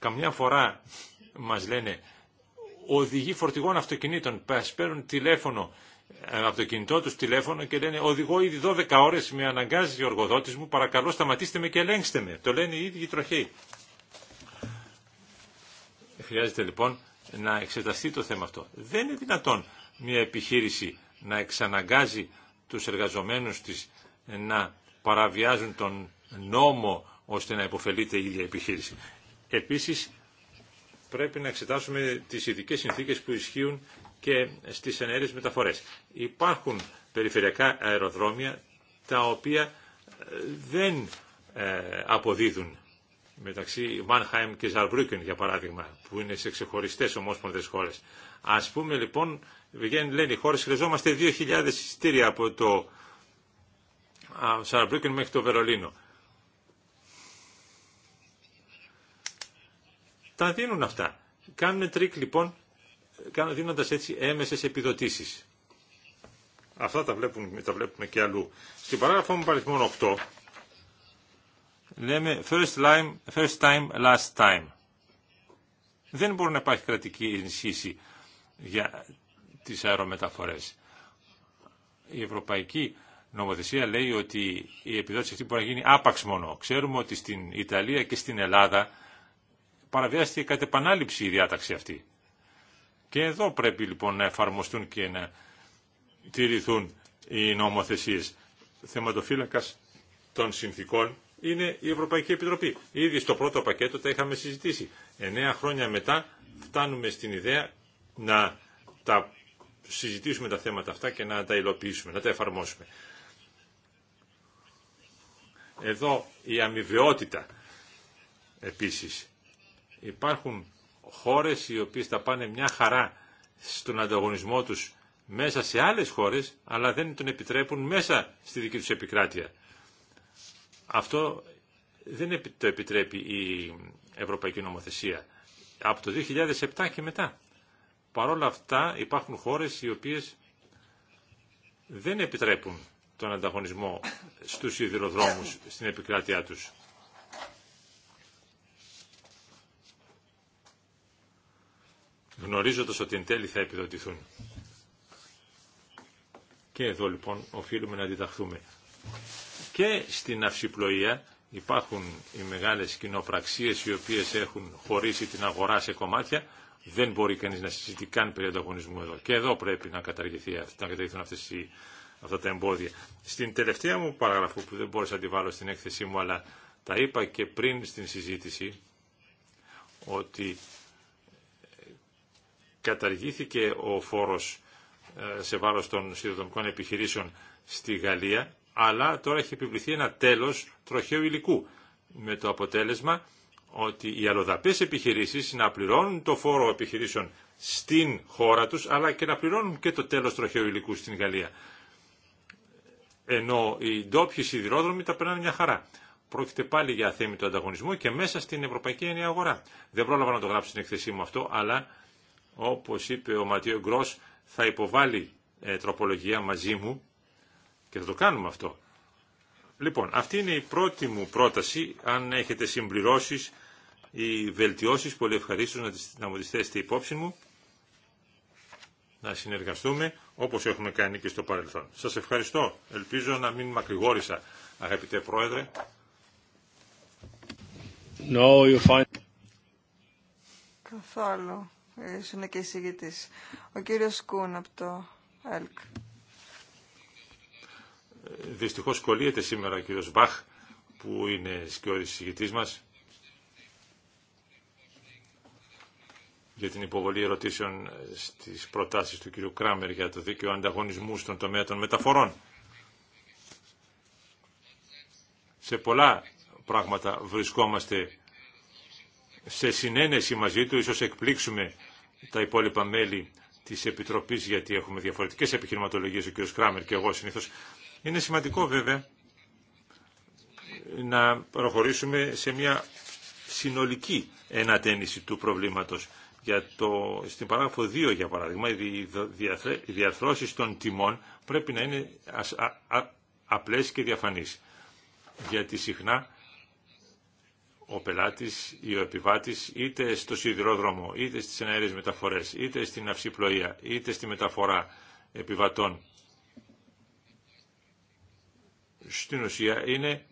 Καμιά φορά μας λένε οδηγοί φορτηγών αυτοκινήτων παίρνουν τηλέφωνο ε, από το κινητό τους τηλέφωνο και λένε οδηγώ ήδη 12 ώρες με αναγκάζει ο εργοδότης μου παρακαλώ σταματήστε με και ελέγξτε με το λένε οι ίδιοι τροχοί. χρειάζεται λοιπόν να εξεταστεί το θέμα αυτό δεν είναι δυνατόν μια επιχείρηση να εξαναγκάζει τους εργαζομένους της ε, να παραβιάζουν τον νόμο ώστε να υποφελείται η ίδια επιχείρηση Επίσης, πρέπει να εξετάσουμε τις ειδικές συνθήκες που ισχύουν και στις ενέργειες μεταφορές. Υπάρχουν περιφερειακά αεροδρόμια τα οποία ε, δεν ε, αποδίδουν μεταξύ Μάνχαιμ και Ζαρβρουκεν, για παράδειγμα, που είναι σε ξεχωριστές ομόσπονδες χώρες. Ας πούμε λοιπόν, λένε οι χώρες, χρειαζόμαστε 2.000 εισιτήρια από το Ζαρβρουκεν μέχρι το Βερολίνο. τα δίνουν αυτά. Κάνουν τρίκ λοιπόν, δίνοντας έτσι έμεσες επιδοτήσεις. Αυτά τα βλέπουμε, τα βλέπουμε και αλλού. Στην παράγραφο μου παριθμών 8 λέμε first time, first time, last time. Δεν μπορεί να υπάρχει κρατική ενισχύση για τις αερομεταφορές. Η Ευρωπαϊκή νομοθεσία λέει ότι η επιδότηση αυτή μπορεί να γίνει άπαξ μόνο. Ξέρουμε ότι στην Ιταλία και στην Ελλάδα παραβιάστηκε κατ' επανάληψη η διάταξη αυτή. Και εδώ πρέπει λοιπόν να εφαρμοστούν και να τηρηθούν οι νομοθεσίες. Θεματοφύλακας των συνθήκων είναι η Ευρωπαϊκή Επιτροπή. Ήδη στο πρώτο πακέτο τα είχαμε συζητήσει. Εννέα χρόνια μετά φτάνουμε στην ιδέα να τα συζητήσουμε τα θέματα αυτά και να τα υλοποιήσουμε, να τα εφαρμόσουμε. Εδώ η αμοιβαιότητα επίσης Υπάρχουν χώρες οι οποίες τα πάνε μια χαρά στον ανταγωνισμό τους μέσα σε άλλες χώρες, αλλά δεν τον επιτρέπουν μέσα στη δική τους επικράτεια. Αυτό δεν το επιτρέπει η Ευρωπαϊκή Νομοθεσία. Από το 2007 και μετά. Παρ' όλα αυτά υπάρχουν χώρες οι οποίες δεν επιτρέπουν τον ανταγωνισμό στους σιδηροδρόμους στην επικράτειά τους. γνωρίζοντας ότι εν τέλει θα επιδοτηθούν. Και εδώ λοιπόν οφείλουμε να διδαχθούμε. Και στην αυσιπλοεία υπάρχουν οι μεγάλες κοινοπραξίες οι οποίες έχουν χωρίσει την αγορά σε κομμάτια. Δεν μπορεί κανείς να συζητεί καν περί ανταγωνισμού εδώ. Και εδώ πρέπει να, καταργηθεί, να καταργηθούν αυτές οι, αυτά τα εμπόδια. Στην τελευταία μου παραγραφή που δεν μπορούσα να τη βάλω στην έκθεσή μου αλλά τα είπα και πριν στην συζήτηση ότι καταργήθηκε ο φόρος ε, σε βάρος των σιδηροδρομικών επιχειρήσεων στη Γαλλία, αλλά τώρα έχει επιβληθεί ένα τέλος τροχαίου υλικού, με το αποτέλεσμα ότι οι αλλοδαπές επιχειρήσεις να πληρώνουν το φόρο επιχειρήσεων στην χώρα τους, αλλά και να πληρώνουν και το τέλος τροχαίου υλικού στην Γαλλία. Ενώ οι ντόπιοι σιδηρόδρομοι τα περνάνε μια χαρά. Πρόκειται πάλι για θέμη του ανταγωνισμού και μέσα στην ευρωπαϊκή ενιαία αγορά. Δεν πρόλαβα να το γράψω στην εκθεσή μου αυτό, αλλά όπως είπε ο Ματίο Γκρός, θα υποβάλει ε, τροπολογία μαζί μου και θα το κάνουμε αυτό. Λοιπόν, αυτή είναι η πρώτη μου πρόταση. Αν έχετε συμπληρώσεις ή βελτιώσεις, πολύ ευχαρίστω να, να μου τις θέσετε υπόψη μου. Να συνεργαστούμε όπως έχουμε κάνει και στο παρελθόν. Σας ευχαριστώ. Ελπίζω να μην μακρηγόρησα, αγαπητέ Πρόεδρε. Καθόλου ήσουν και εισηγητής. Ο κύριος Κούν από το ΕΛΚ. Δυστυχώς κολλείεται σήμερα ο κύριος Μπαχ που είναι ο εισηγητής μας για την υποβολή ερωτήσεων στις προτάσεις του κύριου Κράμερ για το δίκαιο ανταγωνισμού στον τομέα των μεταφορών. Σε πολλά πράγματα βρισκόμαστε σε συνένεση μαζί του, ίσως εκπλήξουμε τα υπόλοιπα μέλη τη Επιτροπής, γιατί έχουμε διαφορετικέ επιχειρηματολογίε ο κ. Κράμερ και εγώ συνήθω. Είναι σημαντικό βέβαια να προχωρήσουμε σε μια συνολική ενατένιση του προβλήματος. Για το, στην παράγραφο 2, για παράδειγμα, οι διαρθρώσεις των τιμών πρέπει να είναι απλές και διαφανείς. Γιατί συχνά ο πελάτης ή ο επιβάτης είτε στο σιδηρόδρομο, είτε στις εναέρειες μεταφορές, είτε στην αυσιπλοεία, είτε στη μεταφορά επιβατών. Στην ουσία είναι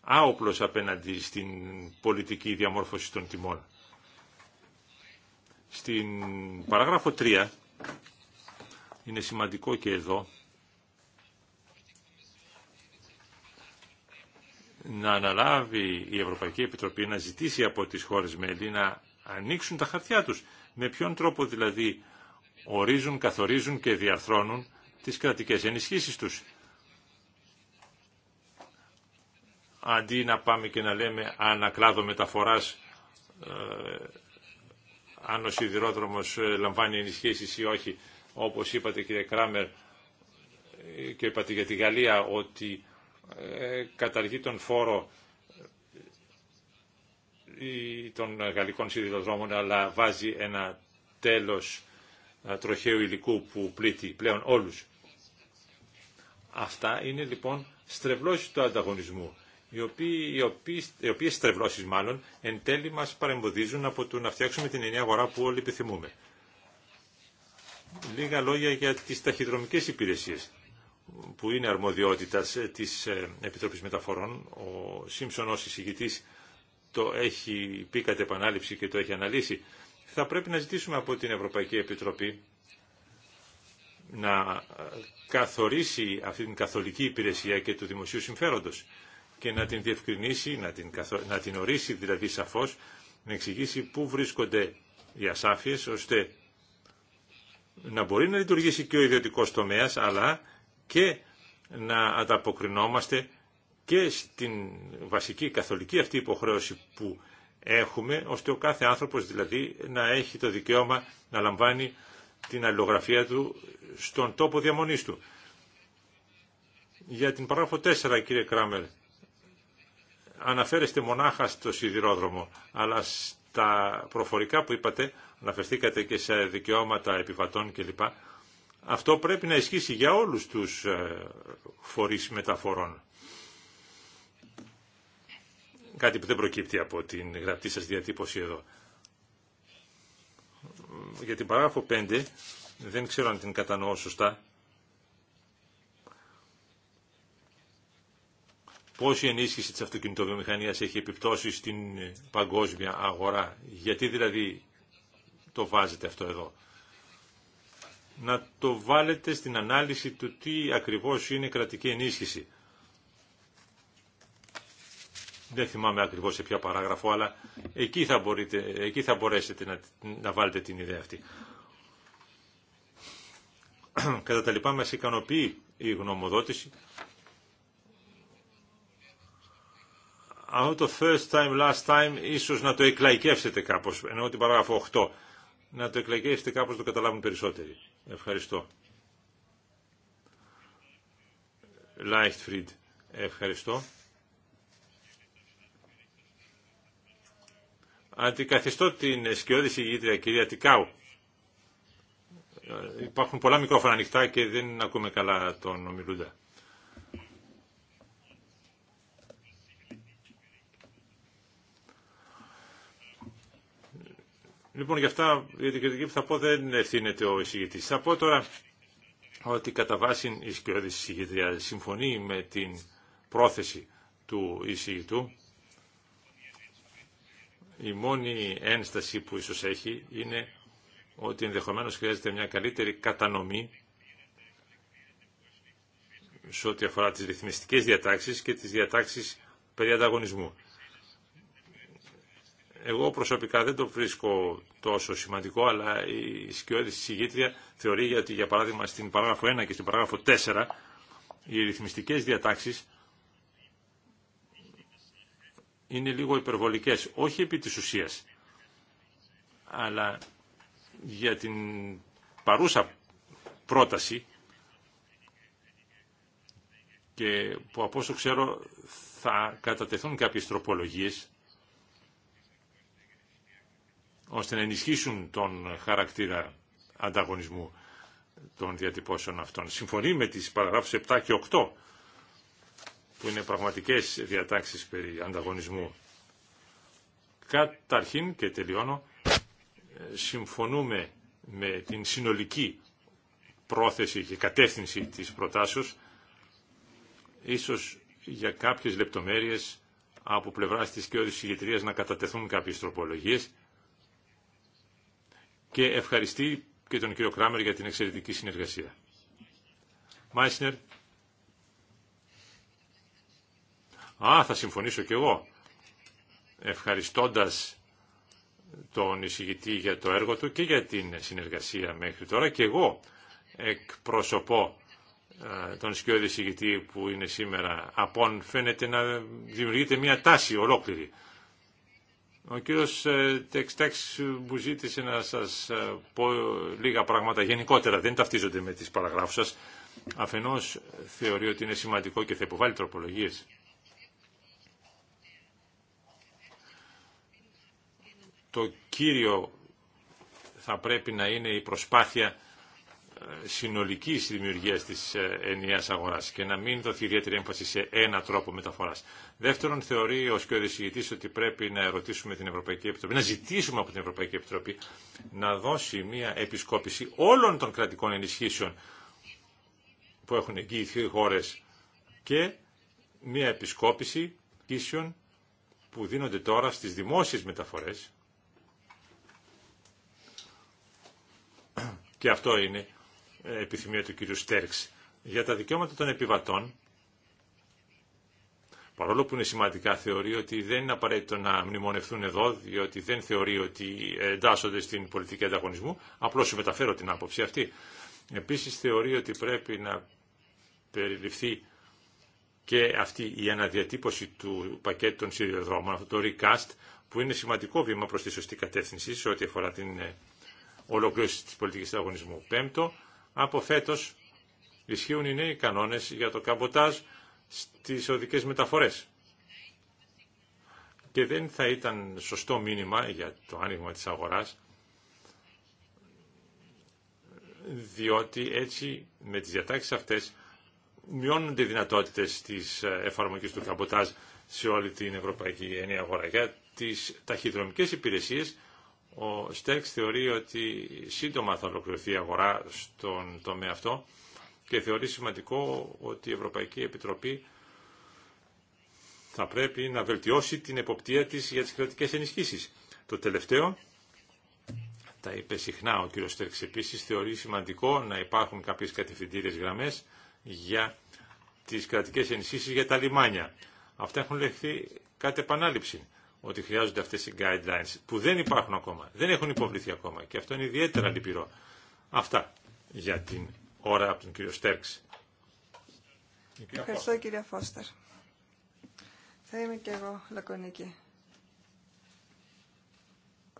άοπλος απέναντι στην πολιτική διαμόρφωση των τιμών. Στην παράγραφο 3 είναι σημαντικό και εδώ να αναλάβει η Ευρωπαϊκή Επιτροπή να ζητήσει από τις χώρες μέλη να ανοίξουν τα χαρτιά τους. Με ποιον τρόπο δηλαδή ορίζουν, καθορίζουν και διαρθρώνουν τις κρατικές ενισχύσεις τους. Αντί να πάμε και να λέμε ανακλάδο μεταφοράς ε, αν ο σιδηρόδρομος ε, λαμβάνει ενισχύσεις ή όχι, όπως είπατε κύριε Κράμερ ε, και είπατε για τη Γαλλία ότι ε, καταργεί τον φόρο ε, των γαλλικών σιδηροδρόμων αλλά βάζει ένα τέλος τροχαίου υλικού που πλήττει πλέον όλους. Αυτά είναι λοιπόν στρεβλώσεις του ανταγωνισμού, οι, οι, οποίες, οποίες στρεβλώσεις μάλλον εν τέλει μας παρεμποδίζουν από το να φτιάξουμε την ενιαία αγορά που όλοι επιθυμούμε. Λίγα λόγια για τις ταχυδρομικές υπηρεσίες που είναι αρμοδιότητα ε, της ε, Επιτροπής Μεταφορών. Ο Σίμψον ως εισηγητής το έχει πει κατ' επανάληψη και το έχει αναλύσει. Θα πρέπει να ζητήσουμε από την Ευρωπαϊκή Επιτροπή να ε, καθορίσει αυτή την καθολική υπηρεσία και του δημοσίου συμφέροντος και να την διευκρινίσει, να την, να την ορίσει δηλαδή σαφώς, να εξηγήσει πού βρίσκονται οι ασάφειες, ώστε να μπορεί να λειτουργήσει και ο ιδιωτικός τομέας, αλλά και να ανταποκρινόμαστε και στην βασική καθολική αυτή υποχρέωση που έχουμε, ώστε ο κάθε άνθρωπος δηλαδή να έχει το δικαίωμα να λαμβάνει την αλληλογραφία του στον τόπο διαμονής του. Για την παράγραφο 4, κύριε Κράμερ, αναφέρεστε μονάχα στο σιδηρόδρομο, αλλά στα προφορικά που είπατε, αναφερθήκατε και σε δικαιώματα επιβατών κλπ. Αυτό πρέπει να ισχύσει για όλους τους ε, φορείς μεταφορών. Κάτι που δεν προκύπτει από την γραπτή σας διατύπωση εδώ. Για την παράγραφο 5, δεν ξέρω αν την κατανοώ σωστά, πώς η ενίσχυση της αυτοκινητοβιομηχανίας έχει επιπτώσει στην παγκόσμια αγορά. Γιατί δηλαδή το βάζετε αυτό εδώ να το βάλετε στην ανάλυση του τι ακριβώς είναι κρατική ενίσχυση. Δεν θυμάμαι ακριβώς σε ποια παράγραφο, αλλά εκεί θα, μπορείτε, εκεί θα μπορέσετε να, να βάλετε την ιδέα αυτή. Κατά τα λοιπά μας ικανοποιεί η γνωμοδότηση. Αυτό το first time, last time, ίσως να το εκλαϊκεύσετε κάπως, ενώ την παράγραφο 8, να το εκλαϊκεύσετε κάπως το καταλάβουν περισσότεροι. Ευχαριστώ. Λάιχτφριντ, ευχαριστώ. Αντικαθιστώ την σκιώδη συγγήτρια κυρία Τικάου. Ε, υπάρχουν πολλά μικρόφωνα ανοιχτά και δεν ακούμε καλά τον ομιλούντα. Λοιπόν, για αυτά για την κριτική που θα πω δεν ευθύνεται ο εισηγητή. Θα πω τώρα ότι κατά βάση η τη εισηγητρία συμφωνεί με την πρόθεση του εισηγητού. Η μόνη ένσταση που ίσως έχει είναι ότι ενδεχομένως χρειάζεται μια καλύτερη κατανομή σε ό,τι αφορά τις ρυθμιστικές διατάξεις και τις διατάξεις περί ανταγωνισμού. Εγώ προσωπικά δεν το βρίσκω τόσο σημαντικό, αλλά η σκιώδη συγγήτρια θεωρεί ότι, για παράδειγμα, στην παράγραφο 1 και στην παράγραφο 4, οι ρυθμιστικές διατάξεις είναι λίγο υπερβολικές, όχι επί της ουσίας, αλλά για την παρούσα πρόταση και που από όσο ξέρω θα κατατεθούν κάποιες τροπολογίες ώστε να ενισχύσουν τον χαρακτήρα ανταγωνισμού των διατυπώσεων αυτών. Συμφωνεί με τις παραγράφους 7 και 8 που είναι πραγματικές διατάξεις περί ανταγωνισμού. Καταρχήν και τελειώνω, συμφωνούμε με την συνολική πρόθεση και κατεύθυνση της προτάσεως, ίσως για κάποιες λεπτομέρειες από πλευράς της και ηγετρίας να κατατεθούν κάποιες τροπολογίες, και ευχαριστεί και τον κύριο Κράμερ για την εξαιρετική συνεργασία. Μάισνερ. Α, θα συμφωνήσω κι εγώ. Ευχαριστώντας τον εισηγητή για το έργο του και για την συνεργασία μέχρι τώρα και εγώ εκπροσωπώ ε, τον σκιώδη εισηγητή που είναι σήμερα απόν φαίνεται να δημιουργείται μια τάση ολόκληρη ο κύριος ε, Τεξτέξ μου ζήτησε να σας ε, πω λίγα πράγματα γενικότερα, δεν ταυτίζονται με τις παραγράφους σας. Αφενός θεωρεί ότι είναι σημαντικό και θα υποβάλει τροπολογίες. Το κύριο θα πρέπει να είναι η προσπάθεια συνολικής δημιουργίας της ε, ενιαίας αγοράς και να μην δοθεί ιδιαίτερη έμφαση σε ένα τρόπο μεταφοράς. Δεύτερον, θεωρεί ο σκιοδησηγητής ότι πρέπει να ερωτήσουμε την Ευρωπαϊκή Επιτροπή, να ζητήσουμε από την Ευρωπαϊκή Επιτροπή να δώσει μια επισκόπηση όλων των κρατικών ενισχύσεων που έχουν εγγυηθεί χώρες και μια επισκόπηση ενισχύσεων που δίνονται τώρα στις δημόσιες μεταφορές, και αυτό είναι ε, επιθυμία του κύριου Στέρξ. Για τα δικαιώματα των επιβατών, παρόλο που είναι σημαντικά, θεωρεί ότι δεν είναι απαραίτητο να μνημονευτούν εδώ, διότι δεν θεωρεί ότι εντάσσονται στην πολιτική ανταγωνισμού. Απλώς σου μεταφέρω την άποψη αυτή. Επίσης θεωρεί ότι πρέπει να περιληφθεί και αυτή η αναδιατύπωση του πακέτου των σιδηροδρόμων, αυτό το recast, που είναι σημαντικό βήμα προς τη σωστή κατεύθυνση σε ό,τι αφορά την ε, ολοκλήρωση της πολιτικής ανταγωνισμού. Πέμπτο, από φέτος ισχύουν οι νέοι κανόνες για το καμποτάζ στις οδικές μεταφορές. Και δεν θα ήταν σωστό μήνυμα για το άνοιγμα της αγοράς, διότι έτσι με τις διατάξεις αυτές μειώνονται οι δυνατότητες της ε, εφαρμογής του καμποτάζ σε όλη την Ευρωπαϊκή Ενία Αγορά. Για τις ταχυδρομικές υπηρεσίες ο Στέρξ θεωρεί ότι σύντομα θα ολοκληρωθεί η αγορά στον τομέα αυτό και θεωρεί σημαντικό ότι η Ευρωπαϊκή Επιτροπή θα πρέπει να βελτιώσει την εποπτεία της για τις κρατικές ενισχύσεις. Το τελευταίο, τα είπε συχνά ο κ. Στέρξ επίσης, θεωρεί σημαντικό να υπάρχουν κάποιες κατευθυντήριες γραμμές για τις κρατικές ενισχύσεις για τα λιμάνια. Αυτά έχουν λεχθεί κάτι επανάληψη ότι χρειάζονται αυτές οι guidelines που δεν υπάρχουν ακόμα, δεν έχουν υποβληθεί ακόμα και αυτό είναι ιδιαίτερα λυπηρό. Αυτά για την ώρα από τον κύριο Στέρξ. Ευχαριστώ κύριε Φώστερ. Θα είμαι και εγώ λακωνική.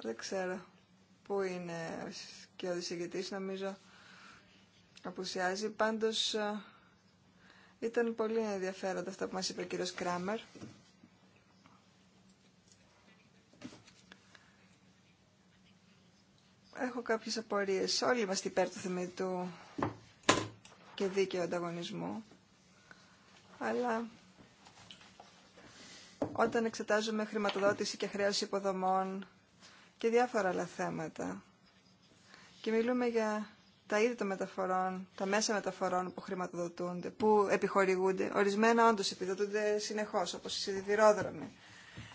Δεν ξέρω πού είναι και ο δισηγητής νομίζω απουσιάζει. Πάντως ε, ήταν πολύ ενδιαφέροντα αυτά που μας είπε ο κύριος Κράμερ. έχω κάποιες απορίες. Όλοι είμαστε υπέρ του θεμητού και δίκαιου ανταγωνισμού. Αλλά όταν εξετάζουμε χρηματοδότηση και χρέωση υποδομών και διάφορα άλλα θέματα και μιλούμε για τα είδη των μεταφορών, τα μέσα μεταφορών που χρηματοδοτούνται, που επιχορηγούνται, ορισμένα όντως επιδοτούνται συνεχώς, όπως οι σιδηρόδρομοι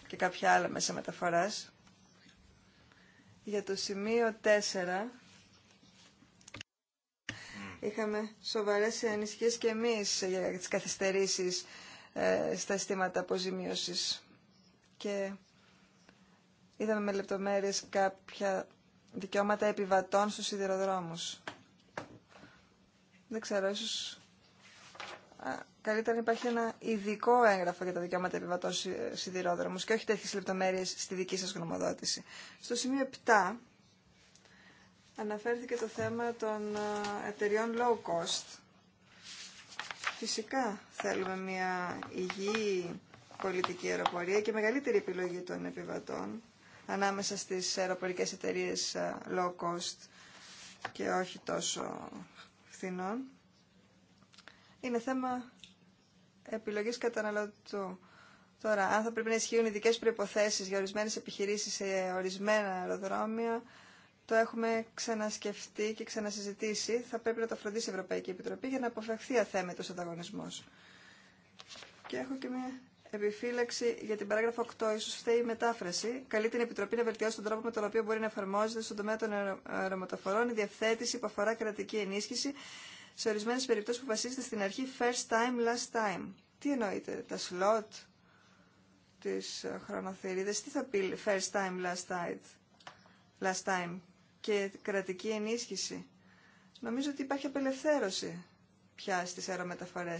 και κάποια άλλα μέσα μεταφοράς, για το σημείο 4 mm. είχαμε σοβαρές ανησυχίες και εμείς για τις καθυστερήσεις ε, στα αισθήματα αποζημίωσης και είδαμε με λεπτομέρειες κάποια δικαιώματα επιβατών στους σιδηροδρόμους. Δεν ξέρω, ίσως Καλύτερα να υπάρχει ένα ειδικό έγγραφο για τα δικαιώματα επιβατών σιδηρόδρομου και όχι τέτοιε λεπτομέρειε στη δική σας γνωμοδότηση. Στο σημείο 7 αναφέρθηκε το θέμα των ε, εταιριών low cost. Φυσικά θέλουμε μια υγιή πολιτική αεροπορία και μεγαλύτερη επιλογή των επιβατών ανάμεσα στις αεροπορικές εταιρείε ε, low cost και όχι τόσο φθηνών. Είναι θέμα επιλογή καταναλωτού. Τώρα, αν θα πρέπει να ισχύουν ειδικέ προποθέσει για ορισμένες επιχειρήσεις σε ορισμένα αεροδρόμια, το έχουμε ξανασκεφτεί και ξανασυζητήσει. Θα πρέπει να το φροντίσει η Ευρωπαϊκή Επιτροπή για να αποφευχθεί αθέμετο ανταγωνισμό. Και έχω και μια επιφύλαξη για την παράγραφο 8, ίσω φταίει η μετάφραση. Καλεί την Επιτροπή να βελτιώσει τον τρόπο με τον οποίο μπορεί να εφαρμόζεται στον τομέα των αερομεταφορών η διευθέτηση που αφορά κρατική ενίσχυση σε ορισμένε περιπτώσει που βασίζεται στην αρχή first time, last time. Τι εννοείται, τα slot, τι χρονοθερίδε, τι θα πει first time, last time, last time και κρατική ενίσχυση. Νομίζω ότι υπάρχει απελευθέρωση πια στι αερομεταφορέ.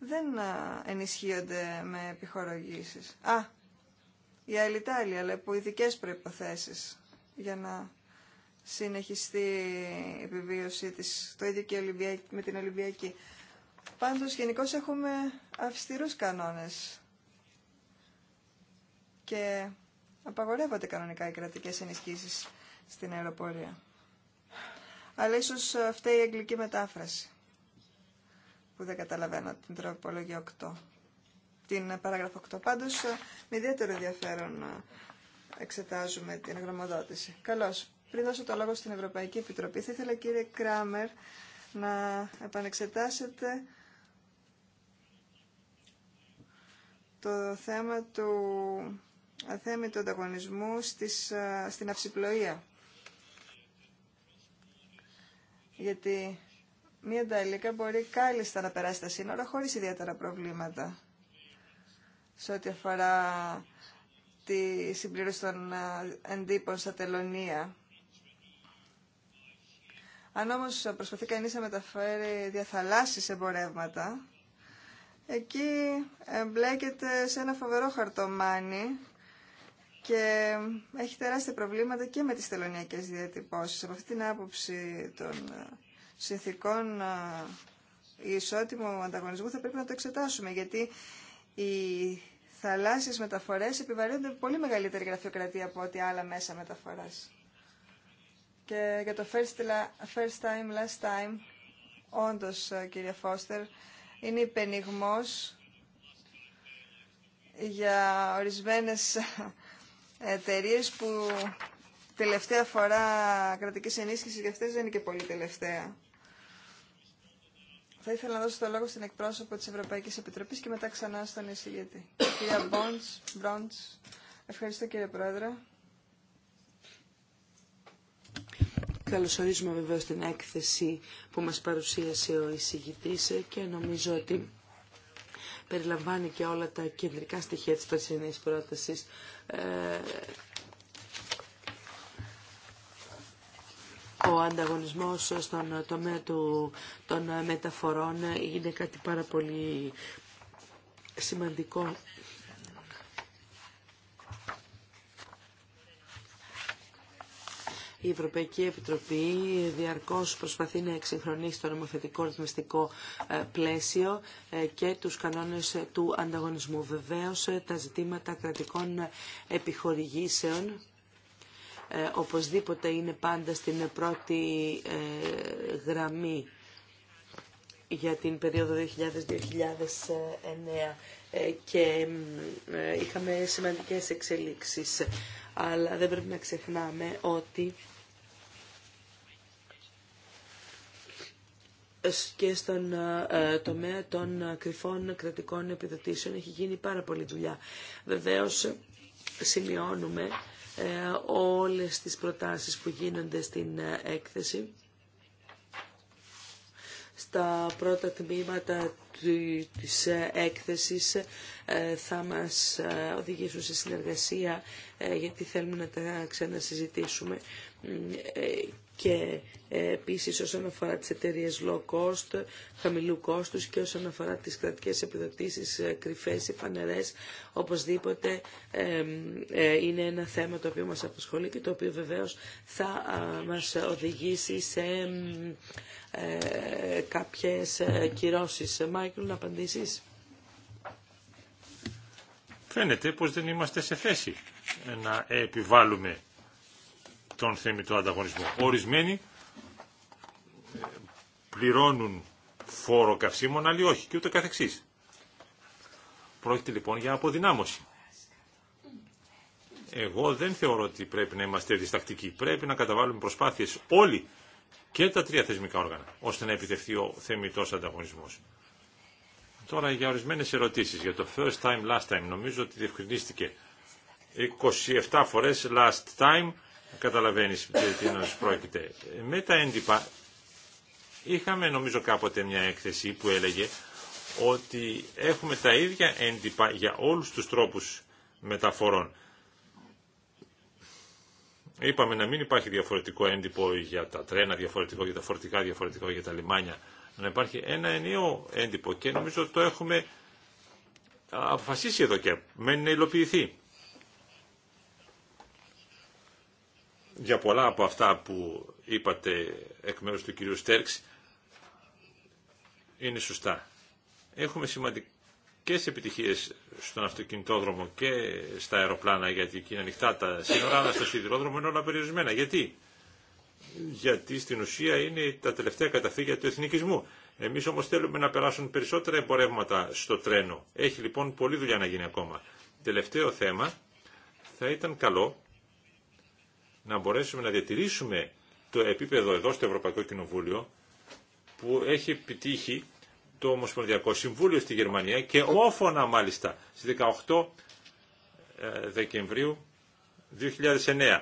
Δεν ενισχύονται με επιχορογήσεις. Α, η Αιλιτάλια, που υπό ειδικέ προποθέσει για να συνεχιστεί η επιβίωση της, το ίδιο και με την Ολυμπιακή. Πάντως γενικώ έχουμε αυστηρούς κανόνες και απαγορεύονται κανονικά οι κρατικές ενισχύσεις στην αεροπορία. Αλλά ίσως ε, φταίει η αγγλική μετάφραση που δεν καταλαβαίνω την τροπολογία 8. Την ε, παράγραφο 8. Πάντως ε, με ιδιαίτερο ενδιαφέρον εξετάζουμε την γραμμοδότηση. Καλώς. Πριν δώσω το λόγο στην Ευρωπαϊκή Επιτροπή, θα ήθελα κύριε Κράμερ να επανεξετάσετε το θέμα του αθέμητου ανταγωνισμού στις, στην αυσιπλοεία. Γιατί μία νταλίκα μπορεί κάλλιστα να περάσει τα σύνορα χωρίς ιδιαίτερα προβλήματα σε ό,τι αφορά τη συμπλήρωση των εντύπων στα τελωνία αν όμως προσπαθεί κανείς να μεταφέρει διαθαλάσσεις εμπορεύματα, εκεί εμπλέκεται σε ένα φοβερό χαρτομάνι και έχει τεράστια προβλήματα και με τις τελωνιακές διατυπώσεις. Από αυτή την άποψη των ε, συνθηκών ε, ισότιμου ανταγωνισμού θα πρέπει να το εξετάσουμε, γιατί οι θαλάσσιες μεταφορές επιβαρύνονται πολύ μεγαλύτερη γραφειοκρατία από ό,τι άλλα μέσα μεταφοράς. Και για το first, time, last time, όντως ε, κύριε Φώστερ, είναι υπενιγμός για ορισμένες ε, εταιρείε που τελευταία φορά κρατικής ενίσχυσης για αυτές δεν είναι και πολύ τελευταία. Θα ήθελα να δώσω το λόγο στην εκπρόσωπο της Ευρωπαϊκής Επιτροπής και μετά ξανά στον εισηγητή. Κυρία Μπρόντς, Ευχαριστώ κύριε Πρόεδρε. Καλωσορίζουμε βεβαίως την έκθεση που μας παρουσίασε ο εισηγητής και νομίζω ότι περιλαμβάνει και όλα τα κεντρικά στοιχεία της περσινής πρότασης. Ε, ο ανταγωνισμός στον τομέα των μεταφορών είναι κάτι πάρα πολύ σημαντικό Η Ευρωπαϊκή Επιτροπή διαρκώς προσπαθεί να εξυγχρονίσει το νομοθετικό ρυθμιστικό ε, πλαίσιο ε, και τους κανόνες ε, του ανταγωνισμού. Βεβαίως τα ζητήματα κρατικών επιχορηγήσεων οπωσδήποτε είναι πάντα στην πρώτη γραμμή για την περίοδο 2000-2009 και είχαμε σημαντικές εξελίξεις αλλά δεν πρέπει να ξεχνάμε ότι και στον ε, τομέα των κρυφών κρατικών επιδοτήσεων έχει γίνει πάρα πολλή δουλειά. Βεβαίως σημειώνουμε ε, όλες τις προτάσεις που γίνονται στην ε, έκθεση στα πρώτα τμήματα της ε, έκθεσης ε, θα μας ε, οδηγήσουν σε συνεργασία γιατί θέλουμε να τα ξανασυζητήσουμε και ε, επίση όσον αφορά τις εταιρείες low cost, χαμηλού κόστου και όσον αφορά τις κρατικές επιδοτήσεις ε, κρυφές ή φανερές, οπωσδήποτε ε, είναι ένα θέμα το οποίο μας απασχολεί και το οποίο βεβαίως θα μας οδηγήσει σε κάποιες κυρώσεις. Μάικλ, να απαντήσεις. Φαίνεται πως δεν είμαστε σε θέση να επιβάλλουμε τον θέμητο ανταγωνισμό. Ορισμένοι ε, πληρώνουν φόρο καυσίμων, άλλοι όχι και ούτε καθεξής. Πρόκειται λοιπόν για αποδυνάμωση. Εγώ δεν θεωρώ ότι πρέπει να είμαστε διστακτικοί. Πρέπει να καταβάλουμε προσπάθειες όλοι και τα τρία θεσμικά όργανα, ώστε να επιτευχθεί ο θεμητός ανταγωνισμός. Τώρα για ορισμένες ερωτήσεις, για το first time, last time, νομίζω ότι διευκρινίστηκε 27 φορές last time, καταλαβαίνεις τι ενός πρόκειται. Με τα έντυπα είχαμε νομίζω κάποτε μια έκθεση που έλεγε ότι έχουμε τα ίδια έντυπα για όλους τους τρόπους μεταφορών. Είπαμε να μην υπάρχει διαφορετικό έντυπο για τα τρένα, διαφορετικό για τα φορτικά, διαφορετικό για τα λιμάνια. Να υπάρχει ένα ενίο έντυπο και νομίζω το έχουμε αποφασίσει εδώ και μένει να υλοποιηθεί. για πολλά από αυτά που είπατε εκ μέρους του κυρίου Στέρξ είναι σωστά. Έχουμε σημαντικές επιτυχίες στον αυτοκινητόδρομο και στα αεροπλάνα γιατί είναι ανοιχτά τα σύνορα αλλά στο σιδηρόδρομο είναι όλα περιορισμένα. Γιατί? Γιατί στην ουσία είναι τα τελευταία καταφύγια του εθνικισμού. Εμείς όμως θέλουμε να περάσουν περισσότερα εμπορεύματα στο τρένο. Έχει λοιπόν πολλή δουλειά να γίνει ακόμα. Τελευταίο θέμα θα ήταν καλό να μπορέσουμε να διατηρήσουμε το επίπεδο εδώ στο Ευρωπαϊκό Κοινοβούλιο που έχει επιτύχει το Ομοσπονδιακό Συμβούλιο στη Γερμανία και όφωνα μάλιστα στις 18 ε, Δεκεμβρίου 2009.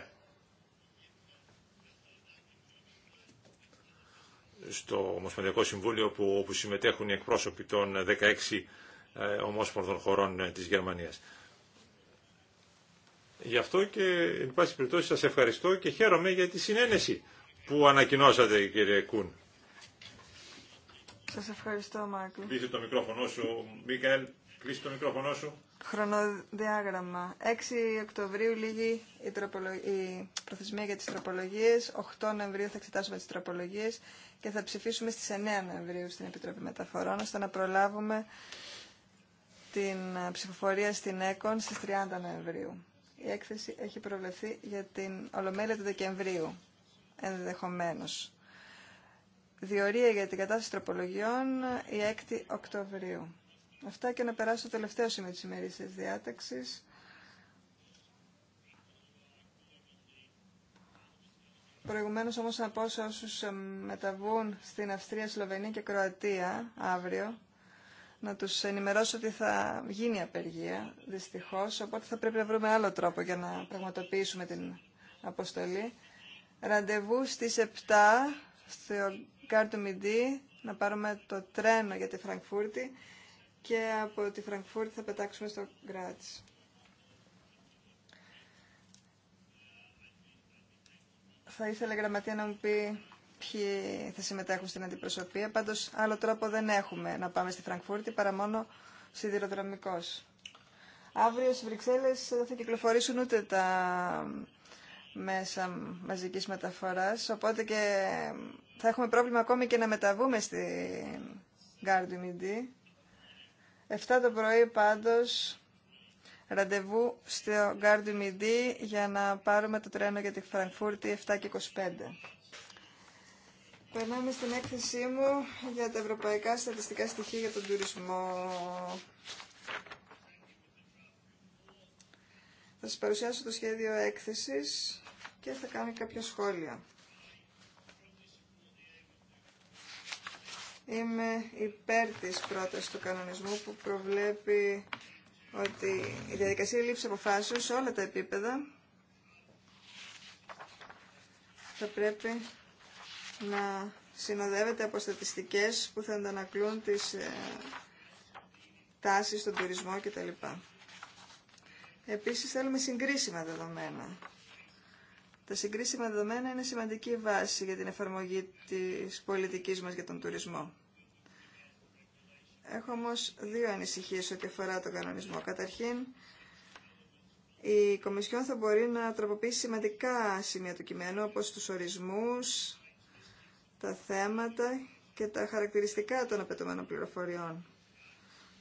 στο Ομοσπονδιακό Συμβούλιο που, όπου συμμετέχουν οι εκπρόσωποι των 16 ε, ομόσπονδων χωρών ε, της Γερμανίας. Γι' αυτό και, εν πάση περιπτώσει, σας ευχαριστώ και χαίρομαι για τη συνένεση που ανακοινώσατε, κύριε Κούν. Σας ευχαριστώ, Μάικλ. Κλείσε το μικρόφωνο σου, Μίκαελ. Κλείσε το μικρόφωνο σου. Χρονοδιάγραμμα. 6 Οκτωβρίου λίγη η, τροπολο... η προθεσμία για τις τροπολογίες. 8 Νοεμβρίου θα εξετάσουμε τις τροπολογίες και θα ψηφίσουμε στις 9 Νοεμβρίου στην Επιτροπή Μεταφορών, ώστε να προλάβουμε την ε, ψηφοφορία στην ΕΚΟΝ στις 30 Νοεμβρίου. Η έκθεση έχει προβλεφθεί για την Ολομέλεια του Δεκεμβρίου, ενδεχομένως. Διορία για την κατάσταση τροπολογιών η 6η Οκτωβρίου. Αυτά και να περάσω στο τελευταίο σημείο τη ημερήσια διάταξη. Προηγουμένω όμω να πω σε όσου μεταβούν στην Αυστρία, Σλοβενία και Κροατία αύριο να τους ενημερώσω ότι θα γίνει απεργία, δυστυχώς, οπότε θα πρέπει να βρούμε άλλο τρόπο για να πραγματοποιήσουμε την αποστολή. Ραντεβού στις 7 στο Κάρτο Μιντή να πάρουμε το τρένο για τη Φραγκφούρτη και από τη Φραγκφούρτη θα πετάξουμε στο Γκράτς. Θα ήθελα η γραμματεία να μου πει ποιοι θα συμμετέχουν στην αντιπροσωπεία. Πάντως, άλλο τρόπο δεν έχουμε να πάμε στη Φραγκφούρτη παρά μόνο σιδηροδρομικός. Αύριο στι Βρυξέλλε δεν θα κυκλοφορήσουν ούτε τα μέσα μαζική μεταφορά, οπότε και θα έχουμε πρόβλημα ακόμη και να μεταβούμε στη Γκάρντου Μιντή. 7 το πρωί πάντως ραντεβού στο Γκάρντου Μιντή για να πάρουμε το τρένο για τη Φραγκφούρτη 7 και 25. Περνάμε στην έκθεσή μου για τα ευρωπαϊκά στατιστικά στοιχεία για τον τουρισμό. Θα σας παρουσιάσω το σχέδιο έκθεσης και θα κάνω κάποια σχόλια. Είμαι υπέρ της πρότασης του κανονισμού που προβλέπει ότι η διαδικασία λήψη αποφάσεων σε όλα τα επίπεδα θα πρέπει να συνοδεύεται από στατιστικές που θα αντανακλούν τις ε, τάσεις στον τουρισμό κτλ. Επίσης θέλουμε συγκρίσιμα δεδομένα. Τα συγκρίσιμα δεδομένα είναι σημαντική βάση για την εφαρμογή της πολιτικής μας για τον τουρισμό. Έχω όμω δύο ανησυχίες ό,τι αφορά τον κανονισμό. Καταρχήν, η Κομισιόν θα μπορεί να τροποποιήσει σημαντικά σημεία του κειμένου, όπως τους ορισμούς, τα θέματα και τα χαρακτηριστικά των απαιτωμένων πληροφοριών,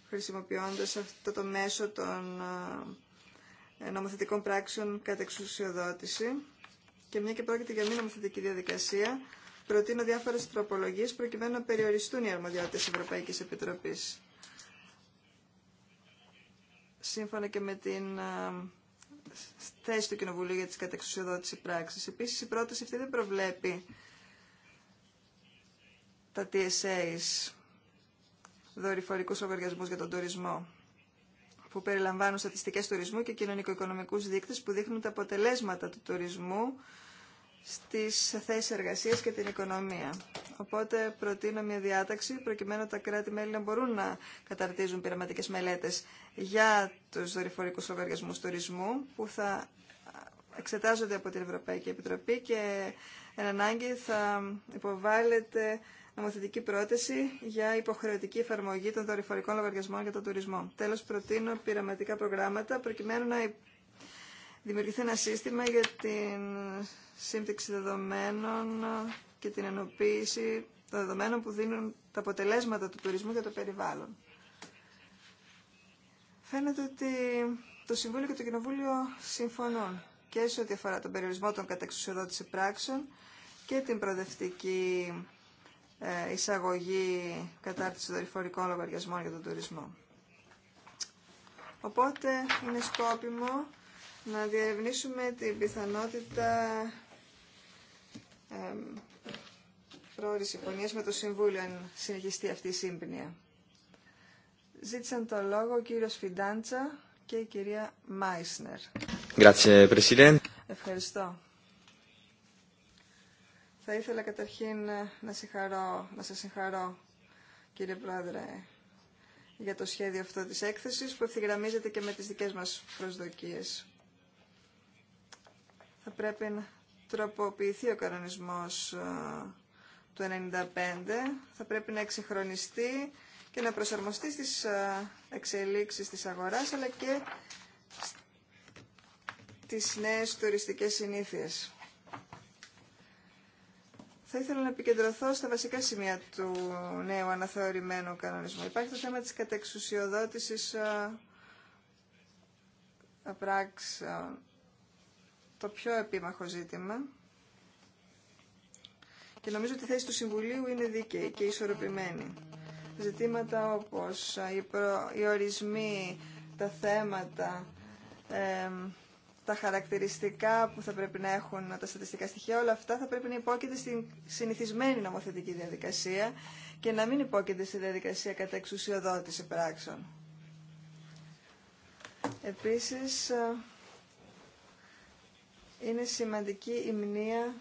χρησιμοποιώντας αυτό το μέσο των ε, νομοθετικών πράξεων κατά εξουσιοδότηση. Και μια και πρόκειται για μη νομοθετική διαδικασία, προτείνω διάφορες τροπολογίες προκειμένου να περιοριστούν οι αρμοδιότητες Ευρωπαϊκής Επιτροπής. Σύμφωνα και με την θέση του Κοινοβουλίου για τις κατεξουσιοδότηση πράξεις. Επίσης, η πρόταση αυτή δεν προβλέπει τα TSAs, δορυφορικούς λογαριασμού για τον τουρισμό, που περιλαμβάνουν στατιστικές τουρισμού και κοινωνικο-οικονομικούς δείκτες που δείχνουν τα αποτελέσματα του τουρισμού στις θέσεις εργασίας και την οικονομία. Οπότε προτείνω μια διάταξη προκειμένου τα κράτη-μέλη να μπορούν να καταρτίζουν πειραματικές μελέτες για τους δορυφορικούς λογαριασμού τουρισμού που θα εξετάζονται από την Ευρωπαϊκή Επιτροπή και εν ανάγκη θα υποβάλλεται νομοθετική πρόταση για υποχρεωτική εφαρμογή των δορυφορικών λογαριασμών για τον τουρισμό. Τέλο προτείνω πειραματικά προγράμματα προκειμένου να δημιουργηθεί ένα σύστημα για την σύμπτυξη δεδομένων και την ενοποίηση των δεδομένων που δίνουν τα αποτελέσματα του τουρισμού για το περιβάλλον. Φαίνεται ότι το Συμβούλιο και το Κοινοβούλιο συμφωνούν και σε ό,τι αφορά τον περιορισμό των κατεξουσιοδότηση πράξεων και την προοδευτική ε, εισαγωγή κατάρτιση δορυφορικών λογαριασμών για τον τουρισμό. Οπότε είναι σκόπιμο να διερευνήσουμε την πιθανότητα ε, πρόορης με το Συμβούλιο αν συνεχιστεί αυτή η σύμπνοια. Ζήτησαν το λόγο ο κύριος Φιντάντσα και η κυρία Μάισνερ. Ευχαριστώ. Θα ήθελα καταρχήν ε, να, συγχαρώ, να σας συγχαρώ, κύριε Πρόεδρε, για το σχέδιο αυτό της έκθεσης που ευθυγραμμίζεται και με τις δικές μας προσδοκίες. Θα πρέπει να τροποποιηθεί ο κανονισμός ε, του 1995. θα πρέπει να εξυγχρονιστεί και να προσαρμοστεί στις ε, εξελίξεις της αγοράς, αλλά και τις νέες τουριστικές συνήθειες. Θα ήθελα να επικεντρωθώ στα βασικά σημεία του νέου αναθεωρημένου κανονισμού. Υπάρχει το θέμα της κατεξουσιοδότησης ε, πράξεων, το πιο επίμαχο ζήτημα. Και νομίζω ότι η θέση του Συμβουλίου είναι δίκαιη και ισορροπημένη. Ζητήματα όπως ε, οι, προ... ορισμοί, τα θέματα, ε, τα χαρακτηριστικά που θα πρέπει να έχουν τα στατιστικά στοιχεία, όλα αυτά θα πρέπει να υπόκειται στην συνηθισμένη νομοθετική διαδικασία και να μην υπόκειται στη διαδικασία κατά εξουσιοδότηση πράξεων. Επίσης, ε, είναι σημαντική η μνήμα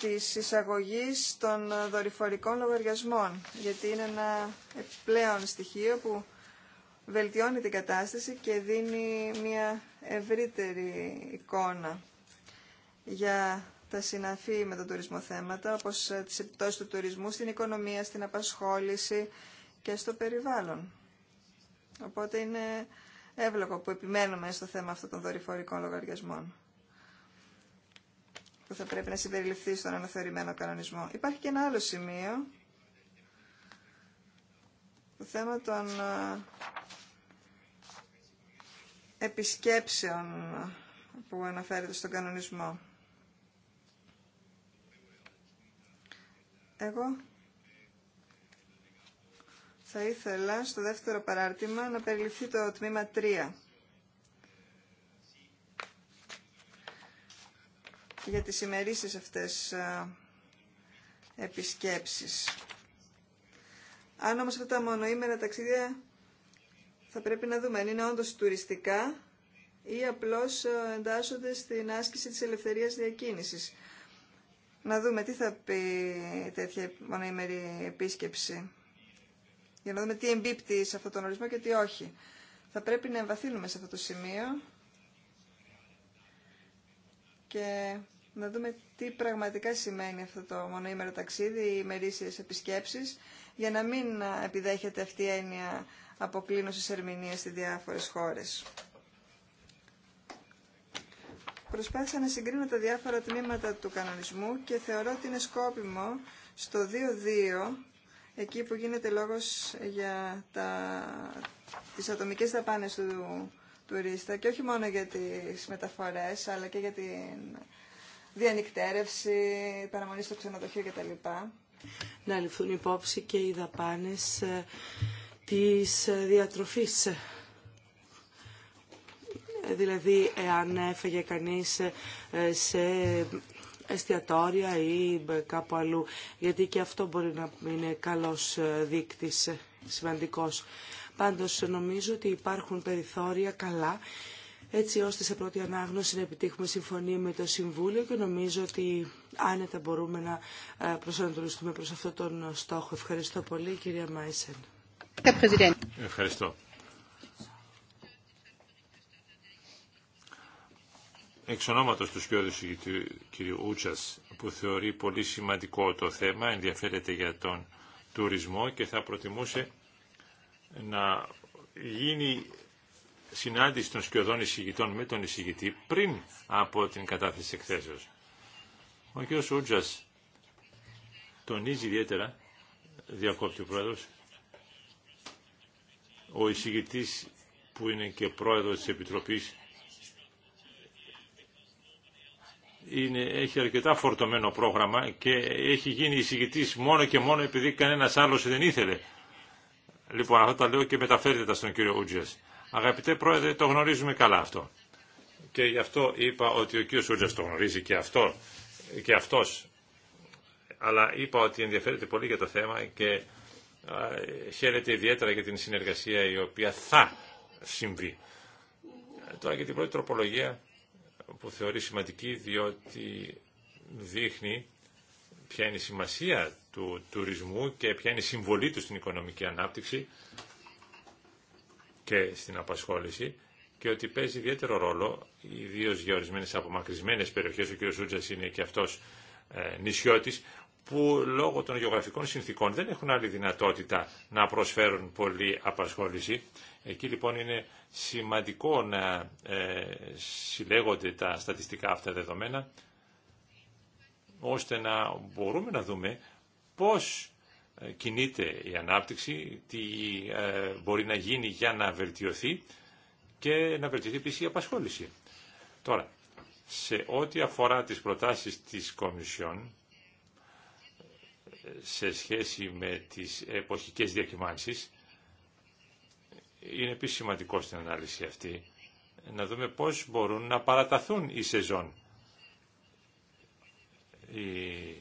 της εισαγωγής των δορυφορικών λογαριασμών, γιατί είναι ένα επιπλέον στοιχείο που βελτιώνει την κατάσταση και δίνει μια ευρύτερη εικόνα για τα συναφή με το τουρισμό θέματα, όπως ε, τις επιπτώσεις του τουρισμού στην οικονομία, στην απασχόληση και στο περιβάλλον. Οπότε είναι εύλογο που επιμένουμε στο θέμα αυτό των δορυφορικών λογαριασμών που θα πρέπει να συμπεριληφθεί στον αναθεωρημένο κανονισμό. Υπάρχει και ένα άλλο σημείο, το θέμα των ε, επισκέψεων που αναφέρεται στον κανονισμό. Εγώ θα ήθελα στο δεύτερο παράρτημα να περιληφθεί το τμήμα 3 για τις ημερήσεις αυτές επισκέψεις. Αν όμως αυτά τα μονοήμερα ταξίδια θα πρέπει να δούμε αν είναι όντως τουριστικά ή απλώς ε, εντάσσονται στην άσκηση της ελευθερίας διακίνησης. Να δούμε τι θα πει τέτοια μονοήμερη επίσκεψη. Για να δούμε τι εμπίπτει σε αυτόν τον ορισμό και τι όχι. Θα πρέπει να εμβαθύνουμε σε αυτό το σημείο και να δούμε τι πραγματικά σημαίνει αυτό το μονοήμερο ταξίδι, ή ημερήσιες επισκέψεις, για να μην επιδέχεται αυτή η έννοια στις ερμηνείας στις διάφορες χώρες. Προσπάθησα να συγκρίνω τα διάφορα τμήματα του κανονισμού και θεωρώ ότι είναι σκόπιμο στο 2-2 εκεί που γίνεται λόγος για τα, τις ατομικές δαπάνες του τουρίστα και όχι μόνο για τις μεταφορές, αλλά και για την διανυκτέρευση, παραμονή στο ξενοδοχείο κτλ. Να ληφθούν υπόψη και οι δαπάνες ε, της διατροφής. Δηλαδή, εάν έφεγε κανείς ε, σε εστιατόρια ή κάπου αλλού, γιατί και αυτό μπορεί να είναι καλός ε, δείκτης, σημαντικός. Πάντως, νομίζω ότι υπάρχουν περιθώρια καλά, έτσι ώστε σε πρώτη ανάγνωση να επιτύχουμε συμφωνία με το Συμβούλιο και νομίζω ότι άνετα μπορούμε να ε, προσανατολιστούμε προς αυτόν τον στόχο. Ευχαριστώ πολύ, κυρία Μάισεν. Ευχαριστώ. Εξ ονόματος του σκιώδου κ. Ούτσας, που θεωρεί πολύ σημαντικό το θέμα, ενδιαφέρεται για τον τουρισμό και θα προτιμούσε να γίνει συνάντηση των σκιωδών εισηγητών με τον εισηγητή πριν από την κατάθεση εκθέσεως. Ο κ. Ούτσας τονίζει ιδιαίτερα, διακόπτει ο πρόεδρος, ο εισηγητής που είναι και πρόεδρος της Επιτροπής είναι, έχει αρκετά φορτωμένο πρόγραμμα και έχει γίνει εισηγητής μόνο και μόνο επειδή κανένας άλλος δεν ήθελε. Λοιπόν, αυτό τα λέω και μεταφέρετε τα στον κύριο Ούτζιας. Αγαπητέ πρόεδρε, το γνωρίζουμε καλά αυτό. Και γι' αυτό είπα ότι ο κύριος Ούτζιας το γνωρίζει και, αυτό, και αυτός. Αλλά είπα ότι ενδιαφέρεται πολύ για το θέμα και χαίρεται ιδιαίτερα για την συνεργασία η οποία θα συμβεί. Ε, τώρα για την πρώτη τροπολογία που θεωρεί σημαντική διότι δείχνει ποια είναι η σημασία του τουρισμού και ποια είναι η συμβολή του στην οικονομική ανάπτυξη και στην απασχόληση και ότι παίζει ιδιαίτερο ρόλο, ιδίω για ορισμένε απομακρυσμένες περιοχές Ο κ. Σούτζας είναι και αυτό ε, νησιώτης, που λόγω των γεωγραφικών συνθήκων δεν έχουν άλλη δυνατότητα να προσφέρουν πολλή απασχόληση. Εκεί λοιπόν είναι σημαντικό να ε, συλλέγονται τα στατιστικά αυτά δεδομένα, ώστε να μπορούμε να δούμε πώς ε, κινείται η ανάπτυξη, τι ε, μπορεί να γίνει για να βελτιωθεί και να βελτιωθεί επίσης η απασχόληση. Τώρα, σε ό,τι αφορά τις προτάσεις της Κομισιόν, σε σχέση με τις εποχικές διακυμάνσεις. Είναι επίσης σημαντικό στην ανάλυση αυτή να δούμε πώς μπορούν να παραταθούν οι σεζόν. Η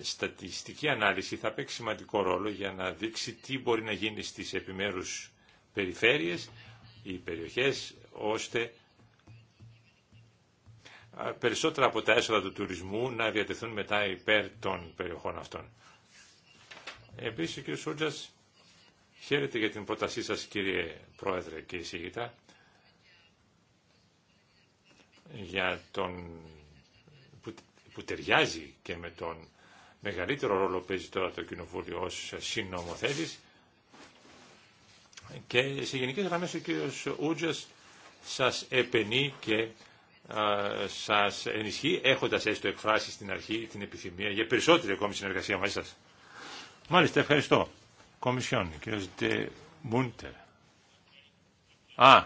στατιστική ανάλυση θα παίξει σημαντικό ρόλο για να δείξει τι μπορεί να γίνει στις επιμέρους περιφέρειες ή περιοχές, ώστε περισσότερα από τα έσοδα του τουρισμού να διατεθούν μετά υπέρ των περιοχών αυτών. Επίσης ο κ. Σούτζας χαίρεται για την πρότασή σας κύριε Πρόεδρε και εισηγητά για τον, που, ταιριάζει και με τον μεγαλύτερο ρόλο που παίζει τώρα το Κοινοβούλιο ως συνομοθέτης και σε γενικές γραμμές ο κύριος Ούτζας σας επενεί και σας ενισχύει έχοντας έστω εκφράσει στην αρχή την επιθυμία για περισσότερη ακόμη συνεργασία μαζί σας. Μάλιστα, ευχαριστώ. Κομισιόν, κύριε Δε Μούντερ. Α,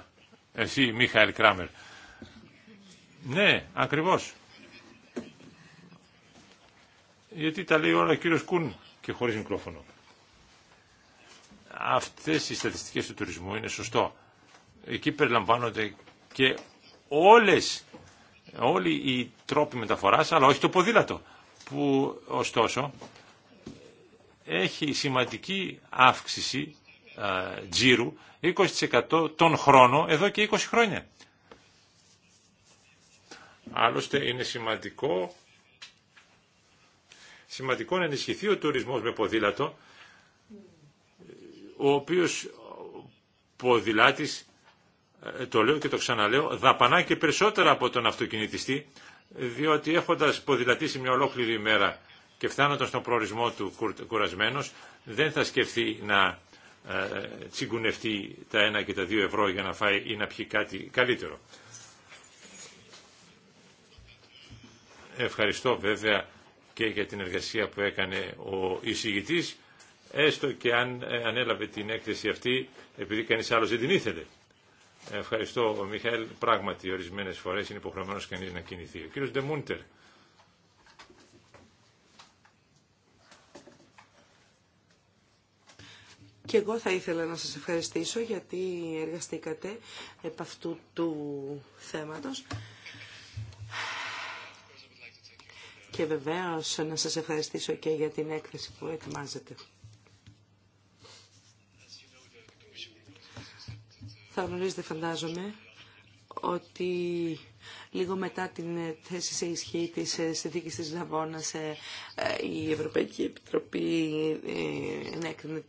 εσύ, Μίχαελ Κράμερ. Ναι, ακριβώς. Γιατί τα λέει όλα ο κύριος Κούν και χωρίς μικρόφωνο. Αυτές οι στατιστικές του τουρισμού είναι σωστό. Εκεί περιλαμβάνονται και όλες, όλοι οι τρόποι μεταφοράς, αλλά όχι το ποδήλατο, που ωστόσο έχει σημαντική αύξηση τζίρου 20% τον χρόνο εδώ και 20 χρόνια. Άλλωστε είναι σημαντικό, σημαντικό να ενισχυθεί ο τουρισμός με ποδήλατο, ο οποίος ποδηλάτης, ε, το λέω και το ξαναλέω, δαπανά και περισσότερα από τον αυτοκινητιστή, διότι έχοντας ποδηλατήσει μια ολόκληρη ημέρα και φτάνοντας στον προορισμό του κουρασμένος δεν θα σκεφτεί να ε, τσιγκουνευτεί τα ένα και τα δύο ευρώ για να φάει ή να πιει κάτι καλύτερο. Ευχαριστώ βέβαια και για την εργασία που έκανε ο εισηγητής, έστω και αν ε, ανέλαβε την έκθεση αυτή επειδή κανείς άλλος δεν την ήθελε. Ευχαριστώ ο Μιχαήλ. Πράγματι, ορισμένες φορές είναι υποχρεωμένος κανείς να κινηθεί. Ο κύριος Ντεμούντερ. Και εγώ θα ήθελα να σας ευχαριστήσω γιατί εργαστήκατε επ' αυτού του θέματος. Και βεβαίως να σας ευχαριστήσω και για την έκθεση που ετοιμάζετε. Θα γνωρίζετε φαντάζομαι ότι λίγο μετά την ε, θέση σε ισχύ της ε, συνθήκης της Λαβώνας ε, η Ευρωπαϊκή Επιτροπή ενέκρινε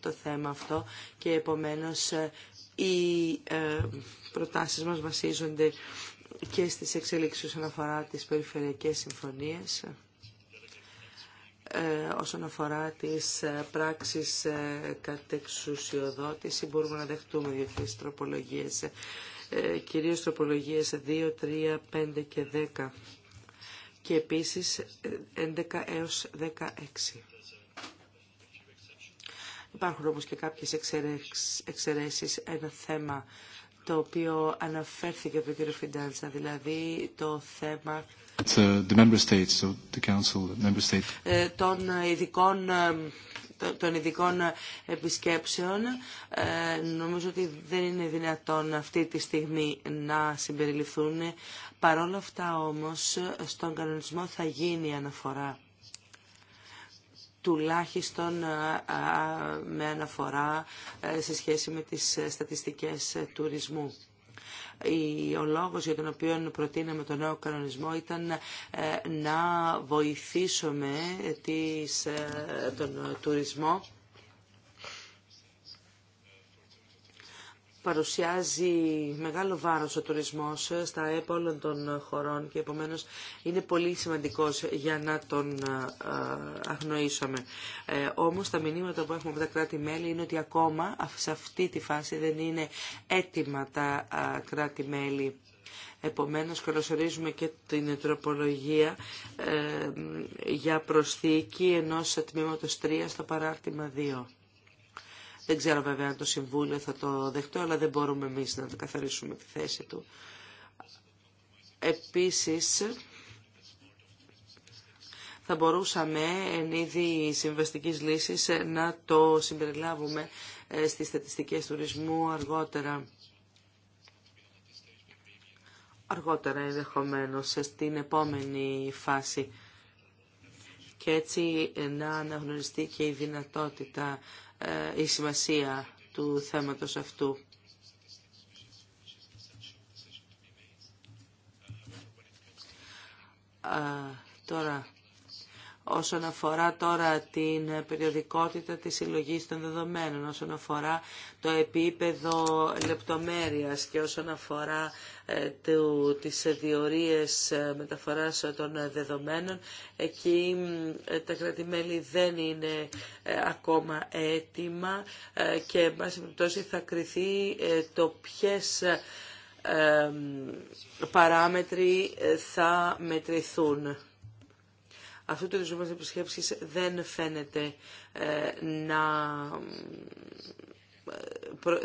το, θέμα αυτό και επομένως οι προτάσεις μας βασίζονται και στις εξελίξεις όσον αφορά τις περιφερειακές συμφωνίες όσον αφορά τις πράξεις κατεξουσιοδότηση μπορούμε να δεχτούμε διεθνείς τροπολογίες ε, κυρίως τροπολογίες 2, 3, 5 και 10 και επίσης 11 ε, έως 16. Υπάρχουν όμως και κάποιες εξαιρέσεις, ένα θέμα το οποίο αναφέρθηκε από τον κύριο Φιντάντσα, δηλαδή το θέμα των ειδικών ε, των ειδικών ε, επισκέψεων. Ε, νομίζω ότι δεν είναι δυνατόν αυτή τη στιγμή να συμπεριληφθούν. Παρόλα αυτά όμως στον κανονισμό θα γίνει αναφορά τουλάχιστον ε, με αναφορά σε σχέση με τις στατιστικές τουρισμού. Ο λόγος για τον οποίο προτείναμε τον νέο κανονισμό ήταν ε, να βοηθήσουμε ε, τον τουρισμό παρουσιάζει μεγάλο βάρος ο τουρισμός στα έπα όλων των χωρών και επομένως είναι πολύ σημαντικός για να τον ε, αγνοήσουμε. Ε, όμως τα μηνύματα που έχουμε από τα κράτη-μέλη είναι ότι ακόμα σε αυτή τη φάση δεν είναι έτοιμα τα ε, κράτη-μέλη. Επομένως, καλωσορίζουμε και την τροπολογία ε, για προσθήκη ενός τμήματος 3 στο παράρτημα 2. Δεν ξέρω βέβαια αν το Συμβούλιο θα το δεχτώ, αλλά δεν μπορούμε εμείς να το καθαρίσουμε τη θέση του. Επίσης, θα μπορούσαμε εν είδη συμβαστικής λύσης να το συμπεριλάβουμε ε, στις στατιστικές τουρισμού αργότερα. Αργότερα ενδεχομένω ε, στην επόμενη φάση. Και έτσι να αναγνωριστεί και η δυνατότητα ε, η σημασία του θέματος αυτού. Τώρα, όσον αφορά τώρα την περιοδικότητα της συλλογή των δεδομένων, όσον αφορά το επίπεδο λεπτομέρειας και όσον αφορά ε, του, τις διορίες ε, μεταφοράς των δεδομένων, εκεί ε, τα κρατημέλη δεν είναι ακόμα έτοιμα και, μας θα κριθεί το ποιες παράμετροι θα μετρηθούν αυτού του είδους μας επισκέψεις δεν φαίνεται ε, να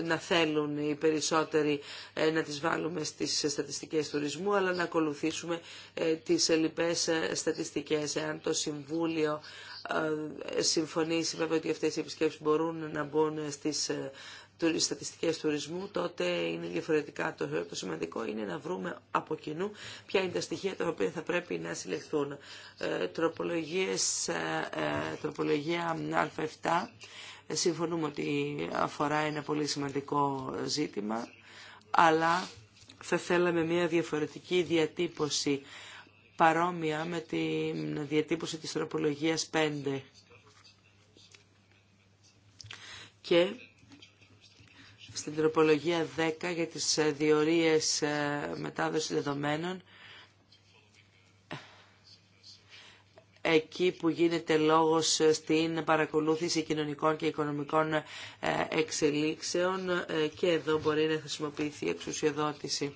να θέλουν οι περισσότεροι ε, να τις βάλουμε στις στατιστικές τουρισμού, αλλά να ακολουθήσουμε ε, τις λοιπές στατιστικές. Εάν το Συμβούλιο συμφωνήσει βέβαια ότι αυτές οι επισκέψεις μπορούν να μπουν στις στατιστικές τουρισμού, τότε είναι διαφορετικά. Το, το σημαντικό είναι να βρούμε από κοινού ποια είναι τα στοιχεία τα οποία θα πρέπει να συλλεχθούν. Ε, τροπολογίες, ε, ε, τροπολογία α7, συμφωνούμε ότι αφορά ένα πολύ σημαντικό ζήτημα, αλλά θα θέλαμε μια διαφορετική διατύπωση παρόμοια με τη διατύπωση της τροπολογίας 5. Και στην τροπολογία 10 για τις ε, διορίες ε, μετάδοση δεδομένων εκεί που γίνεται λόγος ε, στην παρακολούθηση κοινωνικών και οικονομικών εξελίξεων και εδώ μπορεί να χρησιμοποιηθεί εξουσιοδότηση.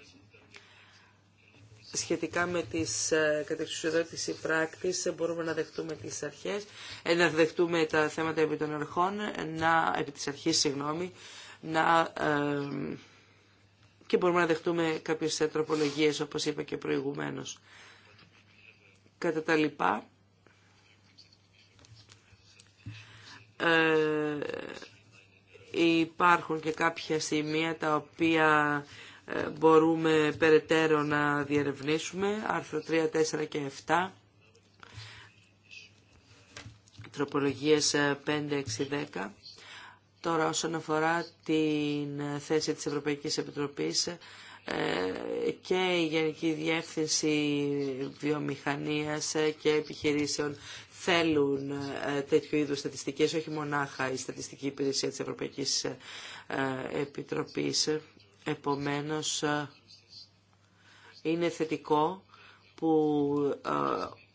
Σχετικά με τις κατεξουσιοδότηση πράκτης μπορούμε να δεχτούμε τις αρχές, να δεχτούμε τα θέματα επί των αρχών, να, επί της αρχής, συγγνώμη, να ε, και μπορούμε να δεχτούμε κάποιες τροπολογίες όπως είπα και προηγουμένως. Κατά τα λοιπά, ε, υπάρχουν και κάποια σημεία τα οποία ε, μπορούμε περαιτέρω να διερευνήσουμε, άρθρο 3, 4 και 7, τροπολογίες 5, 6, 10. Τώρα όσον αφορά την θέση της Ευρωπαϊκής Επιτροπής ε, και η Γενική Διεύθυνση Βιομηχανίας και Επιχειρήσεων θέλουν ε, τέτοιου είδους στατιστικές, όχι μονάχα η Στατιστική Υπηρεσία της Ευρωπαϊκής ε, Επιτροπής. Επομένως, είναι θετικό που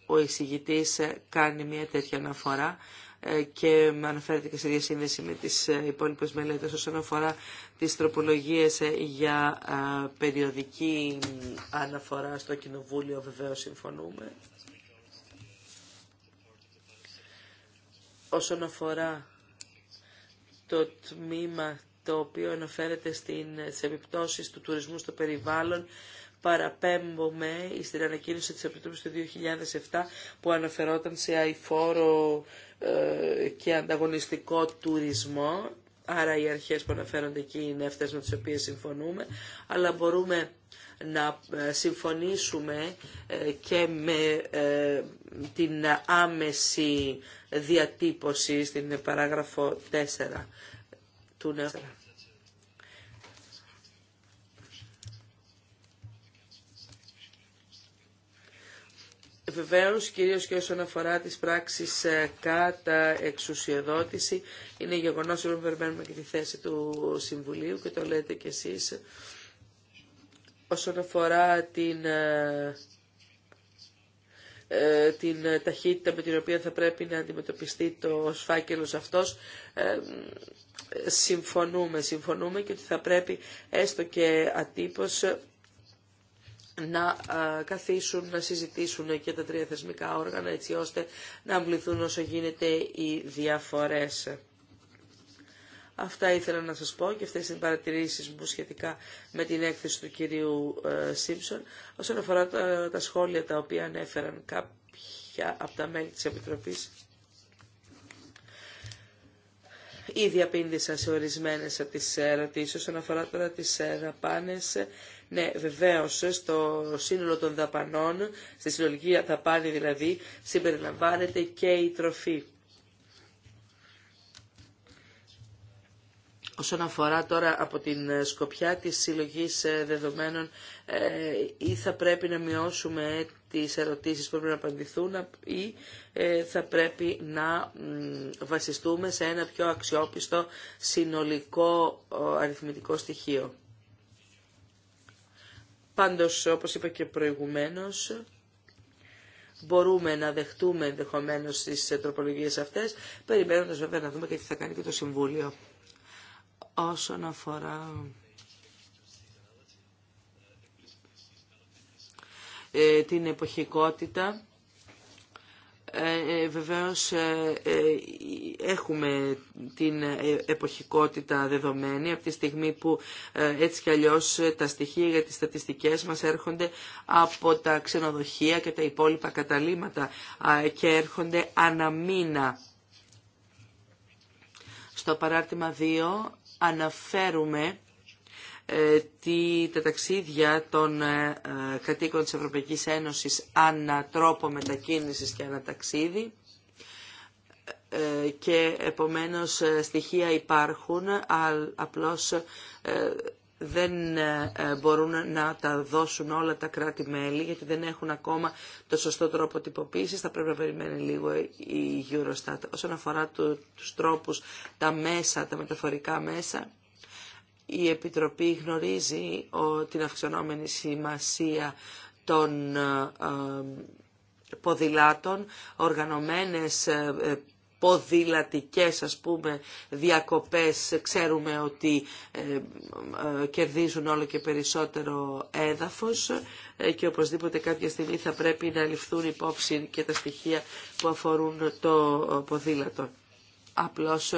ο εισηγητής κάνει μια τέτοια αναφορά ε, και αναφέρεται και σε διασύνδεση με τις ε, υπόλοιπες μελέτες όσον αφορά τις τροπολογίες ε, για περιοδική αναφορά στο Κοινοβούλιο βεβαίως συμφωνούμε. Όσον αφορά το τμήμα το οποίο αναφέρεται στην, στις επιπτώσεις του τουρισμού στο περιβάλλον παραπέμπομαι στην ανακοίνωση της Επιτροπής του 2007 που αναφερόταν σε αηφόρο ε, και ανταγωνιστικό τουρισμό. Άρα οι αρχές που αναφέρονται εκεί είναι αυτές με τις οποίες συμφωνούμε, αλλά μπορούμε να ε, συμφωνήσουμε ε, και με την άμεση διατύπωση στην παράγραφο 4 του νέου. Βεβαίω, κυρίω και όσον αφορά τι πράξεις ε, κατά εξουσιοδότηση, είναι γεγονός ότι περιμένουμε και τη θέση του Συμβουλίου και το λέτε κι εσείς. Όσον αφορά την, ε, ε, την ταχύτητα με την οποία θα πρέπει να αντιμετωπιστεί το σφάκελος αυτός, συμφωνούμε. Συμφωνούμε και ότι θα πρέπει έστω και ατύπως να καθίσουν, να συζητήσουν και τα τρία θεσμικά όργανα έτσι ώστε να αμπληθούν όσο γίνεται οι διαφορές. Αυτά ήθελα να σας πω και αυτές είναι οι παρατηρήσεις μου σχετικά με την έκθεση του κυρίου ε, Σίμψον. Όσον αφορά τα, σχόλια τα οποία ανέφεραν κάποια από τα μέλη της Επιτροπής, ήδη απήντησα σε ορισμένες από τις ερωτήσεις. Όσον αφορά τώρα τις ε, δαπάνες, ναι, βεβαίω στο σύνολο των δαπανών, στη συλλογική δαπάνη δηλαδή, συμπεριλαμβάνεται και η τροφή. Όσον αφορά τώρα από την σκοπιά της συλλογής ε, δεδομένων, ε, ή θα πρέπει να μειώσουμε τις ερωτήσεις που πρέπει να απαντηθούν ή ε, θα πρέπει να βασιστούμε σε ένα πιο αξιόπιστο συνολικό αριθμητικό στοιχείο. Πάντως, όπως είπα και προηγουμένως, μπορούμε να δεχτούμε ενδεχομένω τις ε, τροπολογίες αυτές, περιμένοντας βέβαια να δούμε και τι θα κάνει και το Συμβούλιο. Όσον αφορά... Ε, την εποχικότητα ε, ε, βεβαίως ε, ε, έχουμε την εποχικότητα δεδομένη από τη στιγμή που έτσι κι αλλιώς τα στοιχεία για τις στατιστικές μας έρχονται από τα ξενοδοχεία και τα υπόλοιπα καταλήμματα και έρχονται αναμίνα. Στο παράρτημα 2 αναφέρουμε ε, τα ταξίδια των ε, κατοίκων της Ευρωπαϊκής Ένωσης ανά τρόπο μετακίνησης και ανά ταξίδι ε, και επομένως στοιχεία υπάρχουν, απλώς δεν μπορούν να τα δώσουν όλα τα κράτη-μέλη γιατί δεν έχουν ακόμα το σωστό τρόπο τυποποίησης. Θα πρέπει να περιμένει λίγο η Eurostat. Όσον αφορά τους τρόπους, τα μέσα, τα μεταφορικά μέσα, η Επιτροπή γνωρίζει την αυξανόμενη σημασία των ε, ε, ποδηλάτων, οργανωμένες ε, ποδηλατικές ας πούμε διακοπές ξέρουμε ότι κερδίζουν όλο και περισσότερο έδαφος και οπωσδήποτε κάποια στιγμή θα πρέπει να ληφθούν υπόψη και τα στοιχεία που αφορούν το ποδήλατο. Απλώς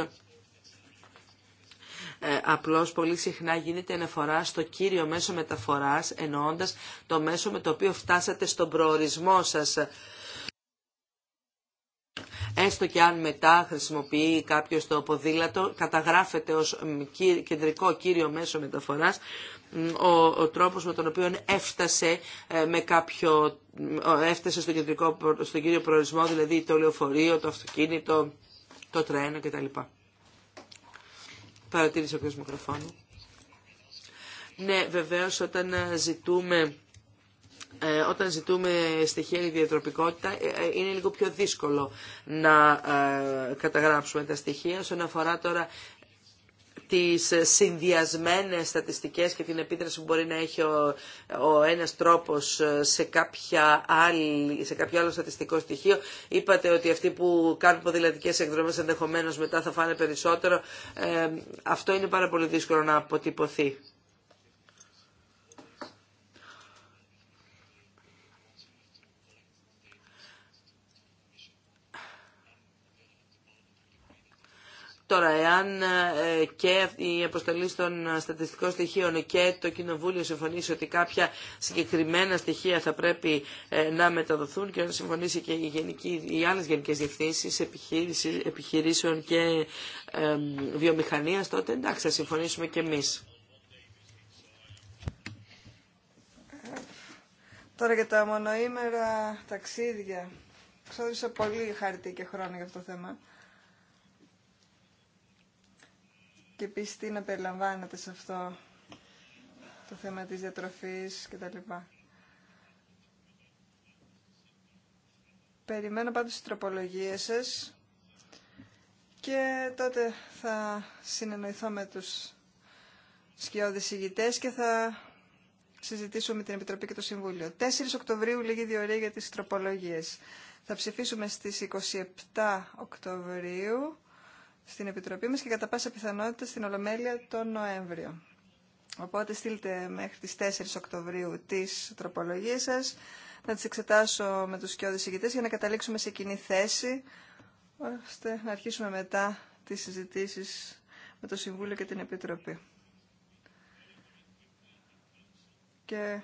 ε, απλώς πολύ συχνά γίνεται αναφορά στο κύριο μέσο μεταφοράς, εννοώντας το μέσο με το οποίο φτάσατε στον προορισμό σας έστω και αν μετά χρησιμοποιεί κάποιος το ποδήλατο, καταγράφεται ως κεντρικό κύριο μέσο μεταφοράς ο, ο τρόπος με τον οποίο έφτασε, ε, με κάποιο, έφτασε στο, κεντρικό, στο κύριο προορισμό, δηλαδή το λεωφορείο, το αυτοκίνητο, το τρένο κτλ. Παρατήρησε ο μικροφόνου. Ναι, βεβαίως όταν ζητούμε ε, όταν ζητούμε στοιχεία για διατροπικότητα ε, ε, είναι λίγο πιο δύσκολο να καταγράψουμε τα στοιχεία. Όσον αφορά τώρα τις συνδυασμένες στατιστικές και την επίδραση που μπορεί να έχει ο, ο ένας τρόπος σε, κάποια άλλη, σε κάποιο άλλο στατιστικό στοιχείο. Είπατε ότι αυτοί που κάνουν ποδηλατικές εκδρομές ενδεχομένως μετά θα φάνε περισσότερο. Ε, αυτό είναι πάρα πολύ δύσκολο να αποτυπωθεί. Τώρα, εάν ε, και η αποστολή των στατιστικών στοιχείων και το Κοινοβούλιο συμφωνήσει ότι κάποια συγκεκριμένα στοιχεία θα πρέπει ε, να μεταδοθούν και να συμφωνήσει και οι, γενικοί, οι άλλες γενικές διευθύνσεις επιχειρήσεων και βιομηχανίας, τότε εντάξει, θα συμφωνήσουμε και εμείς. Τώρα για τα μονοήμερα ταξίδια. Ξόδησα πολύ χαρτί και χρόνο για αυτό το θέμα. και επίση τι να περιλαμβάνεται σε αυτό το θέμα της διατροφής λοιπά. Περιμένω πάντως τις τροπολογίες σας και τότε θα συνεννοηθώ με τους σκιώδες ηγητές και θα συζητήσουμε με την Επιτροπή και το Συμβούλιο. 4 Οκτωβρίου λίγη διορία για τις τροπολογίες. Θα ψηφίσουμε στις 27 Οκτωβρίου στην Επιτροπή μας και κατά πάσα πιθανότητα στην Ολομέλεια τον Νοέμβριο. Οπότε στείλτε μέχρι τις 4 Οκτωβρίου τις τροπολογίες σας, να τις εξετάσω με τους σκιώδες ηγητές για να καταλήξουμε σε κοινή θέση, ώστε να αρχίσουμε μετά τις συζητήσεις με το Συμβούλιο και την Επιτροπή. Και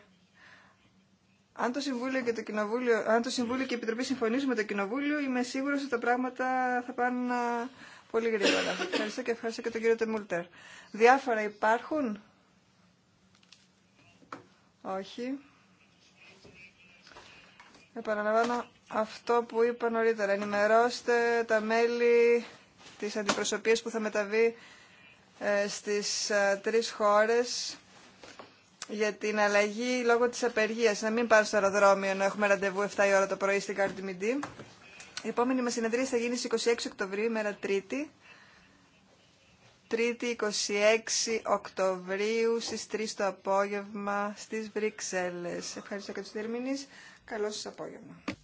αν το Συμβούλιο και, το Κοινοβούλιο, αν το Συμβούλιο και η Επιτροπή συμφωνήσουν με το Κοινοβούλιο, είμαι σίγουρος ότι τα πράγματα θα πάνε να Πολύ γρήγορα. Ευχαριστώ και ευχαριστώ και τον κύριο Τεμούλτερ. Διάφορα υπάρχουν. Όχι. Επαναλαμβάνω αυτό που είπα νωρίτερα. Ενημερώστε τα μέλη της αντιπροσωπείας που θα μεταβεί ε, στις ε, τρεις χώρες για την αλλαγή λόγω της απεργίας. Να μην πάρουν στο αεροδρόμιο να έχουμε ραντεβού 7 η ώρα το πρωί στην Καρτιμιντή. Η επόμενη μας συνεδρία θα γίνει στις 26 Οκτωβρίου, ημέρα Τρίτη. Τρίτη 26 Οκτωβρίου στις 3 το απόγευμα στις Βρυξέλλες. Ευχαριστώ και τους Καλό σας απόγευμα.